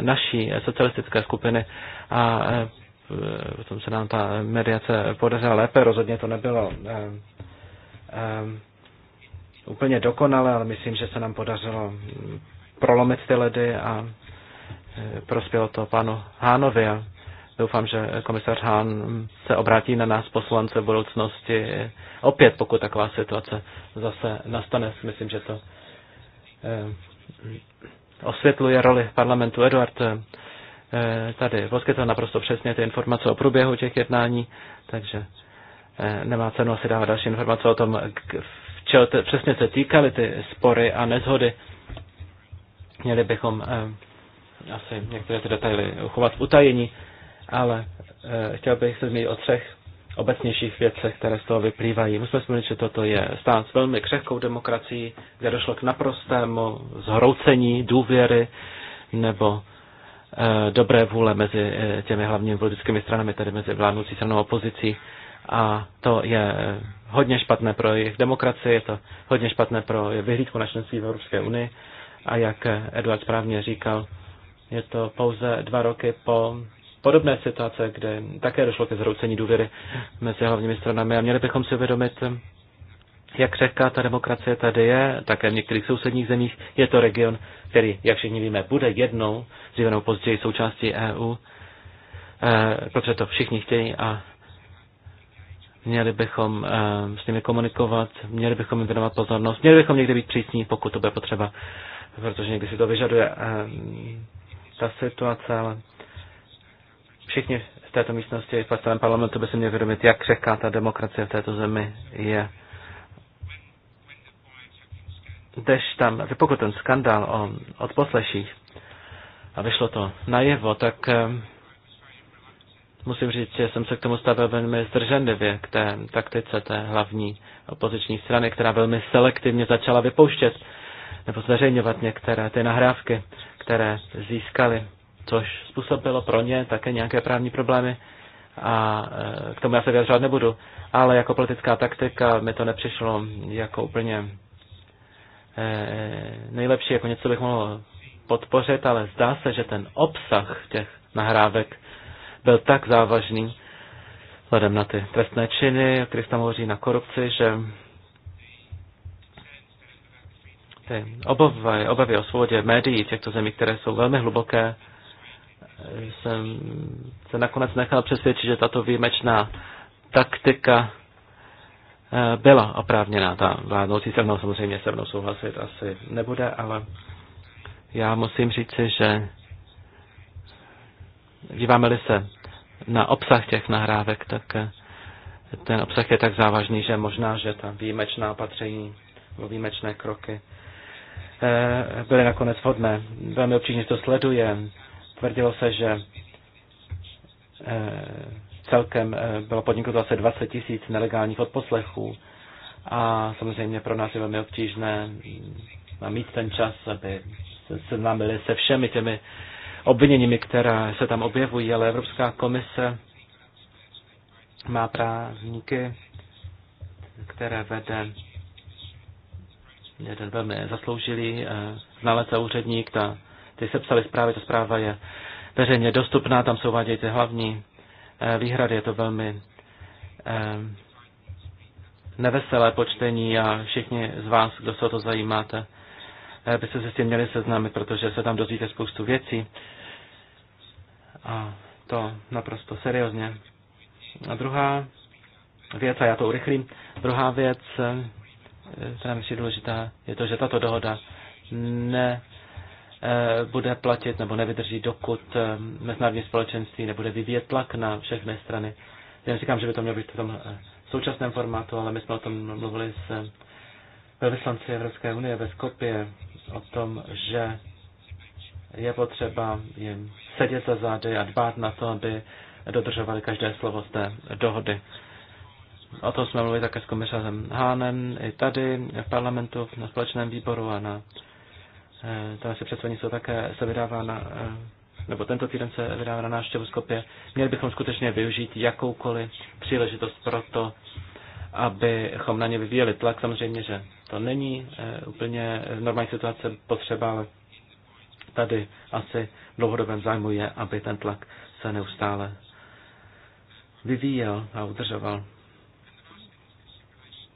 naší socialistické skupiny. A v tom se nám ta mediace podařila lépe, rozhodně to nebylo eh, eh, úplně dokonale, ale myslím, že se nám podařilo mm, prolomit ty ledy a eh, prospělo to panu Hánovi a doufám, že komisař Hán mm, se obrátí na nás poslance v budoucnosti opět, pokud taková situace zase nastane. Myslím, že to mm, osvětluje roli parlamentu. Eduard Eh, tady poskytl naprosto přesně ty informace o průběhu těch jednání, takže eh, nemá cenu asi dávat další informace o tom, v čeho te, přesně se týkaly ty spory a nezhody. Měli bychom eh, asi některé ty detaily uchovat v utajení, ale chtěl bych se zmínit o třech obecnějších věcech, které z toho vyplývají. Musíme si že toto je stát s velmi křehkou demokracií, kde došlo k naprostému zhroucení důvěry nebo Eh, dobré vůle mezi eh, těmi hlavními politickými stranami, tedy mezi vládnoucí stranou a opozicí. A to je eh, hodně špatné pro jejich demokracii, je to hodně špatné pro vyhlídku na členství v Evropské unii. A jak Eduard správně říkal, je to pouze dva roky po podobné situace, kde také došlo ke zhroucení důvěry mezi hlavními stranami. A měli bychom si uvědomit, jak křehká ta demokracie tady je, také v některých sousedních zemích. Je to region, který, jak všichni víme, bude jednou, dříve nebo později, součástí EU, e, eh, protože to všichni chtějí a měli bychom e, s nimi komunikovat, měli bychom jim věnovat pozornost, měli bychom někdy být přísní, pokud to bude potřeba, protože někdy si to vyžaduje e, ta situace, ale všichni v této místnosti v parlamentu by se měli vědomit, jak křehká ta demokracie v této zemi je tež tam vypukl ten skandál o odposleších a vyšlo to najevo, tak eh, musím říct, že jsem se k tomu stavil velmi zdrženlivě, k té taktice té hlavní opoziční strany, která velmi selektivně začala vypouštět nebo zveřejňovat některé ty nahrávky, které získali, což způsobilo pro ně také nějaké právní problémy a eh, k tomu já se vyjadřovat nebudu. Ale jako politická taktika mi to nepřišlo jako úplně Eh, nejlepší, jako něco bych mohl podpořit, ale zdá se, že ten obsah těch nahrávek byl tak závažný, vzhledem na ty trestné činy, o kterých tam hovoří na korupci, že ty obavy, obavy o svobodě médií v těchto zemí, které jsou velmi hluboké, eh, jsem se nakonec nechal přesvědčit, že tato výjimečná taktika Eh, byla oprávněná. Ta vládnoucí se mnou samozřejmě se mnou souhlasit asi nebude, ale já musím říci, že díváme-li se na obsah těch nahrávek, tak eh, ten obsah je tak závažný, že možná, že ta výjimečná opatření nebo výjimečné kroky eh, byly nakonec hodné. Velmi obtížně to sleduje. Tvrdilo se, že Celkem eh, bylo podniknuto asi 20 tisíc nelegálních odposlechů a samozřejmě pro nás je velmi obtížné mm, mít ten čas, aby se seznámili se všemi těmi obviněními, která se tam objevují, ale Evropská komise má právníky, které vede jeden velmi zasloužilý eh, znalec a úředník, ta, ty sepsali zprávy, ta zpráva je veřejně dostupná, tam se uvádějí ty hlavní Eh, výhrady. Je to velmi eh, neveselé počtení a všichni z vás, kdo se o to zajímáte, eh, byste se s tím měli seznámit, protože se tam dozvíte spoustu věcí. A to naprosto seriózně. A druhá věc, a já to urychlím, druhá věc, která mi přijde důležitá, je to, že tato dohoda ne Eh, bude platit nebo nevydrží, dokud eh, mezinárodní společenství nebude vyvíjet tlak na všechny strany. Já neříkám, že by to mělo být v tom eh, současném formátu, ale my jsme o tom mluvili s velvyslanci Evropské unie ve Skopě o tom, že je potřeba jim sedět za zády a dbát na to, aby dodržovali každé slovo z té dohody. O tom jsme mluvili také s komisařem Hánem i tady v parlamentu na společném výboru a na Eh, to představení předsednictvo také se vydává na, eh, nebo tento týden se vydává na návštěvu Skopě. Měli bychom skutečně využít jakoukoliv příležitost pro to, abychom na ně vyvíjeli tlak. Samozřejmě, že to není eh, úplně normální situace potřeba, ale tady asi v dlouhodobém zájmu je, aby ten tlak se neustále vyvíjel a udržoval.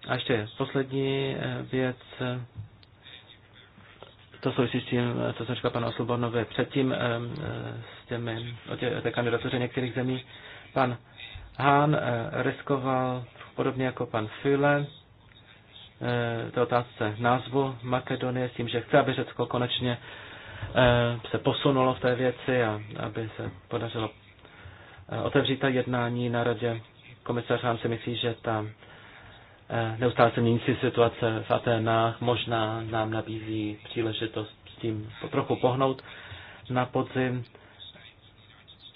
A ještě poslední věc, to souvisí s tím, co jsem říkal panu Slobonovi předtím, eh, s těmi, o tě, té kandidatuře některých zemí. Pan Hahn eh, riskoval, podobně jako pan Füle, eh, to otázce názvu Makedonie, s tím, že chce, aby Řecko konečně se posunulo v té věci a aby se podařilo otevřít ta jednání na radě. Komisař Hahn si myslí, že ta Eh, neustále se mění situace v Atenách, možná nám nabízí příležitost s tím trochu pohnout na podzim.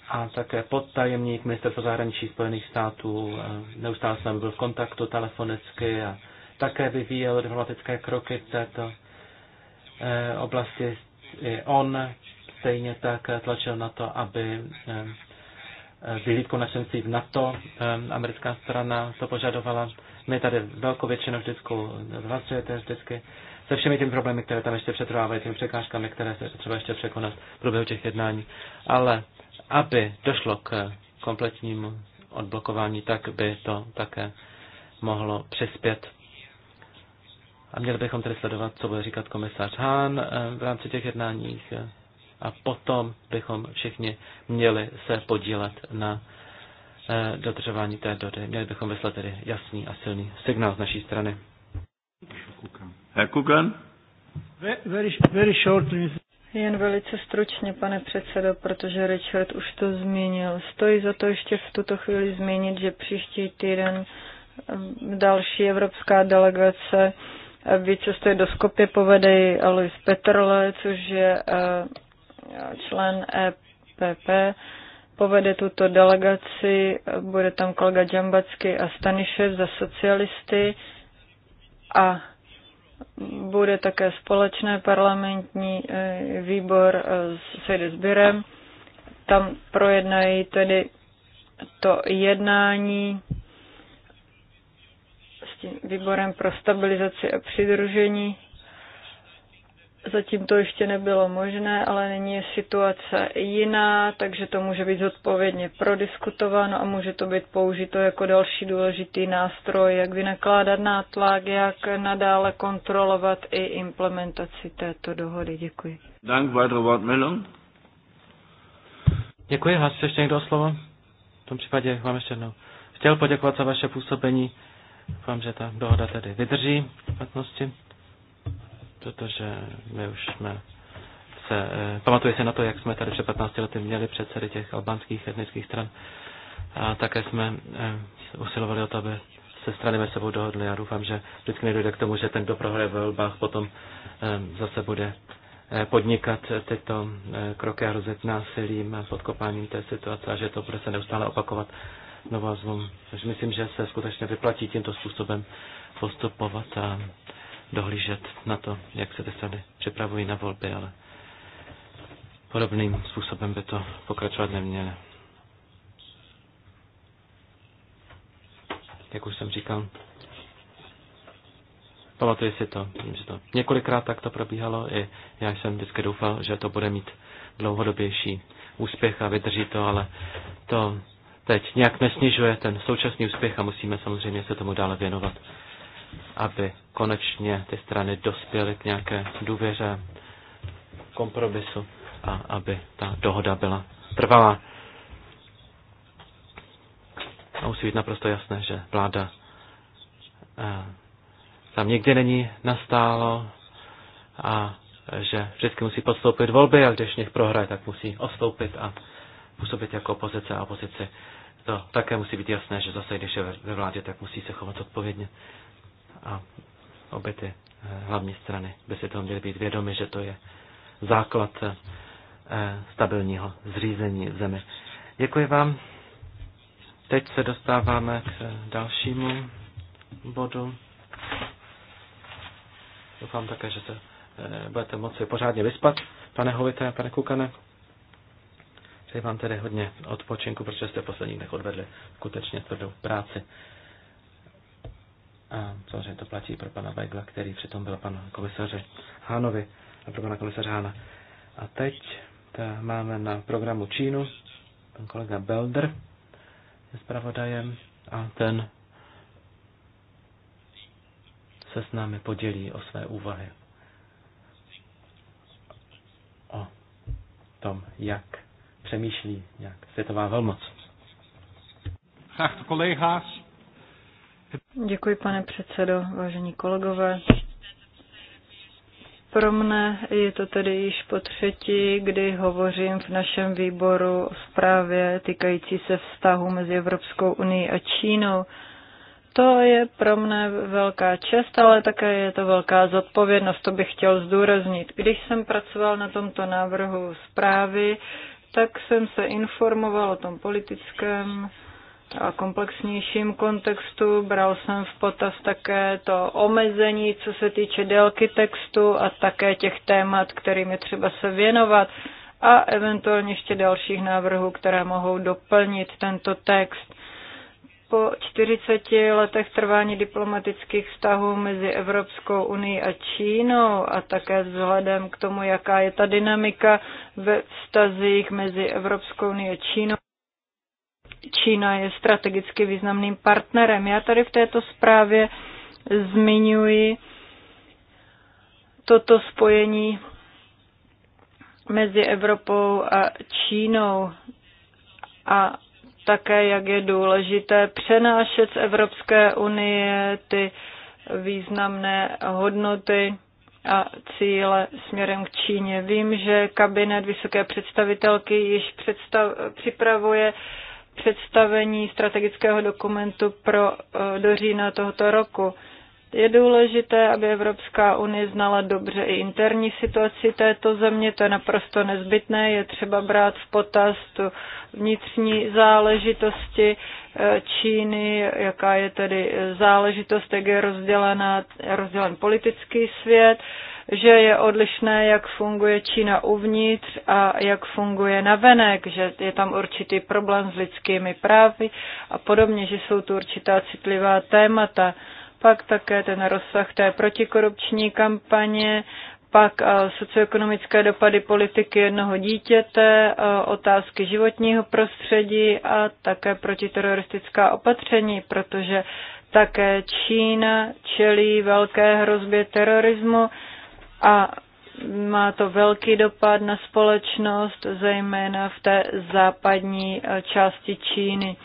A také podtajemník ministerstva zahraničí Spojených států eh, neustále s námi byl v kontaktu telefonicky a také vyvíjel diplomatické kroky v této eh, oblasti. I on stejně tak tlačil na to, aby vyhlídku na členství v NATO americká strana to požadovala my tady velkou většinu vždycky hlasujete vždycky se všemi těmi problémy, které tam ještě přetrvávají, těmi překážkami, které se třeba ještě překonat v průběhu těch jednání. Ale aby došlo k kompletnímu odblokování, tak by to také mohlo přispět. A měli bychom tedy sledovat, co bude říkat komisař Hahn eh, v rámci těch jednáních eh, a potom bychom všichni měli se podílet na Eh, dodržování té dody. Měli bychom vyslat tedy jasný a silný signál z naší strany. Herr Kukan. Very, very shortly. Jen velice stručně, pane předsedo, protože Richard už to zmínil. Stojí za to ještě v tuto chvíli zmínit, že příští týden eh, další evropská delegace eh, vycestuje do skopě povede ji Alois Petrle, což je člen EPP povede tuto delegaci, bude tam kolega Džambacky a Stanišev za socialisty a bude také společné parlamentní eh, výbor eh, s sejde Tam projednají tedy to jednání s tím výborem pro stabilizaci a přidružení Zatím to ještě nebylo možné, ale nyní je situace jiná, takže to může být zodpovědně prodiskutováno a může to být použito jako další důležitý nástroj, jak vynakládat nátlak, jak nadále kontrolovat i implementaci této dohody. Děkuji. Děkuji, hlas ještě někdo o slovo? V tom případě vám ještě jednou. Chtěl poděkovat za vaše působení. Vám že ta dohoda tedy vydrží v platnosti protože my už jsme se, eh, pamatuje se na to, jak jsme tady před 15 lety měli předsedy těch albánských etnických stran a také jsme eh, usilovali o to, aby se strany mezi sebou dohodly. Já doufám, že vždycky nedojde k tomu, že ten, kdo prohraje ve volbách, potom eh, zase bude podnikat tyto kroky a rozjet násilím a podkopáním té situace a že to bude se neustále opakovat znovu a Takže myslím, že se skutečně vyplatí tímto způsobem postupovat a dohlížet na to, jak se ty připravují na volby, ale podobným způsobem by to pokračovat neměli. Jak už jsem říkal, pamatuji si to, že to několikrát tak to probíhalo i já jsem vždycky doufal, že to bude mít dlouhodobější úspěch a vydrží to, ale to teď nějak nesnižuje ten současný úspěch a musíme samozřejmě se tomu dále věnovat aby konečně ty strany dospěly k nějaké důvěře, kompromisu a aby ta dohoda byla trvalá. A musí být naprosto jasné, že vláda eh, tam nikdy není nastálo a že vždycky musí podstoupit volby a když nich prohraje, tak musí odstoupit a působit jako opozice a opozici. To také musí být jasné, že zase, když je ve vládě, tak musí se chovat odpovědně. A obě ty eh, hlavní strany by si toho měly být vědomi, že to je základ eh, stabilního zřízení v zemi. Děkuji vám. Teď se dostáváme k eh, dalšímu bodu. Doufám také, že se budete moci pořádně vyspat, pane Hovite a pane Kukane. Přeji vám tedy hodně odpočinku, protože jste poslední dnech odvedli skutečně tvrdou práci. A samozřejmě to platí pro pana Weigla, který přitom byl pan komisaře Hánovi a pro pana komisaře Hána. A teď máme na programu Čínu. Pan kolega Belder je zpravodajem a ten se s námi podělí o své úvahy. O tom, jak přemýšlí, jak světová velmoc. Geachte collega's, Děkuji, pane předsedo, vážení kolegové. Pro mne je to tedy již po třetí, kdy hovořím v našem výboru o zprávě týkající se vztahu mezi Evropskou unii a Čínou. To je pro mne velká čest, ale také je to velká zodpovědnost, to bych chtěl zdůraznit. Když jsem pracoval na tomto návrhu zprávy, tak jsem se informoval o tom politickém komplexnějším kontextu. Bral jsem v potaz také to omezení, co se týče délky textu a také těch témat, kterým je třeba se věnovat a eventuálně ještě dalších návrhů, které mohou doplnit tento text. Po 40 letech trvání diplomatických vztahů mezi Evropskou unii a Čínou a také vzhledem k tomu, jaká je ta dynamika ve vztazích mezi Evropskou unii a Čínou, Čína je strategicky významným partnerem. Já tady v této zprávě zmiňuji toto spojení mezi Evropou a Čínou a také, jak je důležité přenášet z Evropské unie ty významné hodnoty a cíle směrem k Číně. Vím, že kabinet vysoké představitelky již představ, připravuje uh, představení strategického dokumentu pro, e, do října tohoto roku. Je důležité, aby Evropská unie znala dobře i interní situaci této země, to je naprosto nezbytné, je třeba brát v potaz tu vnitřní záležitosti e, Číny, jaká je tedy e, záležitost, jak je rozdělená, rozdělen politický svět, že je odlišné, jak funguje Čína uvnitř a jak funguje navenek, že je tam určitý problém s lidskými právy a podobně, že jsou tu určitá citlivá témata. Pak také ten rozsah té protikorupční kampaně, pak eh, socioekonomické dopady politiky jednoho dítěte, eh, otázky životního prostředí a také protiteroristická opatření, protože také Čína čelí velké hrozbě terorismu, a má to velký dopad na společnost, zejména v té západní eh, části Číny.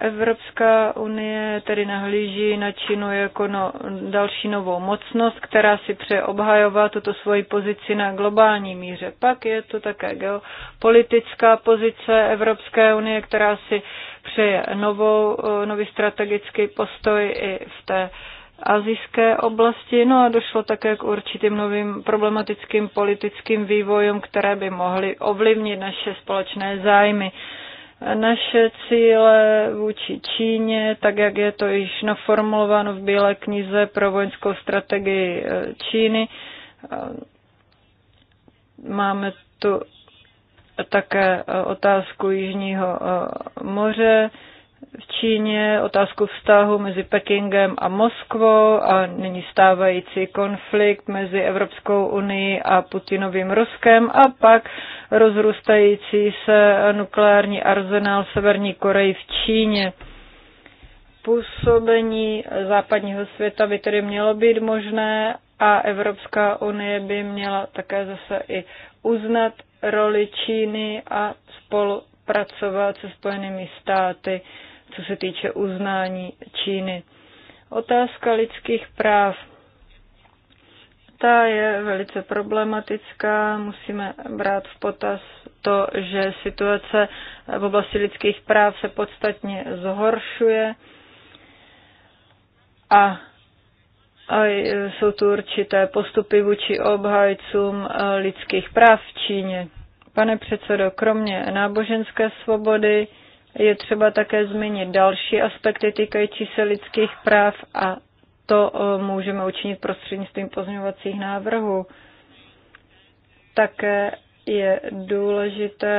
Evropská unie tedy nahlíží na Čínu jako no, další novou mocnost, která si přeje obhajovat tuto svoji pozici na globální míře. Pak je to také geopolitická pozice Evropské unie, která si přeje novou, eh, nový strategický postoj i v té uh, azijské oblasti, no a došlo také k určitým novým problematickým politickým vývojům, které by mohly ovlivnit naše společné zájmy. Naše cíle vůči Číně, tak jak je to již naformulováno v Bílé knize pro vojenskou strategii eh, Číny, eh, máme tu také eh, otázku Jižního moře, v Číně, otázku vztahu mezi Pekingem a Moskvou a nyní stávající konflikt mezi Evropskou unii a Putinovým Ruskem a pak rozrůstající se nukleární arzenál Severní Koreji v Číně. Působení západního světa by tedy mělo být možné a Evropská unie by měla také zase i uznat roli Číny a spolupracovat se Spojenými státy co se týče uznání Číny. Otázka lidských práv. Ta je velice problematická. Musíme brát v potaz to, že situace v oblasti lidských práv se podstatně zhoršuje a a jsou tu určité postupy vůči obhajcům lidských práv v Číně. Pane předsedo, kromě náboženské svobody, je třeba také zmínit další aspekty týkající se lidských práv a to eh, můžeme učinit prostřednictvím pozměňovacích návrhů. Také je důležité,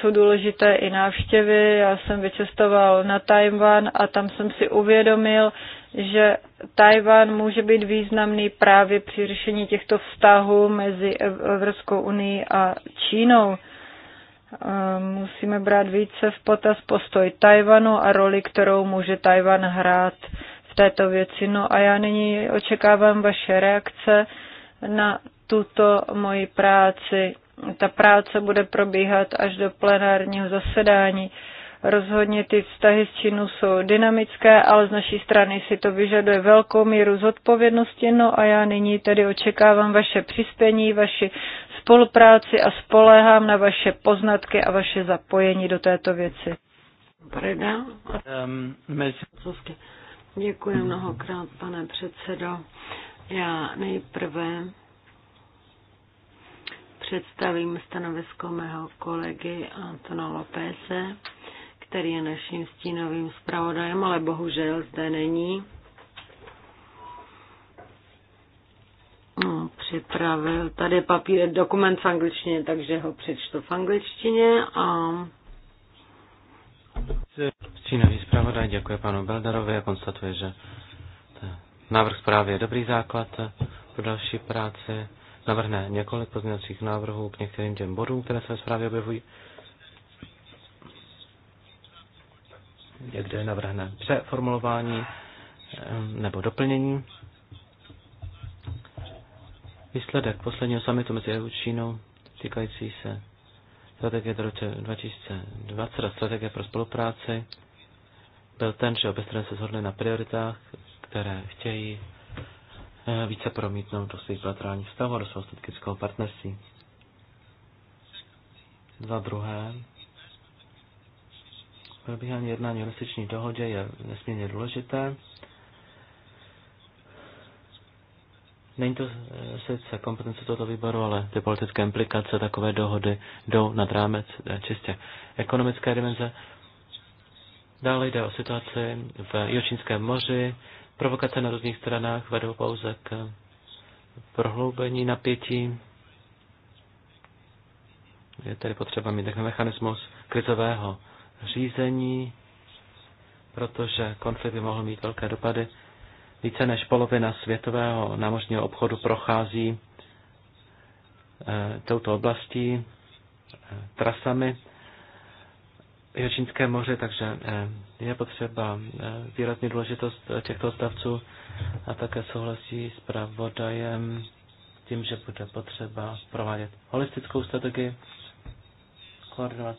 jsou důležité i návštěvy. Já jsem vycestoval na Tajvan a tam jsem si uvědomil, že Tajvan může být významný právě při řešení těchto vztahů mezi Evropskou unii a Čínou. Eh, musíme brát více v potaz postoj Tajvanu a roli, kterou může Tajvan hrát v této věci. No a já nyní očekávám vaše reakce na tuto moji práci. Ta práce bude probíhat až do plenárního zasedání. Rozhodně ty vztahy s Čínou jsou dynamické, ale z naší strany si to vyžaduje velkou míru zodpovědnosti. No a já nyní tedy očekávám vaše přispění, vaši spolupráci a spoléhám na vaše poznatky a vaše zapojení do této věci. Um, Děkuji mnohokrát, pane předsedo. Já nejprve představím stanovisko mého kolegy Antona Lopese, který je naším stínovým zpravodajem, ale bohužel zde není. No, připravil tady papír, dokument v angličtině, takže ho přečtu v angličtině a... Stínový zpravodaj děkuje panu Beldarovi a konstatuje, že návrh zprávy je dobrý základ pro další práci. Navrhne několik pozměňovacích návrhů k některým těm bodům, které se ve zprávě objevují. Někde navrhne přeformulování eh, nebo doplnění Výsledek posledního samitu mezi EU Čínou týkající se strategie do roce 2020 a strategie pro spolupráci byl ten, že obě strany se shodly na prioritách, které chtějí eh, více promítnout do svých bilaterálních vztahů a do svého strategického partnerství. Za druhé, probíhání jednání o dohodě je nesmírně důležité. Není to eh, sice kompetence tohoto výboru, ale ty politické implikace takové dohody jdou nad rámec eh, čistě ekonomické dimenze. Dále jde o situaci v Jočínském moři. Provokace na různých stranách vedou pouze k prohloubení napětí. Je tedy potřeba mít takový mechanismus krizového řízení, protože konflikt by mohl mít velké dopady více než polovina světového námořního obchodu prochází eh, touto oblastí, eh, trasami Jihočínské moře, takže eh, je potřeba výrazně důležitost těchto stavců a také souhlasí s pravodajem tím, že bude potřeba provádět holistickou strategii, koordinovat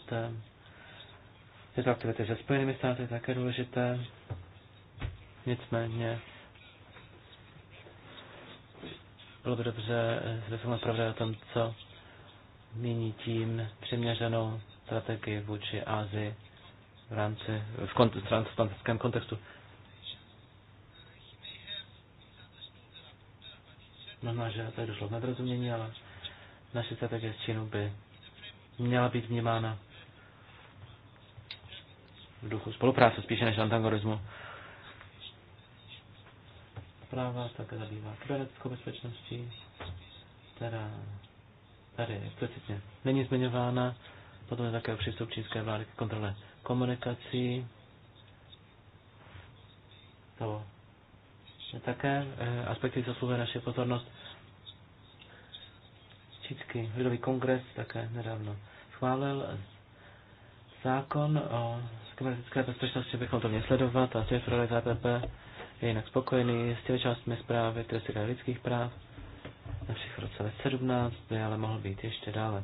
tyto aktivity se Spojenými státy, také důležité. Nicméně Bylo by dobře zvyklad pravda o tom, co mění tím přiměřenou strategii vůči Ázii v rámci, v, transatlantickém kontextu. Možná, že je došlo k nedorozumění, ale naše strategie s Čínou by měla být vnímána v duchu spolupráce spíše než antagonismu zpráva také zabývá kybernetickou bezpečností, která tady explicitně není zmiňována. Potom je také přístup čínské vlády k kontrole komunikací. To je také eh, aspekty zasluhuje naše pozornost. Čínský lidový kongres také nedávno schválil zákon o kybernetické bezpečnosti, bychom to měli sledovat a ty pro ZPP je jinak spokojený s těmi částmi zprávy, které se lidských práv, na všech roce 17 by ale mohl být ještě dále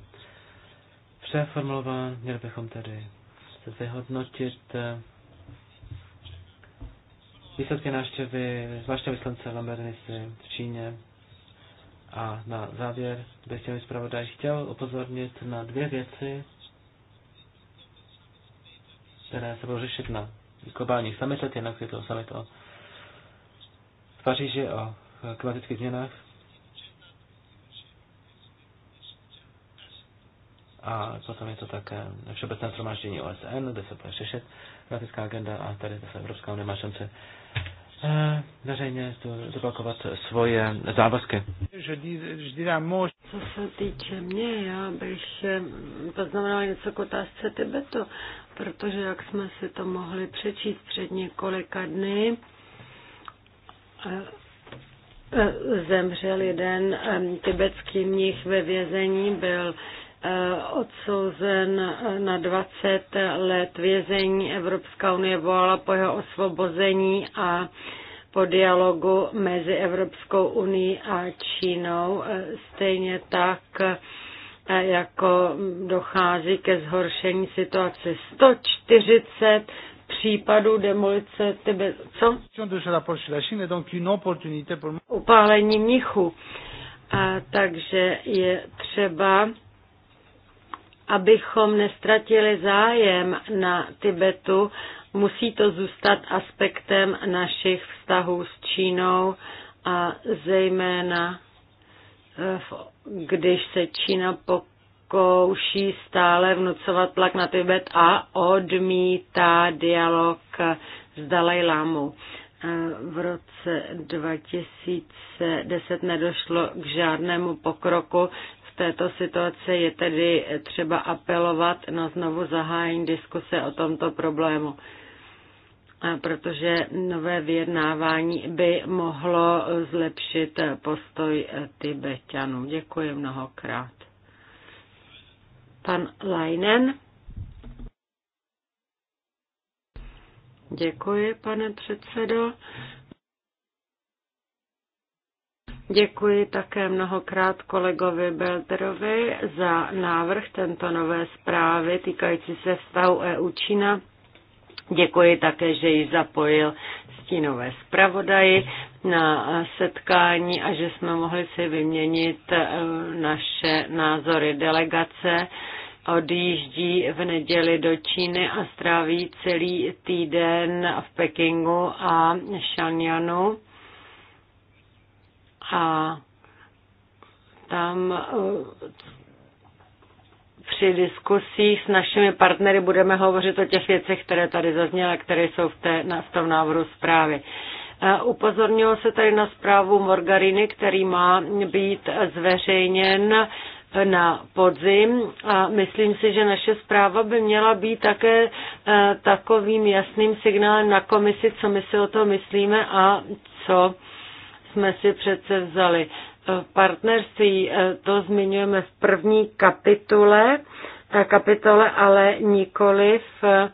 přeformulován. Měli bychom tedy se vyhodnotit eh, výsledky návštěvy zvláště vyslance Lambernisy v Číně. A na závěr bych chtěl zpravodaj chtěl upozornit na dvě věci, které se budou řešit na globální summit, jednak je to summit o v Paříži o klimatických změnách. A potom je to také Všeobecné shromáždění OSN, kde se bude řešit klimatická agenda a tady zase Evropská unie má šance eh, veřejně zopakovat svoje závazky. Co se týče mě, já bych eh, poznamenala něco k otázce Tibetu, protože jak jsme si to mohli přečíst před několika dny, E, zemřel jeden tibetský mnich ve vězení, byl e, odsouzen e, na 20 let vězení. Evropská unie volala po jeho osvobození a po dialogu mezi Evropskou unii a Čínou. Stejně tak jako dochází ke zhoršení situace. 140 případu demolice tebe, co? Upálení mnichu. A takže je třeba, abychom nestratili zájem na Tibetu, musí to zůstat aspektem našich vztahů s Čínou a zejména eh, když se Čína pokud zkouší stále vnucovat tlak na Tibet a odmítá dialog s Lámou. V roce 2010 nedošlo k žádnému pokroku. V této situaci je tedy třeba apelovat na znovu zahájení diskuse o tomto problému protože nové vyjednávání by mohlo zlepšit postoj Tibetanů. Děkuji mnohokrát pan Leinen. Děkuji, pane předsedo. Děkuji také mnohokrát kolegovi Belterovi za návrh tento nové zprávy týkající se vztahu EU-Čína. Děkuji také, že ji zapojil stínové zpravodaji na setkání a že jsme mohli si vyměnit eh, naše názory delegace odjíždí v neděli do Číny a stráví celý týden v Pekingu a Šanyanu. A tam eh, při diskusích s našimi partnery budeme hovořit o těch věcech, které tady zazněly, které jsou v, té, v tom návrhu zprávy. Eh, upozornilo se tady na zprávu Morgariny, který má být zveřejněn na podzim a myslím si, že naše zpráva by měla být také eh, takovým jasným signálem na komisi, co my si o to myslíme a co jsme si přece vzali. V eh, partnerství eh, to zmiňujeme v první kapitule, kapitole, ale nikoli v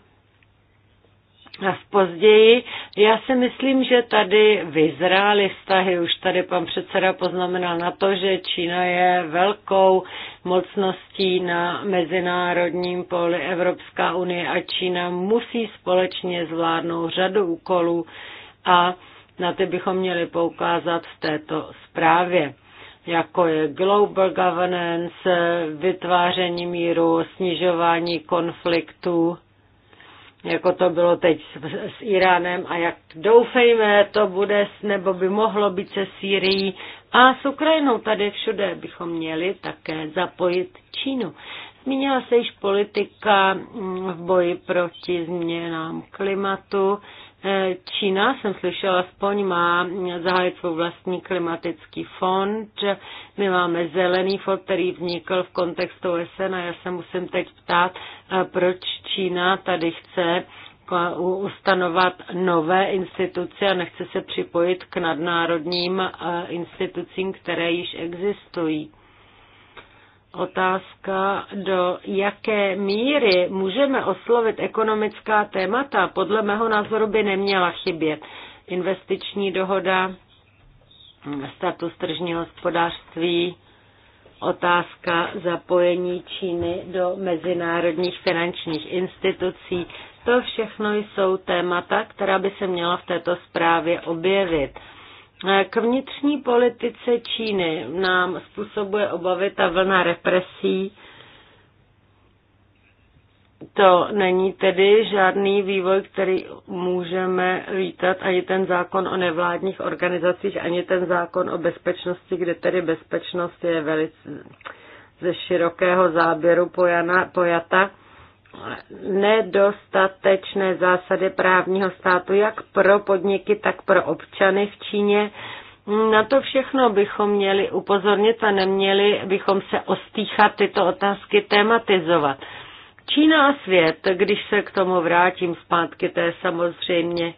a později. Já si myslím, že tady vyzrály vztahy, už tady pan předseda poznamenal na to, že Čína je velkou mocností na mezinárodním poli. Evropská unie a Čína musí společně zvládnout řadu úkolů a na ty bychom měli poukázat v této zprávě jako je global governance, vytváření míru, snižování konfliktů jako to bylo teď s, s Iránem a jak doufejme, to bude nebo by mohlo být se Sýrií a s Ukrajinou tady všude bychom měli také zapojit Čínu. Zmínila se již politika mm, v boji proti změnám klimatu. E, Čína, jsem slyšela, aspoň má zahájit svou vlastní klimatický fond. My máme zelený fond, který vznikl v kontextu OSN a já se musím teď ptát, e, proč Čína tady chce e, ustanovat nové instituce a nechce se připojit k nadnárodním institucím, které již existují. Otázka, do jaké míry můžeme oslovit ekonomická témata, podle mého názoru by neměla chybět. Investiční dohoda, status tržního hospodářství, otázka zapojení Číny do mezinárodních finančních institucí. To všechno jsou témata, která by se měla v této zprávě objevit. Eh, k vnitřní politice Číny nám způsobuje obavy ta vlna represí. To není tedy žádný vývoj, který můžeme vítat, ani ten zákon o nevládních organizacích, ani ten zákon o bezpečnosti, kde tedy bezpečnost je velice ze širokého záběru pojana, pojata nedostatečné zásady právního státu jak pro podniky, tak pro občany v Číně. Na to všechno bychom měli upozornit a neměli bychom se ostýchat tyto otázky tematizovat. Čína a svět, když se k tomu vrátím zpátky, to je samozřejmě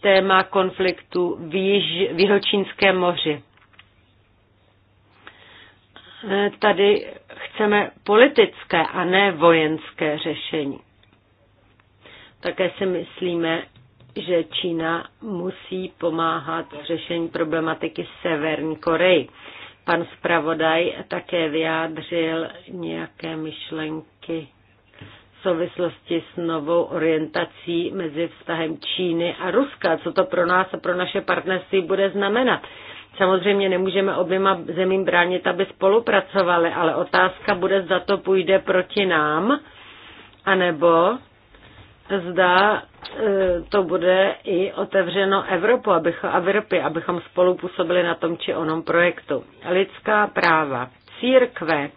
téma konfliktu v, Již, v Jihočínském moři. Eh, tady chceme politické a ne vojenské řešení. Také si myslíme, že Čína musí pomáhat v řešení problematiky Severní Koreji. Pan zpravodaj také vyjádřil nějaké myšlenky v souvislosti s novou orientací mezi vztahem Číny a Ruska, co to pro nás a pro naše partnerství bude znamenat. Samozřejmě nemůžeme oběma zemím bránit, aby spolupracovali, ale otázka bude, zda to půjde proti nám, anebo zda e, to bude i otevřeno Evropu, abychom, Evropě, abychom spolu působili na tom či onom projektu. Lidská práva, církve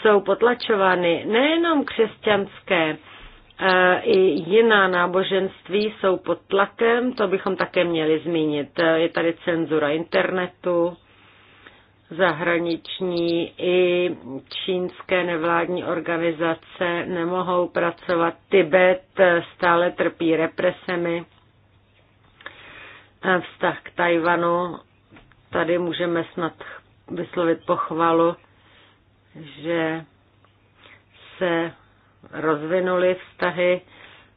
jsou potlačovány nejenom křesťanské, i jiná náboženství jsou pod tlakem, to bychom také měli zmínit. Je tady cenzura internetu, zahraniční i čínské nevládní organizace nemohou pracovat. Tibet stále trpí represemi. Vztah k Tajvanu, tady můžeme snad vyslovit pochvalu, že se rozvinuli vztahy.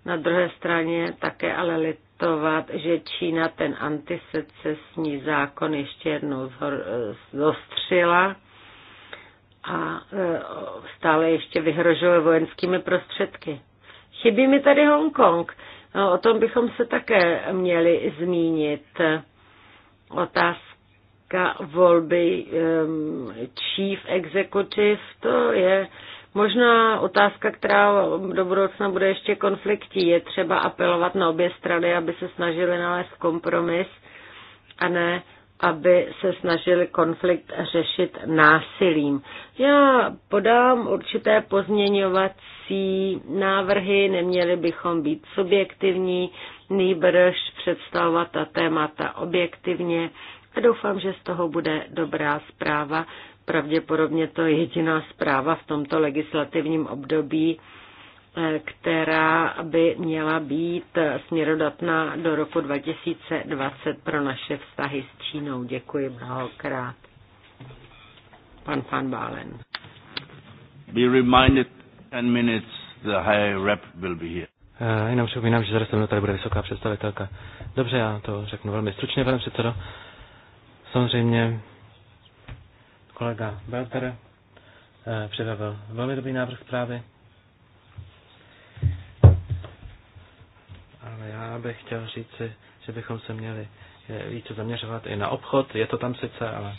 Na druhé straně také ale litovat, že Čína ten antisecesní zákon ještě jednou zostřila a e, stále ještě vyhrožuje vojenskými prostředky. Chybí mi tady Hongkong. No, o tom bychom se také měli zmínit. Otázka volby chief executive, to je Možná otázka, která do budoucna bude ještě konfliktní, je třeba apelovat na obě strany, aby se snažili nalézt kompromis a ne aby se snažili konflikt řešit násilím. Já podám určité pozměňovací návrhy, neměli bychom být subjektivní, nýbrž představovat ta témata objektivně a doufám, že z toho bude dobrá zpráva, pravděpodobně to je jediná zpráva v tomto legislativním období, eh, která by měla být směrodatná do roku 2020 pro naše vztahy s Čínou. Děkuji mnohokrát. Pan Van Balen. Be reminded 10 minutes the high rep will be here. Uh, jenom připomínám, že zase 10 tady bude vysoká představitelka. Dobře, já to řeknu velmi stručně, pane předsedo. Samozřejmě Kolega Belter eh, předavil velmi dobrý návrh zprávy. Ale já bych chtěl říci, že bychom se měli eh, více zaměřovat i na obchod. Je to tam sice, ale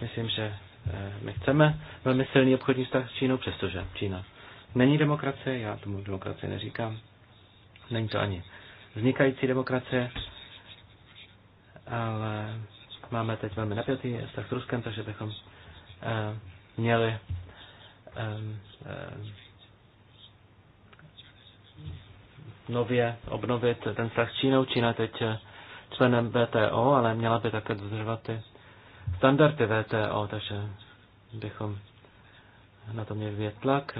myslím, že eh, my chceme velmi silný obchodní vztah s Čínou, přestože Čína není demokracie, já tomu demokracie neříkám. Není to ani vznikající demokracie, ale Máme teď velmi napjatý vztah s Ruskem, takže bychom eh, měli eh, nově obnovit ten vztah s Čínou. Čína teď eh, členem VTO, ale měla by také dodržovat ty standardy VTO, takže bychom na to měli vět tlak.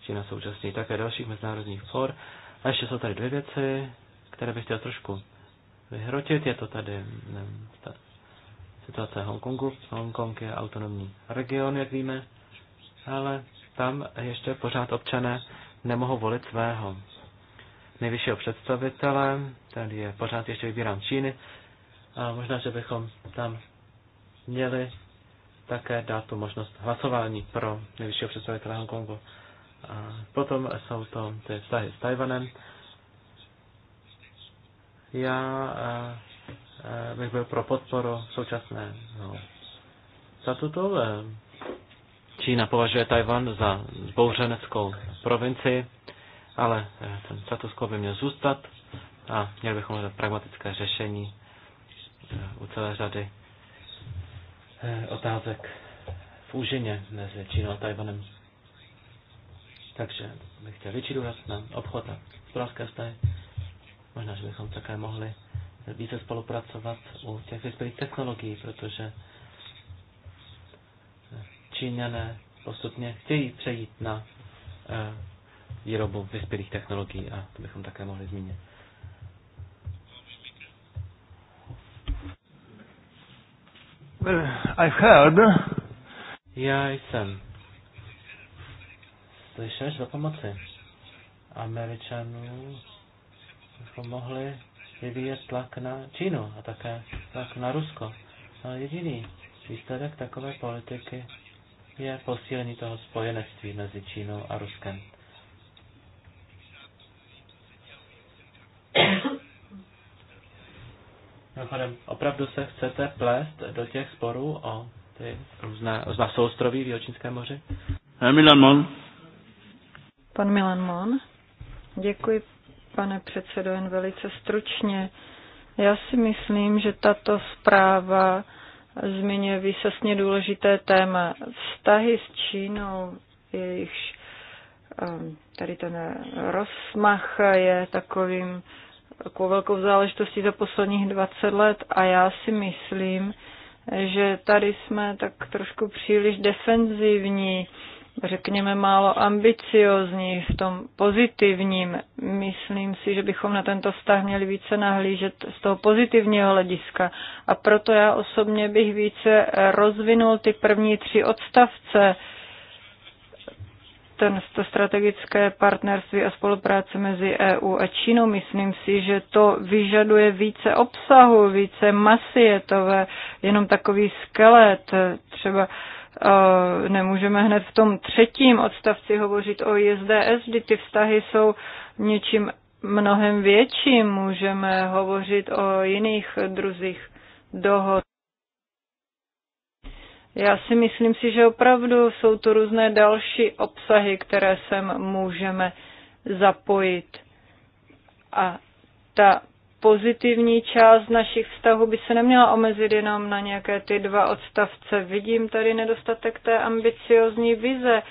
Čína současně také dalších mezinárodních for. A ještě jsou tady dvě věci, které bych chtěl trošku vyhrotit. Je to tady ne, ta situace Hongkongu. Hongkong je autonomní region, jak víme, ale tam ještě pořád občané nemohou volit svého nejvyššího představitele, tady je pořád ještě vybírám Číny, a možná, že bychom tam měli také dát tu možnost hlasování pro nejvyššího představitele Hongkongu. A potom jsou to ty vztahy s Tajvanem. Já eh, eh, bych byl pro podporu současného statutu. Eh, Čína považuje Tajvan za zbouřeneckou provinci, ale ten status quo by měl zůstat a měli bychom hledat pragmatické řešení u celé řady otázek v úžině mezi Čínou a Tajvanem. Takže bych chtěl větší důraz na obchod a hospodářské vztahy Možná, že bychom také mohli více spolupracovat u těch vyspělých technologií, protože Číňané postupně chtějí přejít na eh, výrobu vyspělých technologií a to bychom také mohli zmínit. Well, I've heard. Já jsem slyšel, že za pomoci Američanů bychom mohli vyvíjet tlak na Čínu a také tlak na Rusko. A jediný výsledek takové politiky je posílení toho spojenectví mezi Čínou a Ruskem. Mimochodem, opravdu se chcete plést do těch sporů o ty různé, různá soustroví v Jočínském moři? Eh, Milan Mon. Pan Milan Mon. Děkuji, pane předsedo, jen velice stručně. Já si myslím, že tato zpráva zmiňuje výsostně důležité téma. Vztahy s Čínou, jejichž ehm, tady ten rozmach je takovým takovou velkou záležitostí za posledních 20 let a já si myslím, že tady jsme tak trošku příliš defenzivní řekněme, málo ambiciozní v tom pozitivním. Myslím si, že bychom na tento vztah měli více nahlížet z toho pozitivního hlediska. A proto já osobně bych více rozvinul ty první tři odstavce, ten, to strategické partnerství a spolupráce mezi EU a Čínou. Myslím si, že to vyžaduje více obsahu, více masy, je to ve, jenom takový skelet, třeba nemůžeme hned v tom třetím odstavci hovořit o ISDS, kdy ty vztahy jsou něčím mnohem větším. Můžeme hovořit o jiných druzích dohod. Já si myslím si, že opravdu jsou to různé další obsahy, které sem můžeme zapojit. A ta pozitivní část našich vztahů by se neměla omezit jenom na nějaké ty dva odstavce. Vidím tady nedostatek té ambiciozní vize.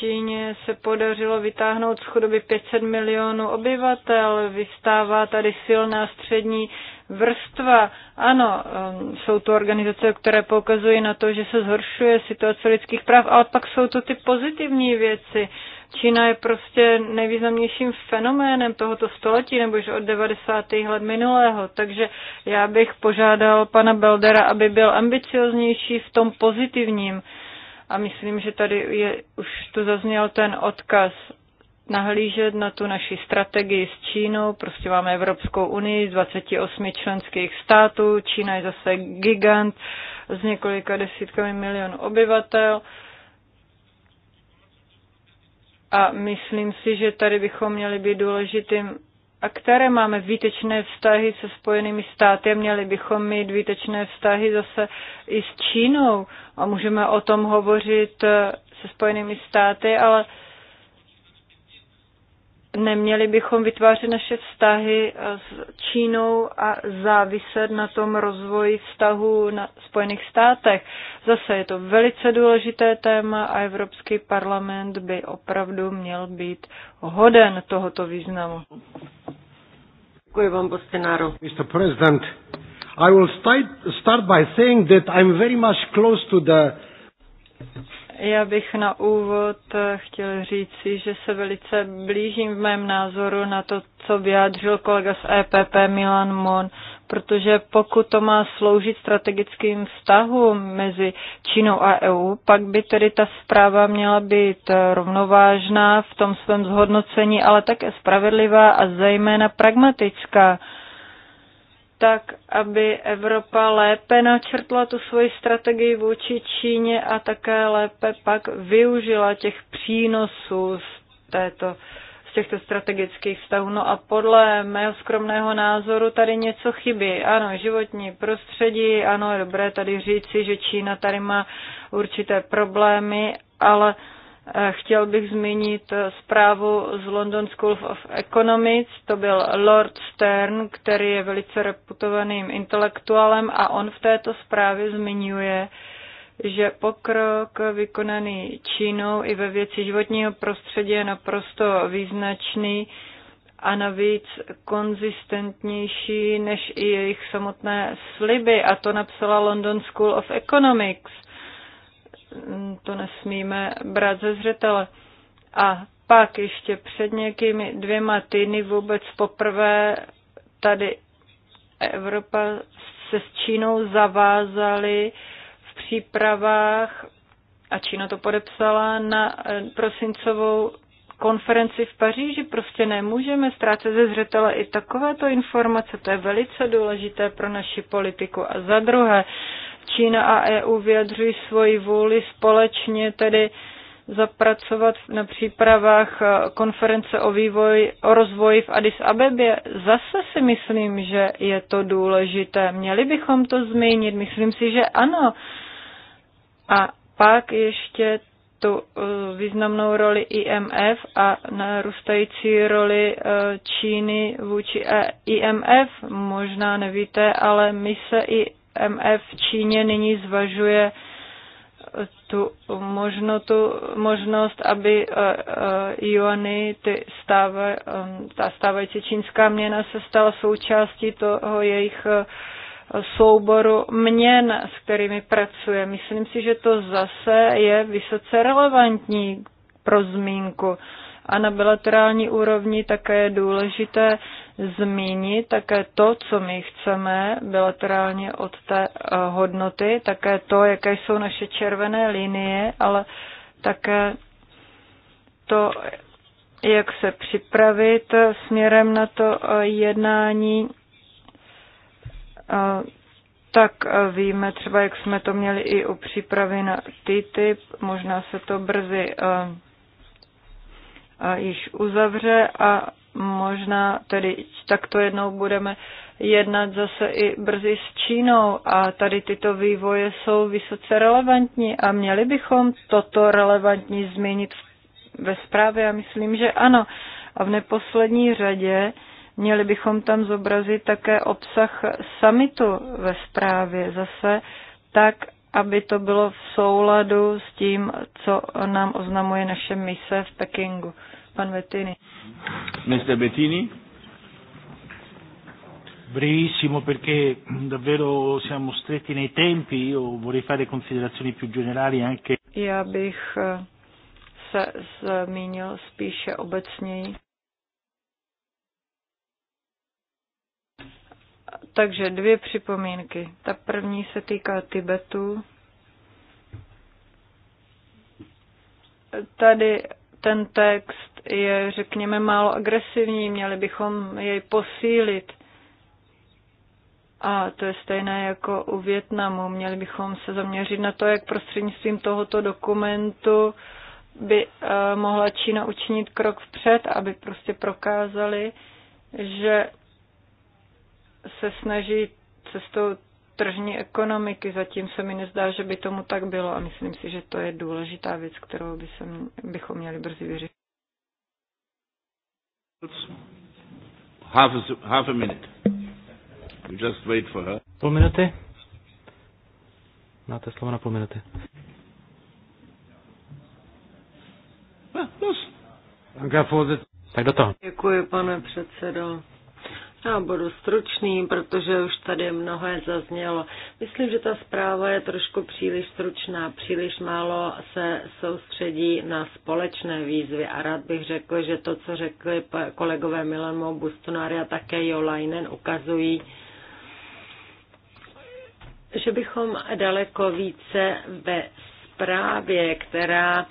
Číně se podařilo vytáhnout z chudoby 500 milionů obyvatel, vystává tady silná střední vrstva. Ano, um, jsou tu organizace, které poukazují na to, že se zhoršuje situace lidských práv, ale pak jsou to ty pozitivní věci. Čína je prostě nejvýznamnějším fenoménem tohoto století, nebo už od 90. let minulého. Takže já bych požádal pana Beldera, aby byl ambicioznější v tom pozitivním. A myslím, že tady je, už tu zazněl ten odkaz nahlížet na tu naši strategii s Čínou. Prostě máme Evropskou unii z 28 členských států, Čína je zase gigant s několika desítkami milionů obyvatel a myslím si, že tady bychom měli být důležitým a které máme výtečné vztahy se Spojenými státy a měli bychom mít výtečné vztahy zase i s Čínou. A můžeme o tom hovořit se Spojenými státy, ale uh, neměli bychom vytvářet naše vztahy eh, s Čínou a záviset na tom rozvoji vztahu na Spojených státech. Zase je to velice důležité téma a Evropský parlament by opravdu měl být hoden tohoto významu. Děkuji vám, Bostenáro. Mr. President, I will start by saying that I'm very much close to the já bych na úvod chtěl říci, že se velice blížím v mém názoru na to, co vyjádřil kolega z EPP Milan Mon, protože pokud to má sloužit strategickým vztahům mezi Čínou a EU, pak by tedy ta zpráva měla být rovnovážná v tom svém zhodnocení, ale také spravedlivá a zejména pragmatická tak, aby Evropa lépe načrtla tu svoji strategii vůči Číně a také lépe pak využila těch přínosů z této těchto strategických vztahů. No a podle mého skromného názoru tady něco chybí. Ano, životní prostředí, ano, je dobré tady říci, že Čína tady má určité problémy, ale uh, Eh, chtěl bych zmínit eh, zprávu z London School of Economics, to byl Lord Stern, který je velice reputovaným intelektuálem a on v této zprávě zmiňuje, že pokrok vykonaný Čínou i ve věci životního prostředí je naprosto význačný a navíc konzistentnější než i jejich samotné sliby. A to napsala London School of Economics. Mm, to nesmíme brát ze zřetele. A pak ještě před nějakými dvěma týdny vůbec poprvé tady Evropa se s Čínou zavázali v přípravách, a Čína to podepsala, na eh, prosincovou konferenci v Paříži. Prostě nemůžeme ztrácet ze zřetele i takovéto informace. To je velice důležité pro naši politiku. A za druhé, Čína a EU vyjadřují svoji vůli společně tedy zapracovat na přípravách eh, konference o vývoji, o rozvoji v Addis Abebě. Zase si myslím, že je to důležité. Měli bychom to zmínit, myslím si, že ano. A pak ještě tu eh, významnou roli IMF a narůstající roli eh, Číny vůči e- IMF. Možná nevíte, ale se i MF v Číně nyní zvažuje tu možnost, možnost aby eh, eh, juany, ty um, ta stávající čínská měna se stala součástí toho jejich souboru měn, s kterými pracuje. Myslím si, že to zase je vysoce relevantní pro zmínku. A na bilaterální úrovni také je důležité zmínit také to, co my chceme bilaterálně od té eh, hodnoty, také to, jaké jsou naše červené linie, ale také to, jak se připravit směrem na to eh, jednání. Eh, tak víme třeba, jak jsme to měli i u přípravy na TTIP, možná se to brzy již uzavře a možná tedy takto jednou budeme jednat zase i brzy s Čínou a tady tyto vývoje jsou vysoce relevantní a měli bychom toto relevantní změnit ve zprávě? a myslím, že ano. A v neposlední řadě měli bychom tam zobrazit také obsah samitu ve zprávě zase tak, aby to bylo v souladu s tím, co nám oznamuje naše mise v Pekingu. Pan Bettini. Mr. Bettini. Brevissimo perché davvero siamo stretti nei tempi, io vorrei fare considerazioni più generali anche. Já bych eh, se zmínil spíše obecněji. Takže dvě připomínky. Ta první se týká Tibetu. Tady ten text je, řekněme, málo agresivní, měli bychom jej posílit. A to je stejné jako u Větnamu. Měli bychom se zaměřit na to, jak prostřednictvím tohoto dokumentu by eh, mohla Čína učinit krok vpřed, aby prostě prokázali, že se snaží cestou tržní ekonomiky. Zatím se mi nezdá, že by tomu tak bylo a myslím si, že to je důležitá věc, kterou by se, bychom měli brzy vyřešit. Half half a minute. You just wait for her. Půl minuty? Máte slovo na půl minuty. Ah, tak do toho. Děkuji, pane předsedo. Já budu stručný, protože už tady mnohé zaznělo. Myslím, že ta zpráva je trošku příliš stručná, příliš málo se soustředí na společné výzvy a rád bych řekl, že to, co řekli kolegové Milan Bustonari a také Jo Leinen, ukazují, že bychom daleko více ve zprávě, která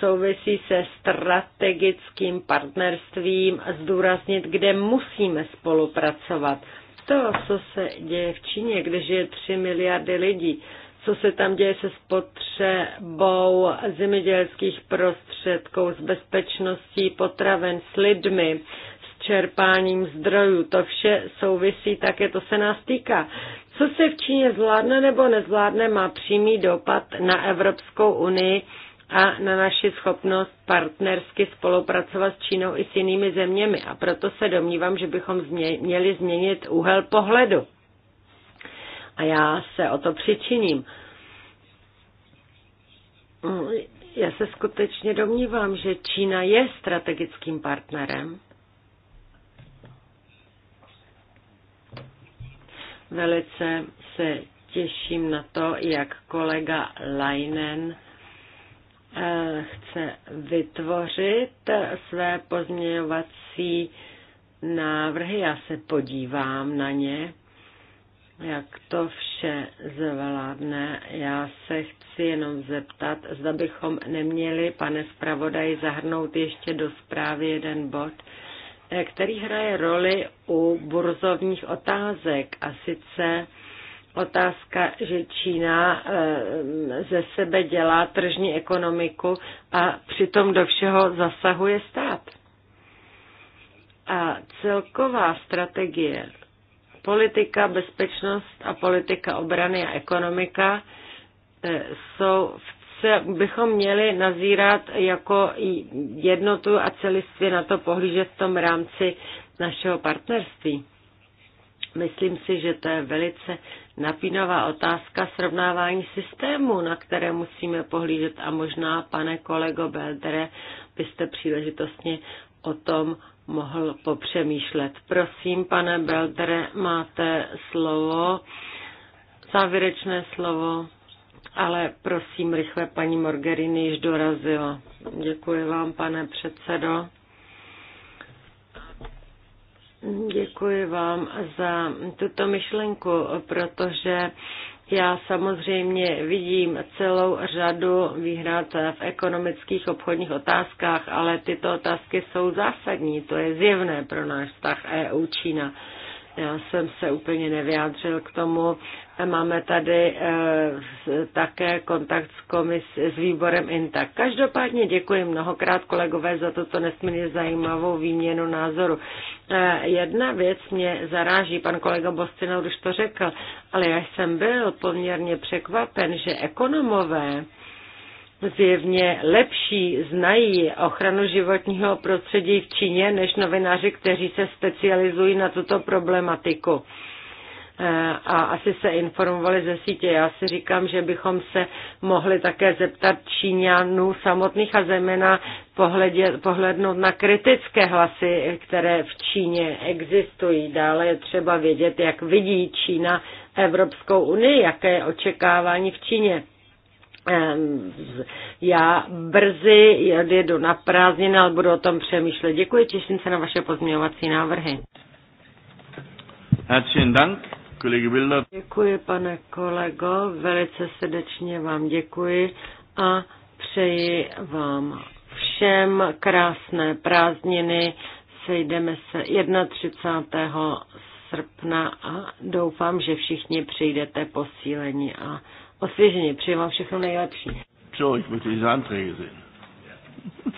souvisí se strategickým partnerstvím zdůraznit, kde musíme spolupracovat. To, co se děje v Číně, kde žije 3 miliardy lidí, co se tam děje se spotřebou zemědělských prostředků, s bezpečností potraven, s lidmi, s čerpáním zdrojů. To vše souvisí také, to se nás týká. Co se v Číně zvládne nebo nezvládne, má přímý dopad na Evropskou unii a na naši schopnost partnersky spolupracovat s Čínou i s jinými zeměmi. A proto se domnívám, že bychom měli změnit úhel pohledu. A já se o to přičiním. Já se skutečně domnívám, že Čína je strategickým partnerem. Velice se těším na to, jak kolega Leinen Eh, chce vytvořit své pozměňovací návrhy. Já se podívám na ně, jak to vše zvládne. Já se chci jenom zeptat, zda bychom neměli, pane zpravodaji, zahrnout ještě do zprávy jeden bod, eh, který hraje roli u burzovních otázek a sice otázka, že Čína eh, ze sebe dělá tržní ekonomiku a přitom do všeho zasahuje stát. A celková strategie, politika, bezpečnost a politika obrany a ekonomika eh, jsou v se bychom měli nazírat jako jednotu a celistvě na to pohlížet v tom rámci našeho partnerství. Myslím si, že to je velice napínavá otázka srovnávání systému, na které musíme pohlížet a možná, pane kolego Beldere, byste příležitostně o tom mohl popřemýšlet. Prosím, pane Beldere, máte slovo, závěrečné slovo, ale prosím rychle, paní Morgerini již dorazila. Děkuji vám, pane předsedo. Děkuji vám za tuto myšlenku, protože já samozřejmě vidím celou řadu výhrad v ekonomických obchodních otázkách, ale tyto otázky jsou zásadní, to je zjevné pro náš vztah EU-Čína. Já jsem se úplně nevyjádřil k tomu. Máme tady eh, také kontakt s, komis, s výborem INTA. Každopádně děkuji mnohokrát kolegové za toto nesmírně zajímavou výměnu názoru. Eh, jedna věc mě zaráží, pan kolega Bostinov už to řekl, ale já jsem byl poměrně překvapen, že ekonomové, zjevně lepší znají ochranu životního prostředí v Číně než novináři, kteří se specializují na tuto problematiku. Eh, a asi se informovali ze sítě. Já si říkám, že bychom se mohli také zeptat Číňanů samotných a zejména pohlednout na kritické hlasy, které v Číně existují. Dále je třeba vědět, jak vidí Čína Evropskou unii, jaké je očekávání v Číně já brzy odjedu na prázdniny, ale budu o tom přemýšlet. Děkuji, těším se na vaše pozměňovací návrhy. Herzlichen Dank, kolege Bilder. Děkuji, pane kolego, velice srdečně vám děkuji a přeji vám všem krásné prázdniny. Sejdeme se 31. srpna a doufám, že všichni přijdete posílení a osvěženě. Přeji vám všechno nejlepší. Čo, ich möchte diese Anträge sehen.